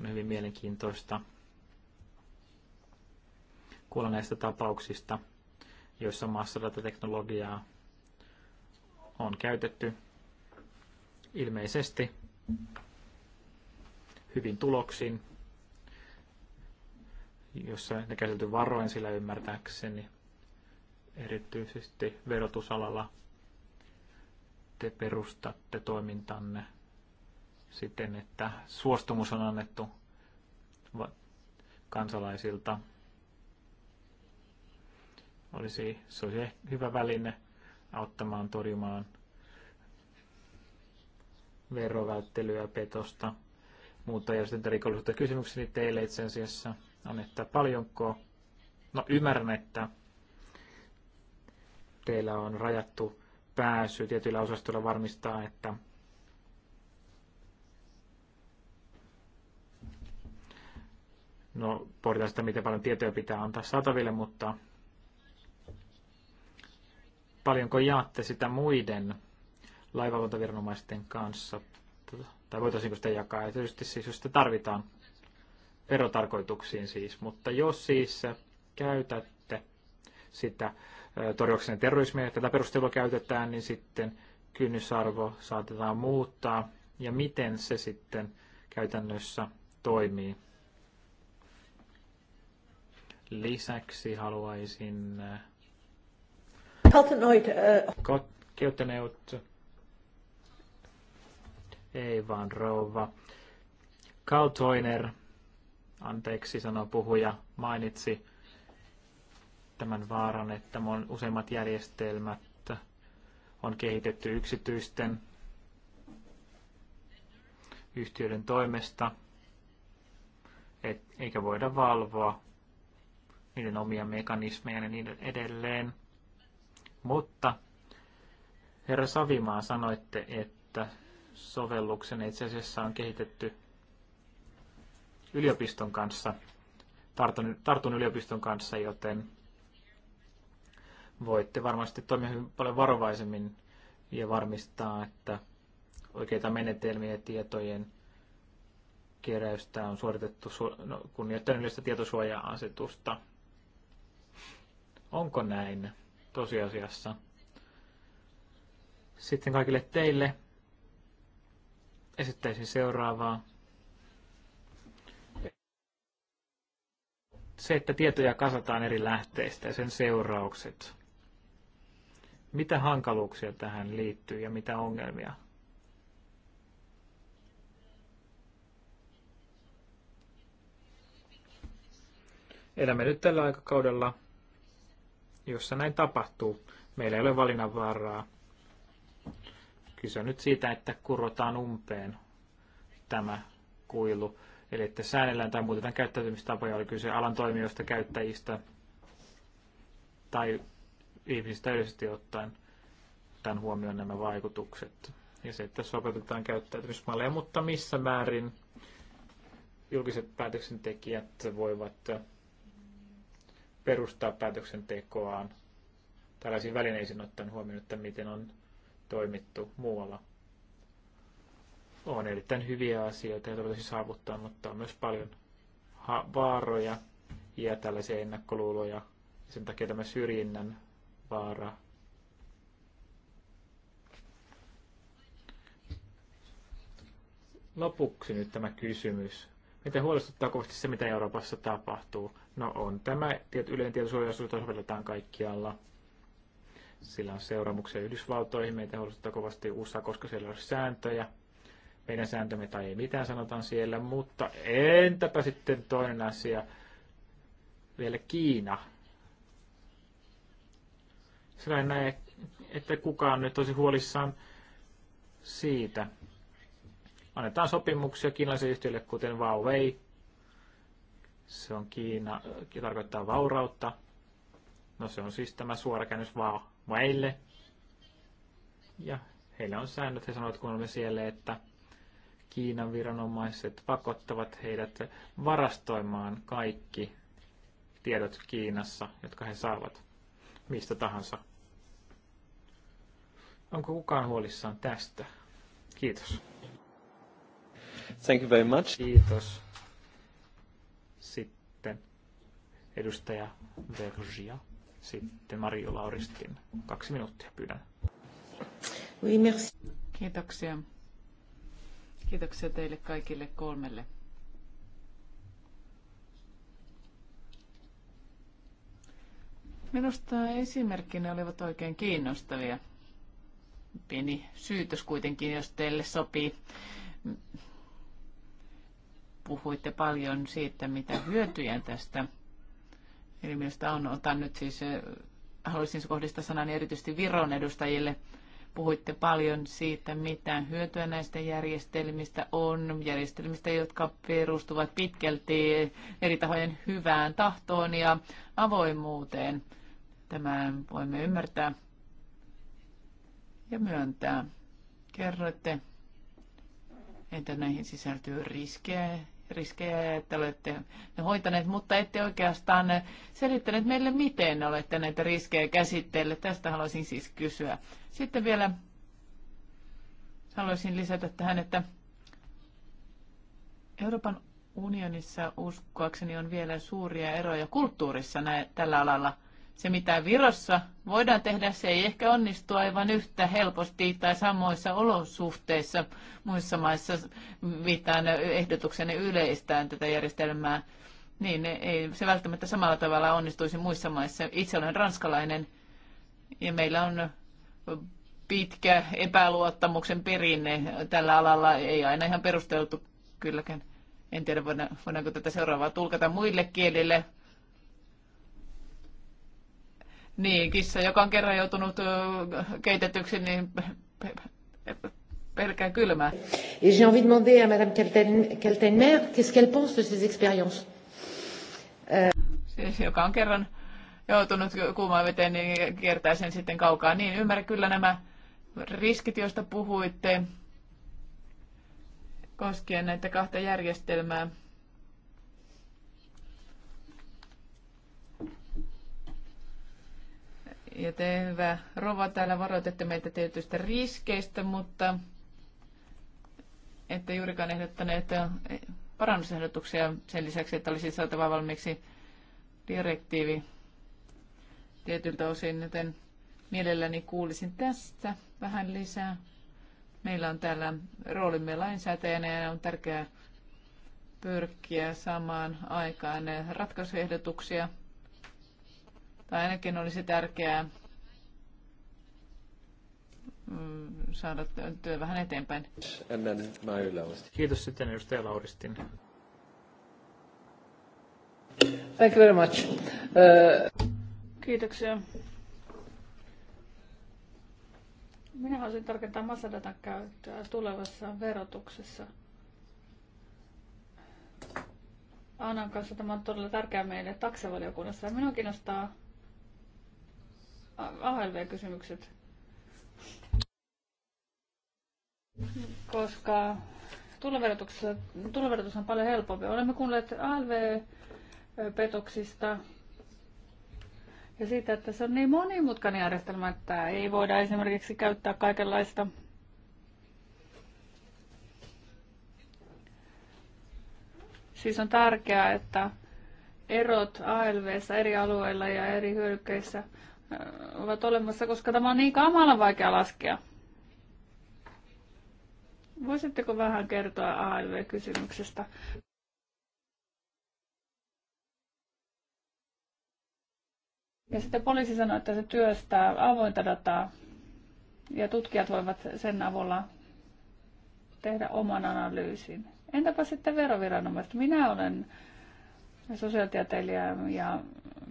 On hyvin mielenkiintoista kuulla näistä tapauksista, joissa maassa tätä teknologiaa on käytetty ilmeisesti hyvin tuloksin, jossa ne käsitelty varoin sillä ymmärtääkseni, erityisesti verotusalalla te perustatte toimintanne siten, että suostumus on annettu kansalaisilta olisi, se olisi hyvä väline auttamaan torjumaan verovälttelyä, petosta, muuta järjestäntä rikollisuutta. Kysymykseni teille itse asiassa on, että paljonko, no ymmärrän, että teillä on rajattu pääsy tietyillä osastoilla varmistaa, että no pohditaan sitä, miten paljon tietoja pitää antaa saataville, mutta paljonko jaatte sitä muiden laivavalvontaviranomaisten kanssa? Tota, tai voitaisiinko sitä jakaa? Ja tietysti siis, jos sitä tarvitaan verotarkoituksiin siis, mutta jos siis käytätte sitä torjauksen terrorismia, tätä perustelua käytetään, niin sitten kynnysarvo saatetaan muuttaa ja miten se sitten käytännössä toimii. Lisäksi haluaisin Kaltenoid. Uh... Ei vaan rouva. Kaltoiner, anteeksi sanoo puhuja, mainitsi tämän vaaran, että mon, useimmat järjestelmät on kehitetty yksityisten yhtiöiden toimesta, et, eikä voida valvoa niiden omia mekanismeja ja niin edelleen. Mutta herra Savimaa sanoitte, että sovelluksen itse asiassa on kehitetty yliopiston kanssa, Tartun, Tartun yliopiston kanssa, joten voitte varmasti toimia hyvin paljon varovaisemmin ja varmistaa, että oikeita menetelmiä tietojen keräystä on suoritettu no, kunnioittaen yleistä tietosuoja-asetusta. Onko näin? tosiasiassa. Sitten kaikille teille esittäisin seuraavaa. Se, että tietoja kasataan eri lähteistä ja sen seuraukset. Mitä hankaluuksia tähän liittyy ja mitä ongelmia? Elämme nyt tällä aikakaudella, jossa näin tapahtuu. Meillä ei ole valinnanvaraa. Kyse on nyt siitä, että kurotaan umpeen tämä kuilu. Eli että säännellään tai muutetaan käyttäytymistapoja, oli kyse alan toimijoista, käyttäjistä tai ihmisistä yleisesti ottaen tämän huomioon nämä vaikutukset. Ja se, että sopeutetaan käyttäytymismalleja, mutta missä määrin julkiset päätöksentekijät voivat perustaa päätöksentekoaan tällaisiin välineisiin ottaen huomioon, että miten on toimittu muualla. On erittäin hyviä asioita, joita pitäisi saavuttaa, mutta on myös paljon vaaroja ja tällaisia ennakkoluuloja. Sen takia tämä syrjinnän vaara lopuksi nyt tämä kysymys Miten huolestuttaa kovasti se, mitä Euroopassa tapahtuu? No on tämä yleinen tietosuojaisuus sovelletaan kaikkialla. Sillä on seuraamuksia Yhdysvaltoihin. Meitä huolestuttaa kovasti USA, koska siellä on sääntöjä. Meidän sääntömme tai ei mitään sanotaan siellä, mutta entäpä sitten toinen asia, vielä Kiina. Sillä en näe, että kukaan nyt tosi huolissaan siitä, annetaan sopimuksia kiinalaisille yhtiöille, kuten Huawei. Se on Kiina, äh, tarkoittaa vaurautta. No se on siis tämä suorakäännös käännös Huaweille. Ja heillä on säännöt, he sanovat, kun olemme siellä, että Kiinan viranomaiset pakottavat heidät varastoimaan kaikki tiedot Kiinassa, jotka he saavat mistä tahansa. Onko kukaan huolissaan tästä? Kiitos. Thank you very much. Kiitos. Sitten edustaja Vergia. Sitten Mario Lauristin. Kaksi minuuttia pyydän. Oui, merci. Kiitoksia. Kiitoksia teille kaikille kolmelle. Minusta esimerkkinä olivat oikein kiinnostavia. Pieni syytös kuitenkin, jos teille sopii puhuitte paljon siitä, mitä hyötyjä tästä ilmiöstä on. Otan nyt siis, haluaisin kohdistaa sanani erityisesti Viron edustajille. Puhuitte paljon siitä, mitä hyötyä näistä järjestelmistä on, järjestelmistä, jotka perustuvat pitkälti eri tahojen hyvään tahtoon ja avoimuuteen. Tämän voimme ymmärtää ja myöntää. Kerroitte, että näihin sisältyy riskejä riskejä, että olette ne hoitaneet, mutta ette oikeastaan selittäneet meille, miten olette näitä riskejä käsitteelleet. Tästä haluaisin siis kysyä. Sitten vielä haluaisin lisätä tähän, että Euroopan unionissa uskoakseni on vielä suuria eroja kulttuurissa näin tällä alalla – se, mitä Virossa voidaan tehdä, se ei ehkä onnistu aivan yhtä helposti tai samoissa olosuhteissa muissa maissa. Viittaan ehdotuksenne yleistään tätä järjestelmää. Niin, ei se välttämättä samalla tavalla onnistuisi muissa maissa. Itse olen ranskalainen ja meillä on pitkä epäluottamuksen perinne tällä alalla. Ei aina ihan perusteltu kylläkään. En tiedä, voidaanko tätä seuraavaa tulkata muille kielille. Niin, kissa, joka on kerran joutunut keitetyksi, niin pelkää kylmää. Et j'ai envie de demander à Madame Kaltenmer, qu'est-ce qu'elle pense de ces expériences? Euh. Siis, joka on kerran joutunut kuumaan veteen, niin kiertää sen sitten kaukaa. Niin, ymmärrä kyllä nämä riskit, joista puhuitte koskien näitä kahta järjestelmää. Ja te hyvä Rova täällä varoitette meitä tietyistä riskeistä, mutta ette juurikaan ehdottaneet eh, parannusehdotuksia sen lisäksi, että olisi saatava valmiiksi direktiivi tietyltä osin, joten mielelläni kuulisin tästä vähän lisää. Meillä on täällä roolimme lainsäätäjänä ja on tärkeää pyrkiä saamaan aikaan ratkaisuehdotuksia – tai ainakin olisi tärkeää mm, saada työ vähän eteenpäin. Kiitos sitten edustaja Lauristin. Thank you very much. Uh... Kiitoksia. Minä haluaisin tarkentaa massadatan käyttöä tulevassa verotuksessa. Anan kanssa tämä on todella tärkeää meille taksavaliokunnassa. Minua kiinnostaa ALV-kysymykset. Koska tuloverotus on paljon helpompi. Olemme kuulleet ALV-petoksista ja siitä, että se on niin monimutkainen järjestelmä, että ei voida esimerkiksi käyttää kaikenlaista Siis on tärkeää, että erot ALVssä eri alueilla ja eri hyödykkeissä Äh, ovat olemassa, koska tämä on niin kamala vaikea laskea. Voisitteko vähän kertoa ALV-kysymyksestä? Ja sitten poliisi sanoi, että se työstää avointa dataa ja tutkijat voivat sen avulla tehdä oman analyysin. Entäpä sitten veroviranomaiset? Minä olen sosiaalitieteilijä ja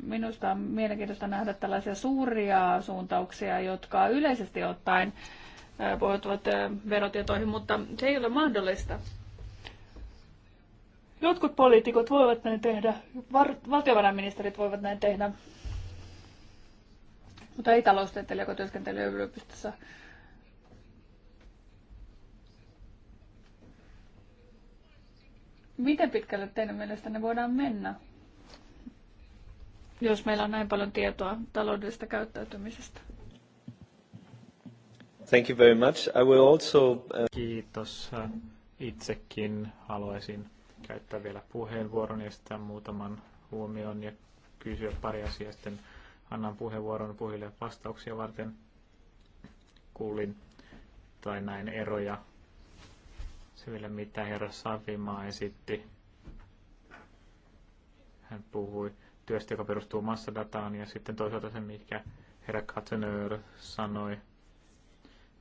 minusta on mielenkiintoista nähdä tällaisia suuria suuntauksia, jotka yleisesti ottaen pohjautuvat verotietoihin, mutta se ei ole mahdollista. Jotkut poliitikot voivat näin tehdä, valtiovarainministerit voivat näin tehdä, mutta ei taloustieteilijä, joka työskentelee yliopistossa. Miten pitkälle teidän mielestänne voidaan mennä? jos meillä on näin paljon tietoa taloudellisesta käyttäytymisestä. Thank you very much. I will also... Uh, Kiitos. Itsekin haluaisin käyttää vielä puheenvuoron ja sitten muutaman huomion ja kysyä pari asiaa. Sitten annan puheenvuoron puhille vastauksia varten. Kuulin tai näin eroja sillä, mitä herra Savimaa esitti. Hän puhui työstä, joka perustuu massadataan, ja sitten toisaalta se, mikä herra Katzenöör sanoi,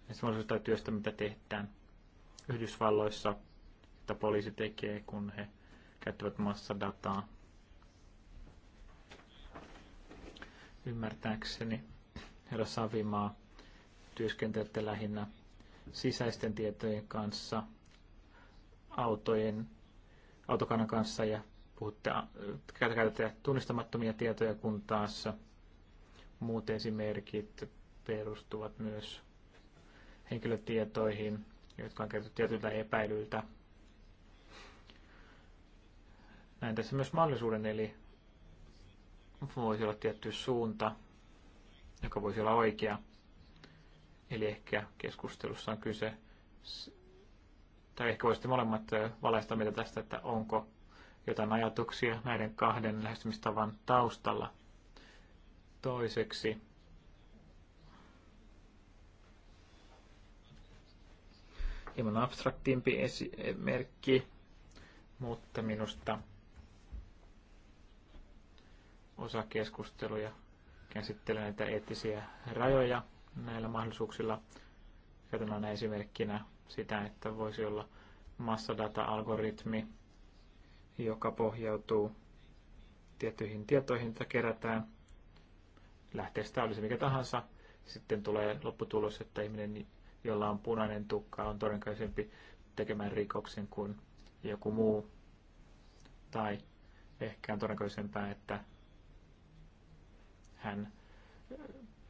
näistä mahdollisista työstä, mitä tehdään Yhdysvalloissa, että poliisi tekee, kun he käyttävät massadataa. Ymmärtääkseni herra Savimaa työskentelette lähinnä sisäisten tietojen kanssa, autojen, autokannan kanssa ja puhutte, käytätte tunnistamattomia tietoja, kun taas muut esimerkit perustuvat myös henkilötietoihin, jotka on kerätty tietyiltä epäilyiltä. Näin tässä myös mahdollisuuden, eli voisi olla tietty suunta, joka voisi olla oikea. Eli ehkä keskustelussa on kyse, tai ehkä voisitte molemmat valaista mitä tästä, että onko jotain ajatuksia näiden kahden lähestymistavan taustalla. Toiseksi hieman abstraktimpi esimerkki, mutta minusta osa keskusteluja käsittelee näitä eettisiä rajoja näillä mahdollisuuksilla. Käytän aina esimerkkinä sitä, että voisi olla massadata-algoritmi, joka pohjautuu tiettyihin tietoihin, joita kerätään. Lähteestä olisi mikä tahansa. Sitten tulee lopputulos, että ihminen, jolla on punainen tukka, on todennäköisempi tekemään rikoksen kuin joku muu. Tai ehkä on todennäköisempää, että hän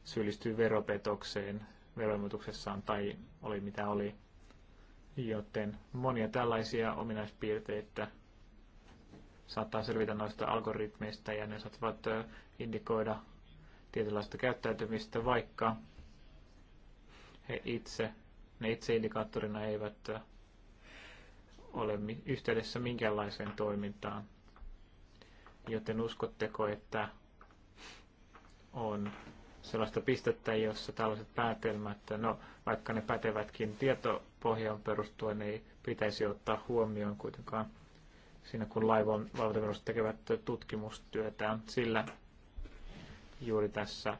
syyllistyy veropetokseen veroilmoituksessaan tai oli mitä oli. Joten monia tällaisia ominaispiirteitä saattaa selvitä noista algoritmeista ja ne saattavat indikoida tietynlaista käyttäytymistä, vaikka he itse, ne itse indikaattorina eivät ole yhteydessä minkäänlaiseen toimintaan. Joten uskotteko, että on sellaista pistettä, jossa tällaiset päätelmät, no vaikka ne pätevätkin tietopohjaan perustuen, ei pitäisi ottaa huomioon kuitenkaan siinä kun laivon valvontavirastot tekevät tutkimustyötään, sillä juuri tässä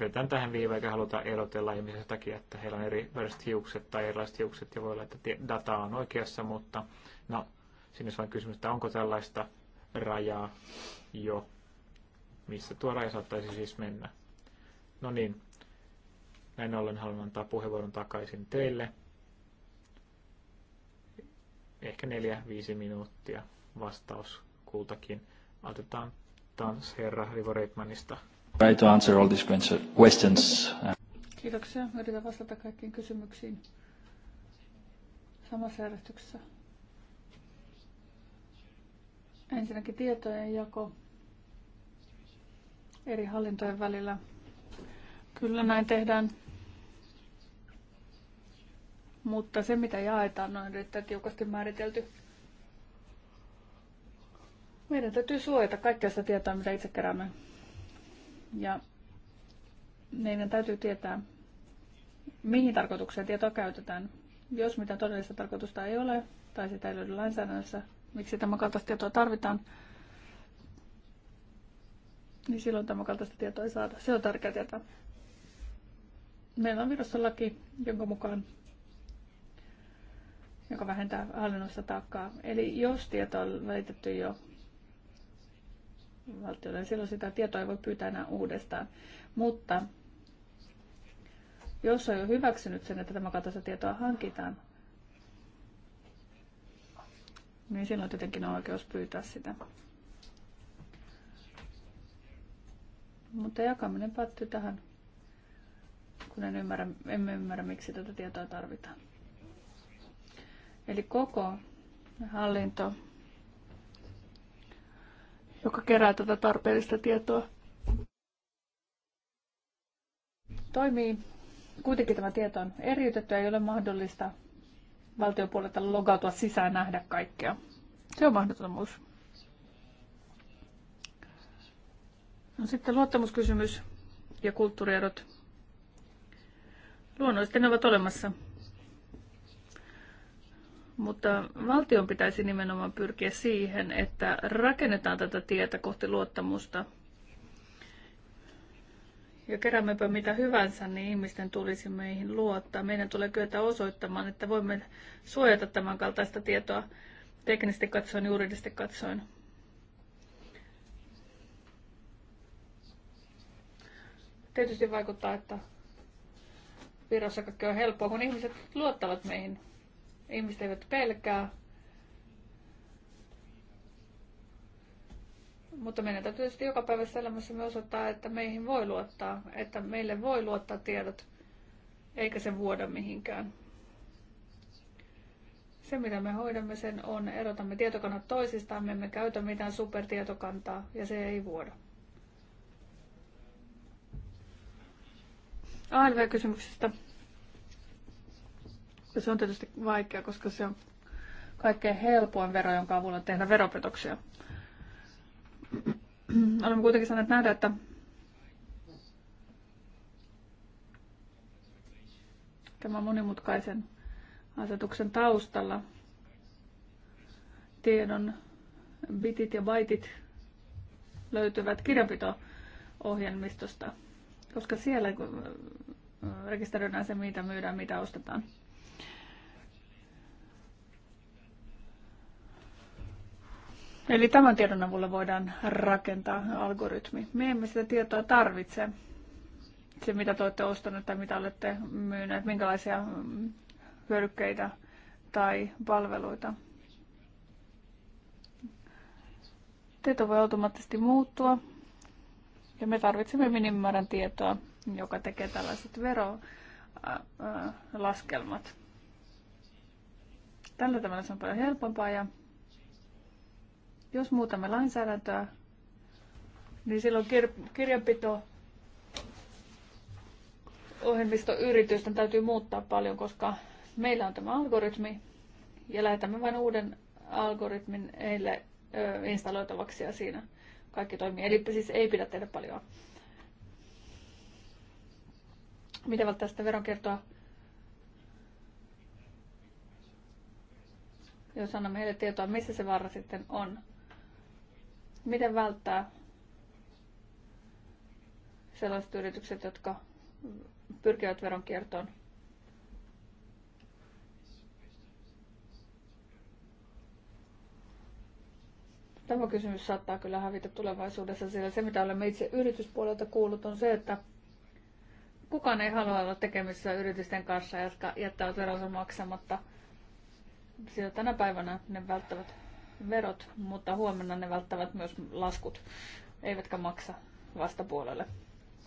vedetään tähän viivaan eikä haluta erotella ihmisen takia, että heillä on eri väriset hiukset tai erilaiset hiukset ja voi olla, että data on oikeassa, mutta no, sinne vain kysymys, että onko tällaista rajaa jo, missä tuo raja saattaisi siis mennä. No niin, näin ollen haluan antaa puheenvuoron takaisin teille ehkä 4-5 minuuttia vastaus kultakin. Otetaan taas herra Rivo Reitmanista. Try to answer all these questions. Uh, Kiitoksia. Yritän vastata kaikkiin kysymyksiin samassa järjestyksessä. Ensinnäkin tietojen jako eri hallintojen välillä. Kyllä näin tehdään. Mutta se, mitä jaetaan, on erittäin tiukasti määritelty. Meidän täytyy suojata kaikkea sitä tietoa, mitä itse keräämme. Ja meidän täytyy tietää, mihin tarkoitukseen tietoa käytetään. Jos mitä todellista tarkoitusta ei ole, tai sitä ei löydy lainsäädännössä, miksi tämä kaltaista tietoa tarvitaan, niin silloin tämä kaltaista tietoa ei saada. Se on tärkeää tietää. Meillä on virossa laki, jonka mukaan joka vähentää hallinnosta taakkaa. Eli jos tieto on välitetty jo valtiolle, niin silloin sitä tietoa ei voi pyytää enää uudestaan. Mutta jos on jo hyväksynyt sen, että tämä kaltaista tietoa hankitaan, niin silloin tietenkin on oikeus pyytää sitä. Mutta jakaminen päättyy tähän, kun en ymmärrä, emme ymmärrä, miksi tätä tietoa tarvitaan. Eli koko hallinto, joka kerää tätä tarpeellista tietoa, toimii. Kuitenkin tämä tieto on eriytetty, ei ole mahdollista valtion puolelta logautua sisään nähdä kaikkea. Se on mahdottomuus. No sitten luottamuskysymys ja kulttuurierot. Luonnollisesti ne ovat olemassa. Mutta valtion pitäisi nimenomaan pyrkiä siihen, että rakennetaan tätä tietä kohti luottamusta. Ja keräämmepä mitä hyvänsä, niin ihmisten tulisi meihin luottaa. Meidän tulee kyetä osoittamaan, että voimme suojata tämän kaltaista tietoa teknisesti katsoen, juridisesti katsoen. Tietysti vaikuttaa, että Virossa kaikki on helppoa, kun ihmiset luottavat meihin Ihmiset eivät pelkää. Mutta meidän täytyy tietysti joka päivä elämässä me osoittaa, että meihin voi luottaa, että meille voi luottaa tiedot, eikä se vuoda mihinkään. Se, mitä me hoidamme sen, on erotamme tietokannat toisistaan, me emme käytä mitään supertietokantaa ja se ei vuoda. ALV-kysymyksestä. Se on tietysti vaikea, koska se on kaikkein helpoin vero, jonka avulla tehdä veropetoksia. [CLEARS THROAT] Olemme kuitenkin saaneet nähdä, että tämä monimutkaisen asetuksen taustalla tiedon bitit ja baitit löytyvät kirjanpito-ohjelmistosta, koska siellä rekisteröidään se, mitä myydään, mitä ostetaan. Eli tämän tiedon avulla voidaan rakentaa algoritmi. Me emme sitä tietoa tarvitse. Se, mitä te olette ostaneet tai mitä olette myyneet, minkälaisia mm, hyödykkeitä tai palveluita. Tieto voi automaattisesti muuttua ja me tarvitsemme minimimäärän tietoa, joka tekee tällaiset verolaskelmat. Tällä tavalla se on paljon helpompaa ja jos muutamme lainsäädäntöä, niin silloin kir- kirjanpito ohjelmistoyritysten täytyy muuttaa paljon, koska meillä on tämä algoritmi ja lähetämme vain uuden algoritmin heille ö, installoitavaksi ja siinä kaikki toimii. Eli siis ei pidä tehdä paljon. Miten välttää sitä veronkiertoa? Jos annamme heille tietoa, missä se vaara sitten on. Miten välttää sellaiset yritykset, jotka pyrkivät veronkiertoon? Tämä kysymys saattaa kyllä hävitä tulevaisuudessa, sillä se mitä olemme itse yrityspuolelta kuullut on se, että kukaan ei halua olla tekemisissä yritysten kanssa, jotka jättävät veronsa maksamatta. Sillä tänä päivänä ne välttävät verot, mutta huomenna ne välttävät myös laskut, eivätkä maksa vastapuolelle.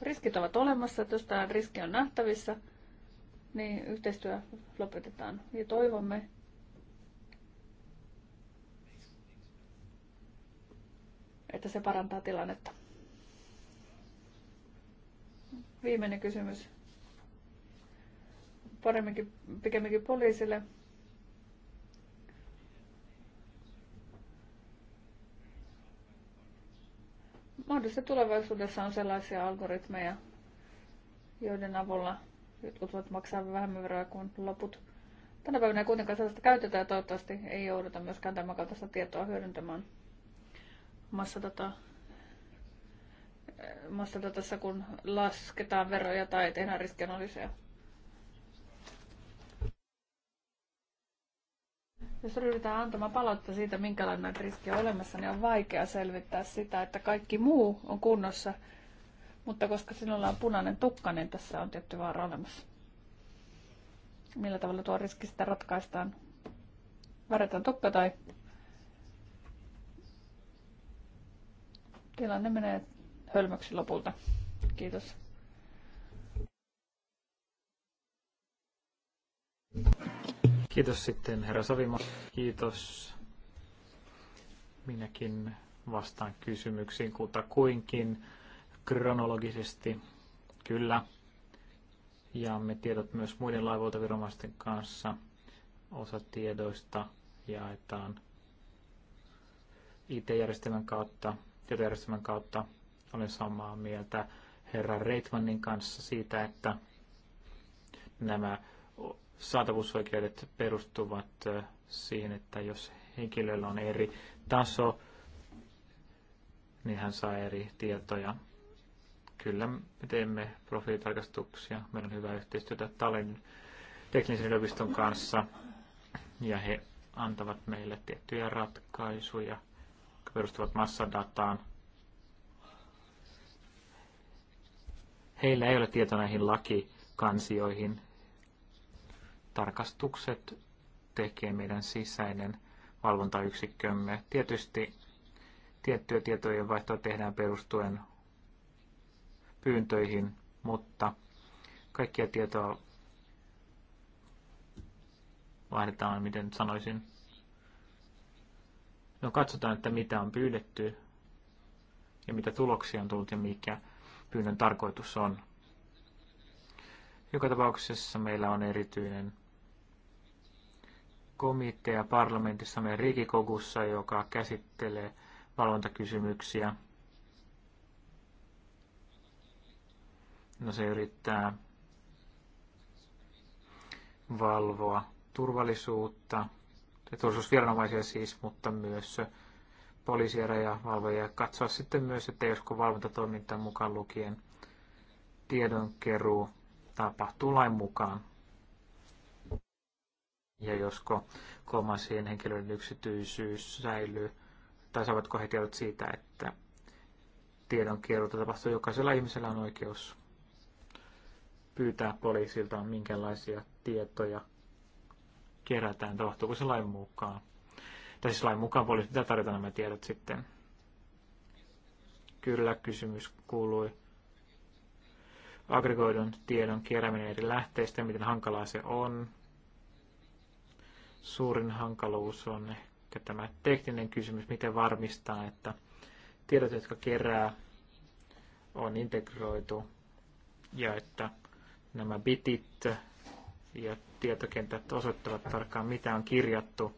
Riskit ovat olemassa, että jos tämä riski on nähtävissä, niin yhteistyö lopetetaan. Ja toivomme, että se parantaa tilannetta. Viimeinen kysymys. Paremminkin, pikemminkin poliisille. mahdollisesti tulevaisuudessa on sellaisia algoritmeja, joiden avulla jotkut voivat maksaa vähemmän veroja kuin loput. Tänä päivänä ei kuitenkaan sellaista käytetä ja toivottavasti ei jouduta myöskään tämän kaltaista tietoa hyödyntämään massatatassa, tota, kun lasketaan veroja tai tehdään riskianalyysejä. Jos ryhdytään antamaan palautetta siitä, minkälainen näitä riskejä on olemassa, niin on vaikea selvittää sitä, että kaikki muu on kunnossa. Mutta koska sinulla on punainen tukka, niin tässä on tietty vaara olemassa. Millä tavalla tuo riski sitä ratkaistaan? Värjätään tukka tai tilanne menee hölmöksi lopulta. Kiitos. Kiitos sitten herra Savimo. Kiitos. Minäkin vastaan kysymyksiin kutakuinkin kronologisesti. Kyllä. ja me tiedot myös muiden laivuotaviranomaisten kanssa. Osa tiedoista jaetaan IT-järjestelmän kautta, tietojärjestelmän kautta. Olen samaa mieltä herra Reitmannin kanssa siitä, että nämä saatavuusoikeudet perustuvat äh, siihen, että jos henkilöllä on eri taso, niin hän saa eri tietoja. Kyllä me teemme profiilitarkastuksia. Meillä on hyvää yhteistyötä Tallinn teknisen yliopiston kanssa ja he antavat meille tiettyjä ratkaisuja, jotka perustuvat massadataan. Heillä ei ole tietoa näihin lakikansioihin, tarkastukset tekee meidän sisäinen valvontayksikkömme. Tietysti tiettyä tietojen vaihtoa tehdään perustuen pyyntöihin, mutta kaikkia tietoa vaihdetaan, miten sanoisin. No katsotaan, että mitä on pyydetty ja mitä tuloksia on tullut ja mikä pyynnön tarkoitus on. Joka tapauksessa meillä on erityinen komitea parlamentissa meidän Rikikogussa, joka käsittelee valvontakysymyksiä. No se yrittää valvoa turvallisuutta, ja turvallisuusviranomaisia siis, mutta myös poliisia, ja katsoa sitten myös, että josko valvontatoiminta mukaan lukien tiedonkeruu tapahtuu lain mukaan ja josko kolmansien henkilöiden yksityisyys säilyy, tai saavatko he tiedot siitä, että tiedonkeruuta tapahtuu, jokaisella ihmisellä on oikeus pyytää poliisilta, minkälaisia tietoja kerätään, tapahtuuko se lain mukaan. Tai siis lain mukaan poliisi pitää tarjota nämä tiedot sitten. Kyllä, kysymys kuului. Aggregoidun tiedon kerääminen eri lähteistä, miten hankalaa se on, Suurin hankaluus on ehkä tämä tekninen kysymys, miten varmistaa, että tiedot, jotka kerää, on integroitu ja että nämä bitit ja tietokentät osoittavat tarkkaan, mitä on kirjattu,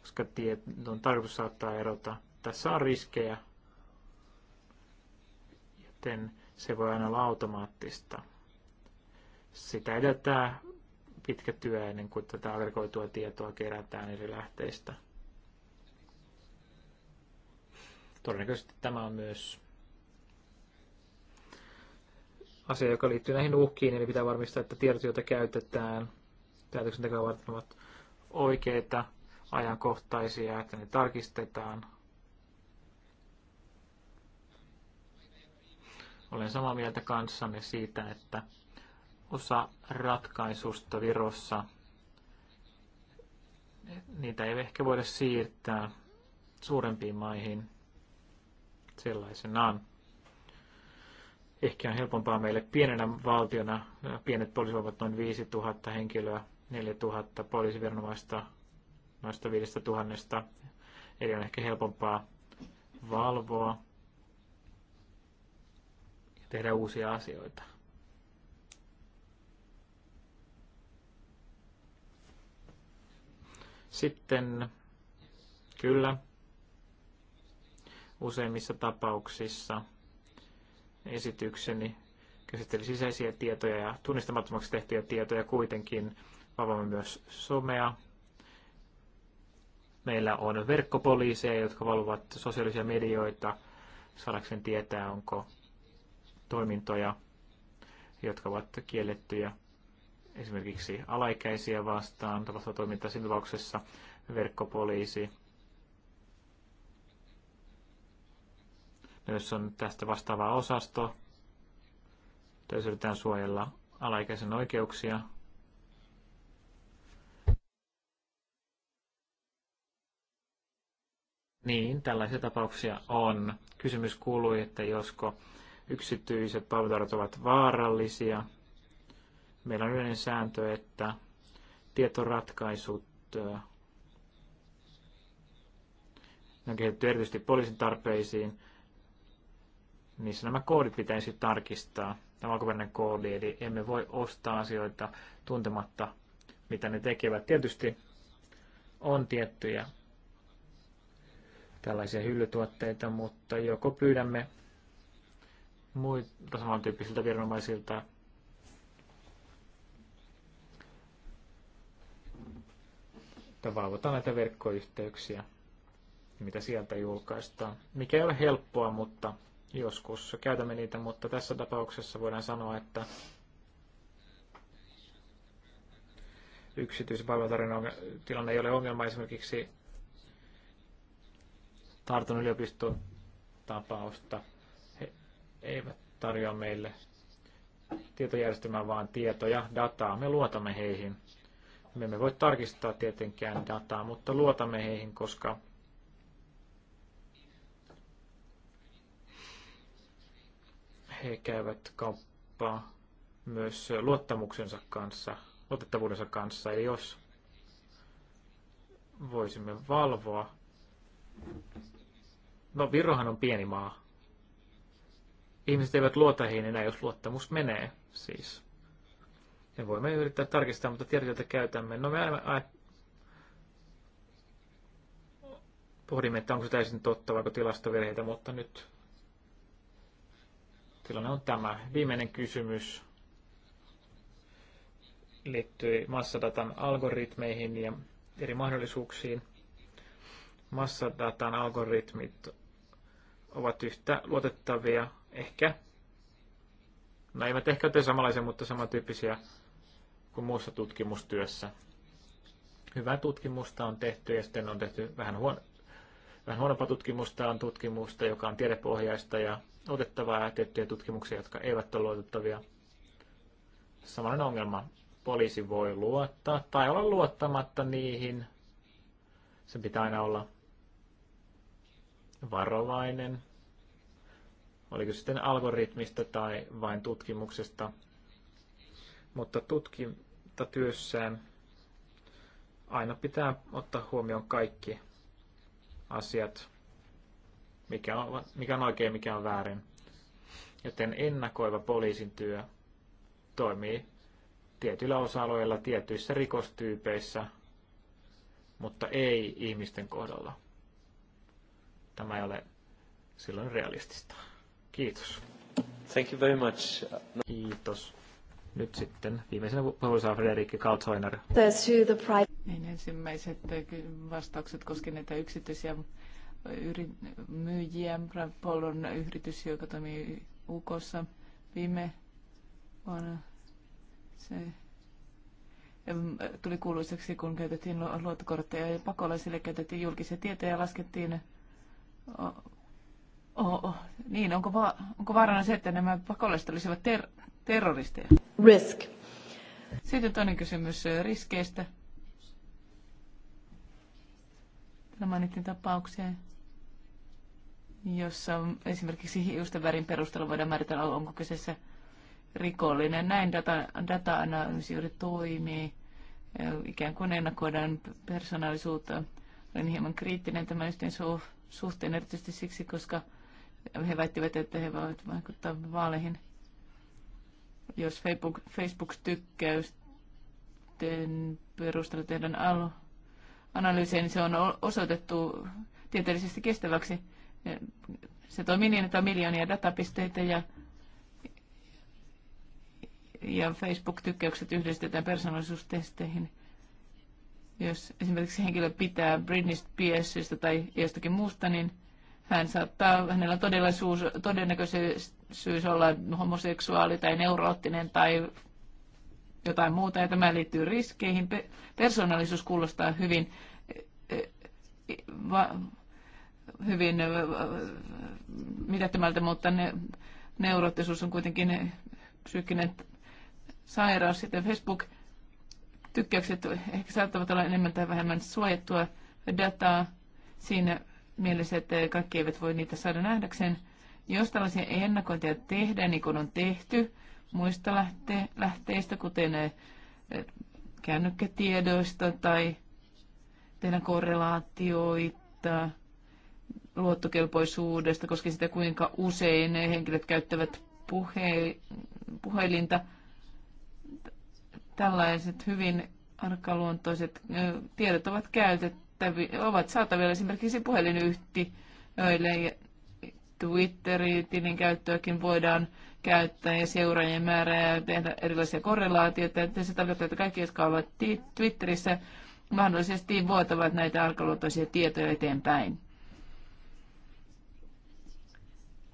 koska tiedon tarkoitus saattaa erota. Tässä on riskejä, joten se voi aina olla automaattista. Sitä edeltää pitkä työ ennen kuin tätä aggregoitua tietoa kerätään eri lähteistä. Todennäköisesti tämä on myös asia, joka liittyy näihin uhkiin, eli pitää varmistaa, että tiedot, joita käytetään päätöksentekoa varten, ovat oikeita, ajankohtaisia, että ne tarkistetaan. Olen samaa mieltä kanssanne siitä, että osa ratkaisusta Virossa. Niitä ei ehkä voida siirtää suurempiin maihin sellaisenaan. Ehkä on helpompaa meille pienenä valtiona. Pienet poliisivoimat noin 5000 henkilöä, 4000 poliisiviranomaista, noista 5000. Eli on ehkä helpompaa valvoa ja tehdä uusia asioita. Sitten kyllä useimmissa tapauksissa esitykseni käsitteli sisäisiä tietoja ja tunnistamattomaksi tehtyjä tietoja kuitenkin. vapaamme myös somea. Meillä on verkkopoliiseja, jotka valvovat sosiaalisia medioita saadakseen tietää, onko toimintoja, jotka ovat kiellettyjä esimerkiksi alaikäisiä vastaan tapahtuva toiminta siinä tapauksessa verkkopoliisi. Myös on tästä vastaava osasto. Tässä yritetään suojella alaikäisen oikeuksia. Niin, tällaisia tapauksia on. Kysymys kuului, että josko yksityiset palveluntarjot ovat vaarallisia – meillä on yleinen sääntö, että tietoratkaisut ne on kehitetty erityisesti poliisin tarpeisiin, niissä nämä koodit pitäisi tarkistaa, tämä alkuperäinen koodi, eli emme voi ostaa asioita tuntematta, mitä ne tekevät. Tietysti on tiettyjä tällaisia hyllytuotteita, mutta joko pyydämme muilta samantyyppisiltä viranomaisilta että valvotaan näitä verkkoyhteyksiä, mitä sieltä julkaistaan. Mikä ei ole helppoa, mutta joskus käytämme niitä, mutta tässä tapauksessa voidaan sanoa, että yksityisen tilanne ei ole ongelma esimerkiksi Tartun yliopiston tapausta. He eivät tarjoa meille tietojärjestelmää, vaan tietoja, dataa. Me luotamme heihin. Me emme voi tarkistaa tietenkään dataa, mutta luotamme heihin, koska he käyvät kauppaa myös luottamuksensa kanssa, luotettavuudensa kanssa. Eli jos voisimme valvoa, no Virohan on pieni maa. Ihmiset eivät luota heihin enää, jos luottamus menee siis. Ja voimme yrittää tarkistaa, mutta tiedot, joita käytämme, no me aina pohdimme, että onko se täysin totta, vaikka tilastovirheitä, mutta nyt tilanne on tämä. Viimeinen kysymys liittyy massadatan algoritmeihin ja eri mahdollisuuksiin. Massadatan algoritmit ovat yhtä luotettavia, ehkä, no eivät ehkä ole samanlaisia, mutta samantyyppisiä kuin muussa tutkimustyössä. Hyvää tutkimusta on tehty ja sitten on tehty vähän, huono, vähän huonompaa tutkimusta, on tutkimusta, joka on tiedepohjaista ja otettavaa ja tiettyjä tutkimuksia, jotka eivät ole luotettavia. Samanlainen ongelma. Poliisi voi luottaa tai olla luottamatta niihin. Se pitää aina olla varovainen. Oliko sitten algoritmista tai vain tutkimuksesta, mutta tutkintatyössään aina pitää ottaa huomioon kaikki asiat, mikä on, mikä on oikein, mikä on väärin. Joten ennakoiva poliisin työ toimii tietyillä osa-alueilla, tietyissä rikostyypeissä, mutta ei ihmisten kohdalla. Tämä ei ole silloin realistista. Kiitos. Thank you very much. Kiitos. Nyt sitten viimeisenä puheenvuorossa Frederikki Kaltsoiner. Niin, ensimmäiset eh, vastaukset koski näitä yksityisiä eh, myyjiä. Polon on yritys, joka toimii UKssa viime vuonna. Se tuli kuuluiseksi, kun käytettiin luottokortteja ja pakolaisille käytettiin julkisia tietoja ja laskettiin Oh, oh, niin, onko, va- onko vaarana se, että nämä pakolaiset olisivat ter- terroristeja. Risk. Sitten toinen kysymys eh, riskeistä. Täällä mainittiin tapauksia, jossa esimerkiksi hiusten värin perusteella voidaan määritellä, onko kyseessä rikollinen. Näin data, data-analyysi juuri toimii. Eh, ikään kuin ennakoidaan persoonallisuutta. Olen hieman kriittinen tämän yhteen suhteen, erityisesti siksi, koska he väittivät, että he voivat vaikuttaa vaaleihin – jos Facebook, Facebook-tykkäysten perusteella tehdään analyysiä, niin se on osoitettu tieteellisesti kestäväksi. Se toimii niin, että on miljoonia datapisteitä ja, ja Facebook-tykkäykset yhdistetään persoonallisuustesteihin. Jos esimerkiksi henkilö pitää Britney Spearsista tai jostakin muusta, niin – hän saattaa, hänellä on todellisuus, todennäköisyys olla homoseksuaali tai neuroottinen tai jotain muuta, ja tämä liittyy riskeihin. Persoonallisuus kuulostaa hyvin, e, e, hyvin e, mitättömältä, mutta ne, neuroottisuus on kuitenkin psyykkinen sairaus. Sitten Facebook-tykkäykset ehkä saattavat olla enemmän tai vähemmän suojattua dataa. Siinä että kaikki eivät voi niitä saada nähdäkseen. Jos tällaisia ennakointia tehdään, niin kuin on tehty muista lähte- lähteistä, kuten eh, kännykkätiedoista tai tehdä korrelaatioita luottokelpoisuudesta, koska sitä, kuinka usein henkilöt käyttävät puhe- puhelinta. Tällaiset hyvin arkaluontoiset eh, tiedot ovat käytetty ovat saatavilla esimerkiksi puhelinyhtiöille. Twitterin tilin käyttöäkin voidaan käyttää ja seuraajien määrää ja tehdä erilaisia korrelaatioita. Ja se tarkoittaa, että kaikki, jotka ovat Twitterissä, mahdollisesti vuotavat näitä arkaluontoisia tietoja eteenpäin.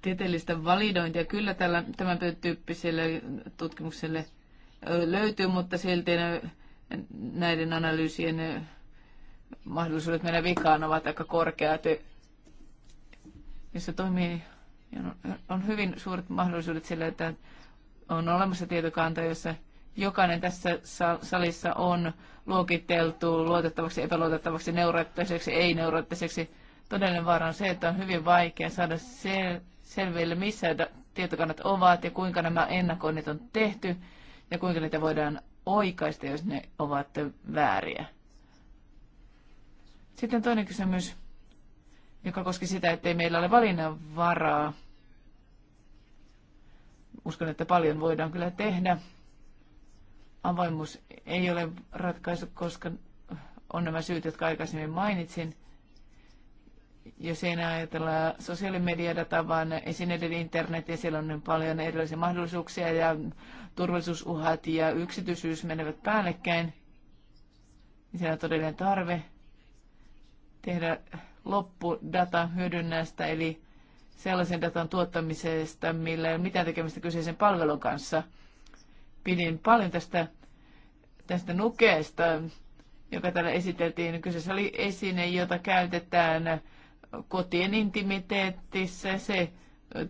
Tieteellistä validointia kyllä tällä, tämän tyyppiselle tutkimukselle löytyy, mutta silti näiden analyysien mahdollisuudet mennä vikaan ovat aika korkeat. Jos se toimii, niin on hyvin suuret mahdollisuudet sille, että on olemassa tietokanta, jossa jokainen tässä salissa on luokiteltu luotettavaksi, epäluotettavaksi, neuroottiseksi, ei-neuroottiseksi. Todellinen vaara on se, että on hyvin vaikea saada sel- selville, missä tietokannat ovat ja kuinka nämä ennakoinnit on tehty ja kuinka niitä voidaan oikaista, jos ne ovat vääriä. Sitten toinen kysymys, joka koski sitä, ei meillä ole valinnanvaraa. Uskon, että paljon voidaan kyllä tehdä. Avoimuus ei ole ratkaisu, koska on nämä syyt, jotka aikaisemmin mainitsin. Jos ei enää ajatella sosiaalimediadataa, vaan esineiden internet ja siellä on niin paljon erilaisia mahdollisuuksia ja turvallisuusuhat ja yksityisyys menevät päällekkäin, niin siellä on todellinen tarve tehdä loppudata hyödynnästä, eli sellaisen datan tuottamisesta, millä ei ole mitään tekemistä kyseisen palvelun kanssa. Pidin paljon tästä, tästä nukeesta, joka täällä esiteltiin. Kyseessä oli esine, jota käytetään kotien intimiteettissä. Se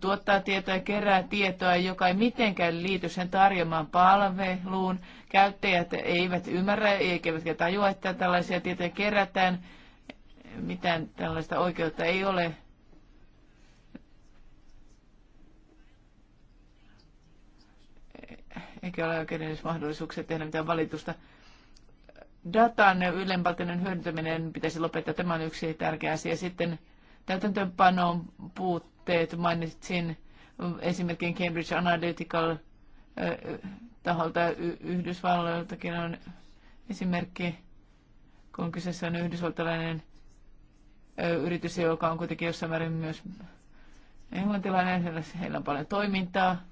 tuottaa tietoa ja kerää tietoa, joka ei mitenkään liity sen tarjomaan palveluun. Käyttäjät eivät ymmärrä eivätkä tajua, että tällaisia tietoja kerätään mitään tällaista oikeutta ei ole. Eikä ole oikein edes mahdollisuuksia tehdä mitään valitusta. Datan ylempältäinen hyödyntäminen pitäisi lopettaa. Tämä on yksi tärkeä asia. Sitten täytäntöönpanon puutteet mainitsin esimerkiksi Cambridge Analytical eh, taholta Yhdysvalloiltakin on esimerkki, kun kyseessä on yhdysvaltalainen yritys, joka on kuitenkin jossain määrin myös englantilainen, heillä on paljon toimintaa.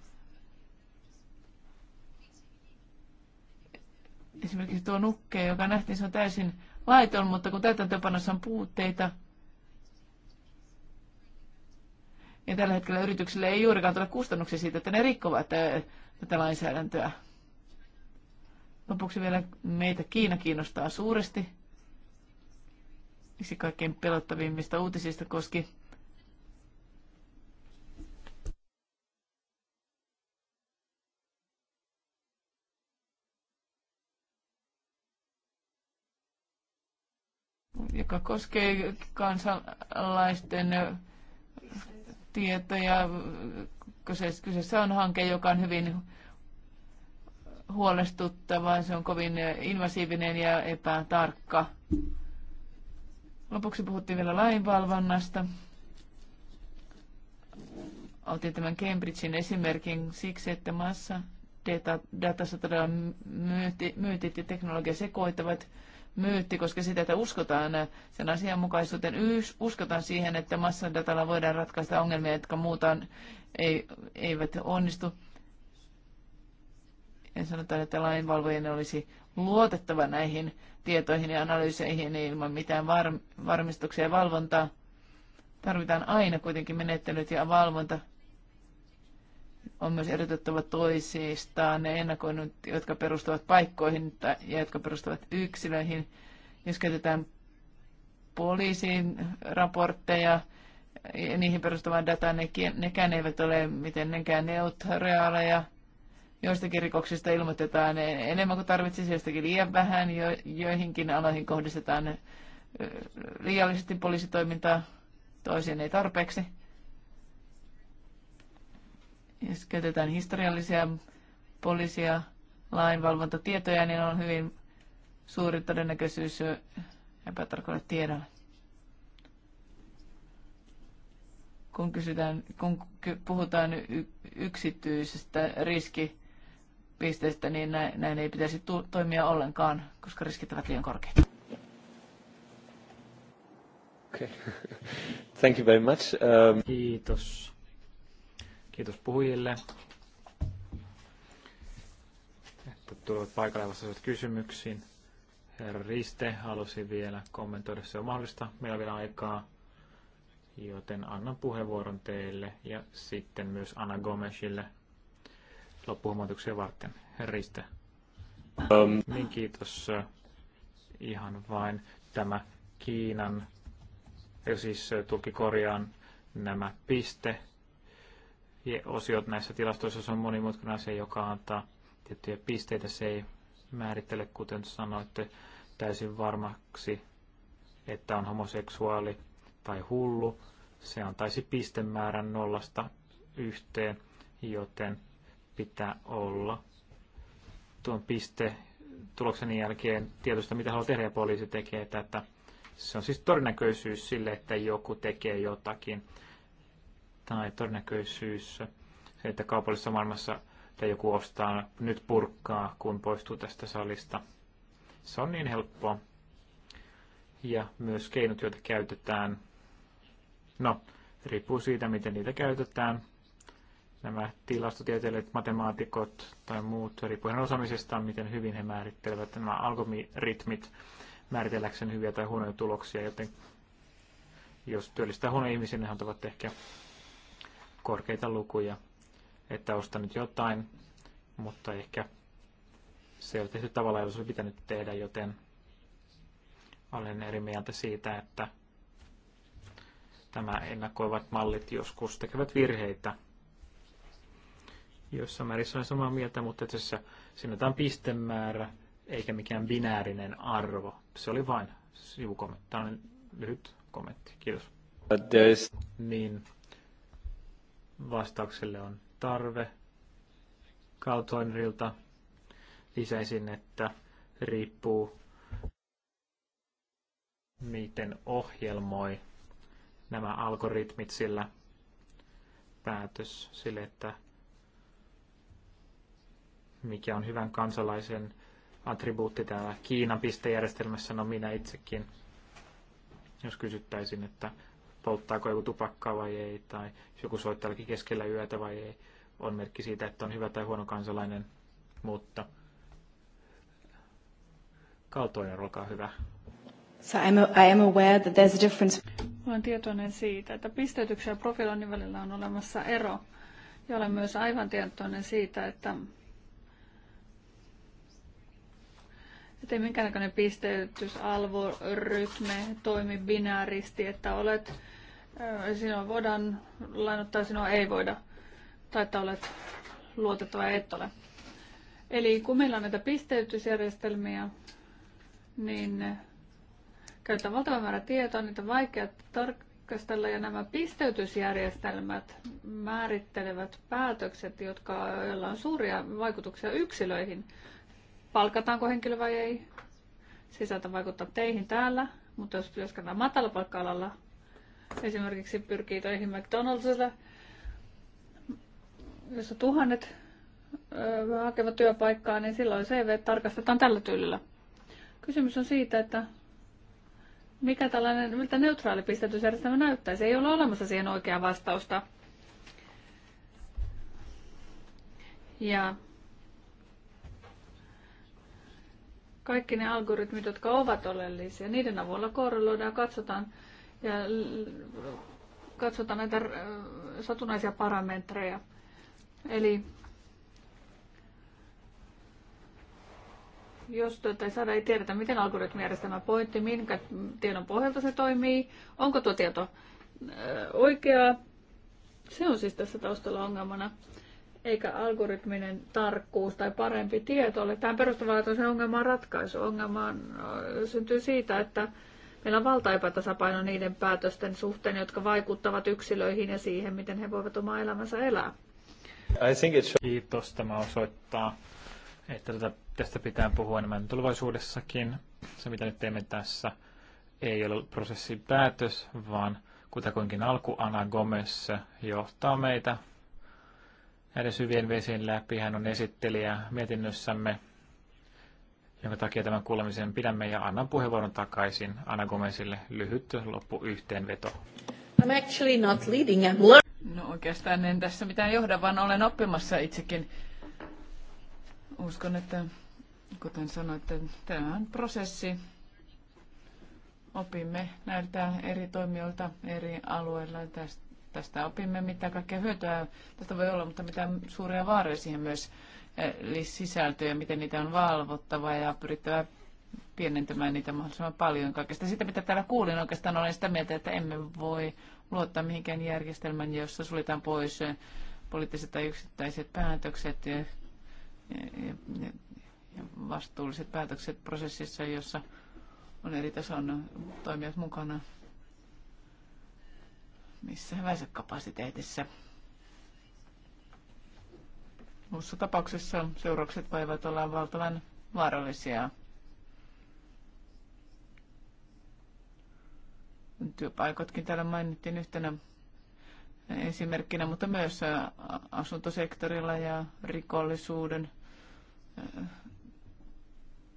Esimerkiksi tuo nukke, joka nähtiin, se on täysin laiton, mutta kun täytäntöpanossa on puutteita, ja tällä hetkellä yrityksille ei juurikaan tule kustannuksia siitä, että ne rikkovat tätä lainsäädäntöä. Lopuksi vielä meitä Kiina kiinnostaa suuresti. Yksi kaikkein pelottavimmista uutisista koski joka koskee kansalaisten tietoja. Kyseessä on hanke, joka on hyvin huolestuttava. Se on kovin invasiivinen ja epätarkka. Lopuksi puhuttiin vielä lainvalvonnasta. Otin tämän Cambridgein esimerkin siksi, että massa data, datassa todella myyti, myytit ja teknologia sekoittavat myytti, koska sitä, että uskotaan sen asianmukaisuuteen, uskotaan siihen, että massadatalla voidaan ratkaista ongelmia, jotka muutaan ei, eivät onnistu. En sanotaan, että lainvalvojen olisi luotettava näihin tietoihin ja analyyseihin ilman mitään var- varmistuksia ja valvontaa. Tarvitaan aina kuitenkin menettelyt ja valvonta. On myös erotettava toisistaan ne ennakoinnit, jotka perustuvat paikkoihin ja jotka perustuvat yksilöihin. Jos käytetään poliisin raportteja, niihin perustuvaa dataa, ne nekään eivät ole mitenkään neutraaleja joistakin rikoksista ilmoitetaan enemmän kuin tarvitsisi, joistakin liian vähän, jo, joihinkin aloihin kohdistetaan liiallisesti poliisitoimintaa, toisiin ei tarpeeksi. Jos käytetään historiallisia poliisia lainvalvontatietoja, niin on hyvin suuri todennäköisyys epätarkoille tiedolle. Kun, kysytään, kun puhutaan yksityisestä riski pisteestä, niin näin, näin ei pitäisi toimia ollenkaan, koska riskit ovat liian korkeita. Okay. [LAUGHS] Thank you very much. Um... Kiitos. Kiitos puhujille, että paikalle vastaavat kysymyksiin. Herra Riste halusi vielä kommentoida, se on mahdollista. Meillä on vielä aikaa, joten annan puheenvuoron teille ja sitten myös Anna Gomesille – loppuhuomautuksia varten. Riste. Um. Ähm. Niin kiitos. Ihan vain tämä Kiinan, ja siis äh, tulki korjaan nämä piste osiot näissä tilastoissa. Se on monimutkainen asia, joka antaa tiettyjä pisteitä. Se ei määrittele, kuten sanoitte, täysin varmaksi, että on homoseksuaali tai hullu. Se antaisi pistemäärän nollasta yhteen, joten pitää olla tuon piste tuloksen jälkeen tietoista, mitä haluaa tehdä ja poliisi tekee tätä. Se on siis todennäköisyys sille, että joku tekee jotakin. Tai todennäköisyys se, että kaupallisessa maailmassa tai joku ostaa nyt purkkaa, kun poistuu tästä salista. Se on niin helppoa. Ja myös keinot, joita käytetään. No, riippuu siitä, miten niitä käytetään nämä tilastotieteilijät, matemaatikot tai muut, riippuen osaamisesta, miten hyvin he määrittelevät nämä algoritmit määritelläkseen hyviä tai huonoja tuloksia, joten jos työllistää huono ihmisiä, ne niin antavat ehkä korkeita lukuja, että ostan nyt jotain, mutta ehkä se ei ole tehty tavalla, jos olisi pitänyt tehdä, joten olen eri mieltä siitä, että tämä ennakoivat mallit joskus tekevät virheitä joissa määrin olen samaa mieltä, mutta itse asiassa siinä on pistemäärä eikä mikään binäärinen arvo. Se oli vain sivukommentti. Tämä on lyhyt kommentti. Kiitos. Is... Niin vastaukselle on tarve. Kautoinrilta lisäisin, että riippuu miten ohjelmoi nämä algoritmit sillä päätös sille, että mikä on hyvän kansalaisen attribuutti täällä Kiinan pistejärjestelmässä. No minä itsekin, jos kysyttäisin, että polttaako joku tupakkaa vai ei, tai jos joku soittaa keskellä yötä vai ei, on merkki siitä, että on hyvä tai huono kansalainen, mutta kaltoinen, olkaa hyvä. So I'm, I am aware that there's a difference. Olen tietoinen siitä, että pisteytyksen ja profiloinnin välillä on olemassa ero. Ja olen myös aivan tietoinen siitä, että ei minkäännäköinen pisteytysalvorytme toimi binääristi, että olet, sinua voidaan lainottaa, sinua ei voida, tai että olet luotettava ja et ole. Eli kun meillä on näitä pisteytysjärjestelmiä, niin käytetään valtava määrä tietoa, niitä on vaikea tarkastella ja nämä pisteytysjärjestelmät määrittelevät päätökset, jotka, joilla on suuria vaikutuksia yksilöihin palkataanko henkilö vai ei. Se saattaa vaikuttaa teihin täällä, mutta jos työskennellään matalapalkka-alalla, esimerkiksi pyrkii töihin McDonald'sille, jossa tuhannet ö, hakevat työpaikkaa, niin silloin CV tarkastetaan tällä tyylillä. Kysymys on siitä, että mikä tällainen, miltä neutraali näyttää, näyttäisi. Ei ole olemassa siihen oikeaa vastausta. Ja kaikki ne algoritmit, jotka ovat oleellisia, niiden avulla korreloidaan katsotaan, ja katsotaan näitä äh, satunnaisia parametreja. Eli jos tuota ei saada, ei tiedetä, miten algoritmijärjestelmä pointti, minkä tiedon pohjalta se toimii, onko tuo tieto äh, oikeaa. Se on siis tässä taustalla ongelmana eikä algoritminen tarkkuus tai parempi tieto ole tähän perustavanlaatuisen ongelman ratkaisu. Ongelma syntyy siitä, että meillä on valtaepätasapaino niiden päätösten suhteen, jotka vaikuttavat yksilöihin ja siihen, miten he voivat omaa elämänsä elää. I think it's... Kiitos. Tämä osoittaa, että tätä, tästä pitää puhua enemmän tulevaisuudessakin. Se, mitä nyt teemme tässä, ei ole prosessin päätös, vaan kutakuinkin alku Ana Gomez johtaa meitä näiden syvien vesien läpi. Hän on esittelijä mietinnössämme, jonka takia tämän kuulemisen pidämme ja annan puheenvuoron takaisin Anna Gomezille lyhyt loppuyhteenveto. I'm actually not leading, I'm learning. No oikeastaan en tässä mitään johda, vaan olen oppimassa itsekin. Uskon, että kuten sanoitte, tämä on prosessi. Opimme näiltä eri toimijoilta eri alueilla tästä tästä opimme, mitä kaikkea hyötyä tästä voi olla, mutta mitä suuria vaaroja siihen myös eh, sisältyy ja miten niitä on valvottava ja pyrittävä pienentämään niitä mahdollisimman paljon kaikesta. Sitä, mitä täällä kuulin, oikeastaan olen sitä mieltä, että emme voi luottaa mihinkään järjestelmään, jossa suljetaan pois eh, poliittiset tai yksittäiset päätökset ja, ja, ja, ja vastuulliset päätökset prosessissa, jossa on eri tason toimijat mukana missä hyvänsä kapasiteetissa. Muussa tapauksessa seuraukset voivat olla valtavan vaarallisia. Työpaikatkin täällä mainittiin yhtenä esimerkkinä, mutta myös asuntosektorilla ja rikollisuuden äh,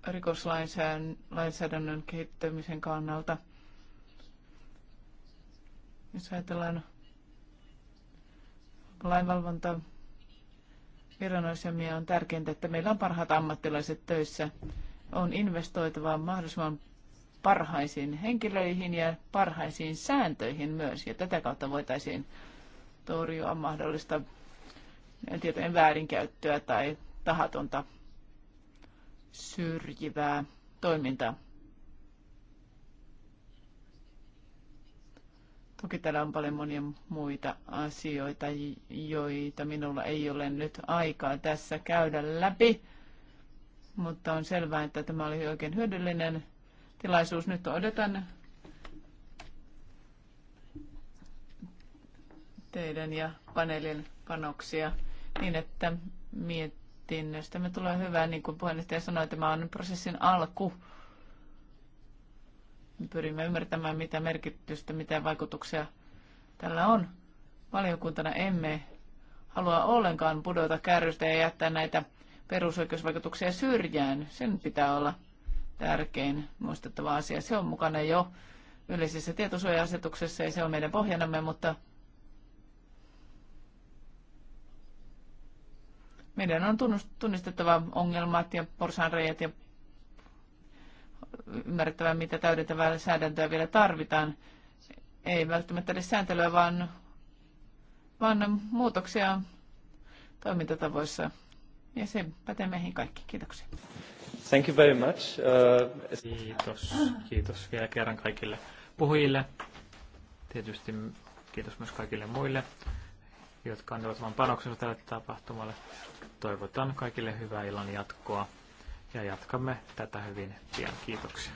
rikoslainsäädännön kehittämisen kannalta – jos ajatellaan lainvalvonta viranoisemia on tärkeintä, että meillä on parhaat ammattilaiset töissä. On investoitava mahdollisimman parhaisiin henkilöihin ja parhaisiin sääntöihin myös. Ja tätä kautta voitaisiin torjua mahdollista tietojen väärinkäyttöä tai tahatonta syrjivää toimintaa. Toki täällä on paljon monia muita asioita, joita minulla ei ole nyt aikaa tässä käydä läpi. Mutta on selvää, että tämä oli oikein hyödyllinen tilaisuus. Nyt odotan teidän ja paneelin panoksia niin, että mietinnöstä me tulee hyvää, niin kuin puheenjohtaja sanoi, tämä on prosessin alku pyrimme ymmärtämään, mitä merkitystä, mitä vaikutuksia tällä on. Valiokuntana emme halua ollenkaan pudota kärrystä ja jättää näitä perusoikeusvaikutuksia syrjään. Sen pitää olla tärkein muistettava asia. Se on mukana jo yleisessä tietosuoja-asetuksessa ja se on meidän pohjanamme, mutta meidän on tunnistettava ongelmat ja porsaanreijät ja ymmärrettävää, mitä täydentävää säädäntöä vielä tarvitaan. Ei välttämättä edes sääntelyä, vaan, vaan muutoksia toimintatavoissa. Ja se pätee meihin kaikki. Kiitoksia. Thank you very much. Uh... Kiitos. Kiitos vielä kerran kaikille puhujille. Tietysti kiitos myös kaikille muille, jotka antavat oman panoksensa tälle tapahtumalle. Toivotan kaikille hyvää illan jatkoa ja jatkamme tätä hyvin pian. Kiitoksia.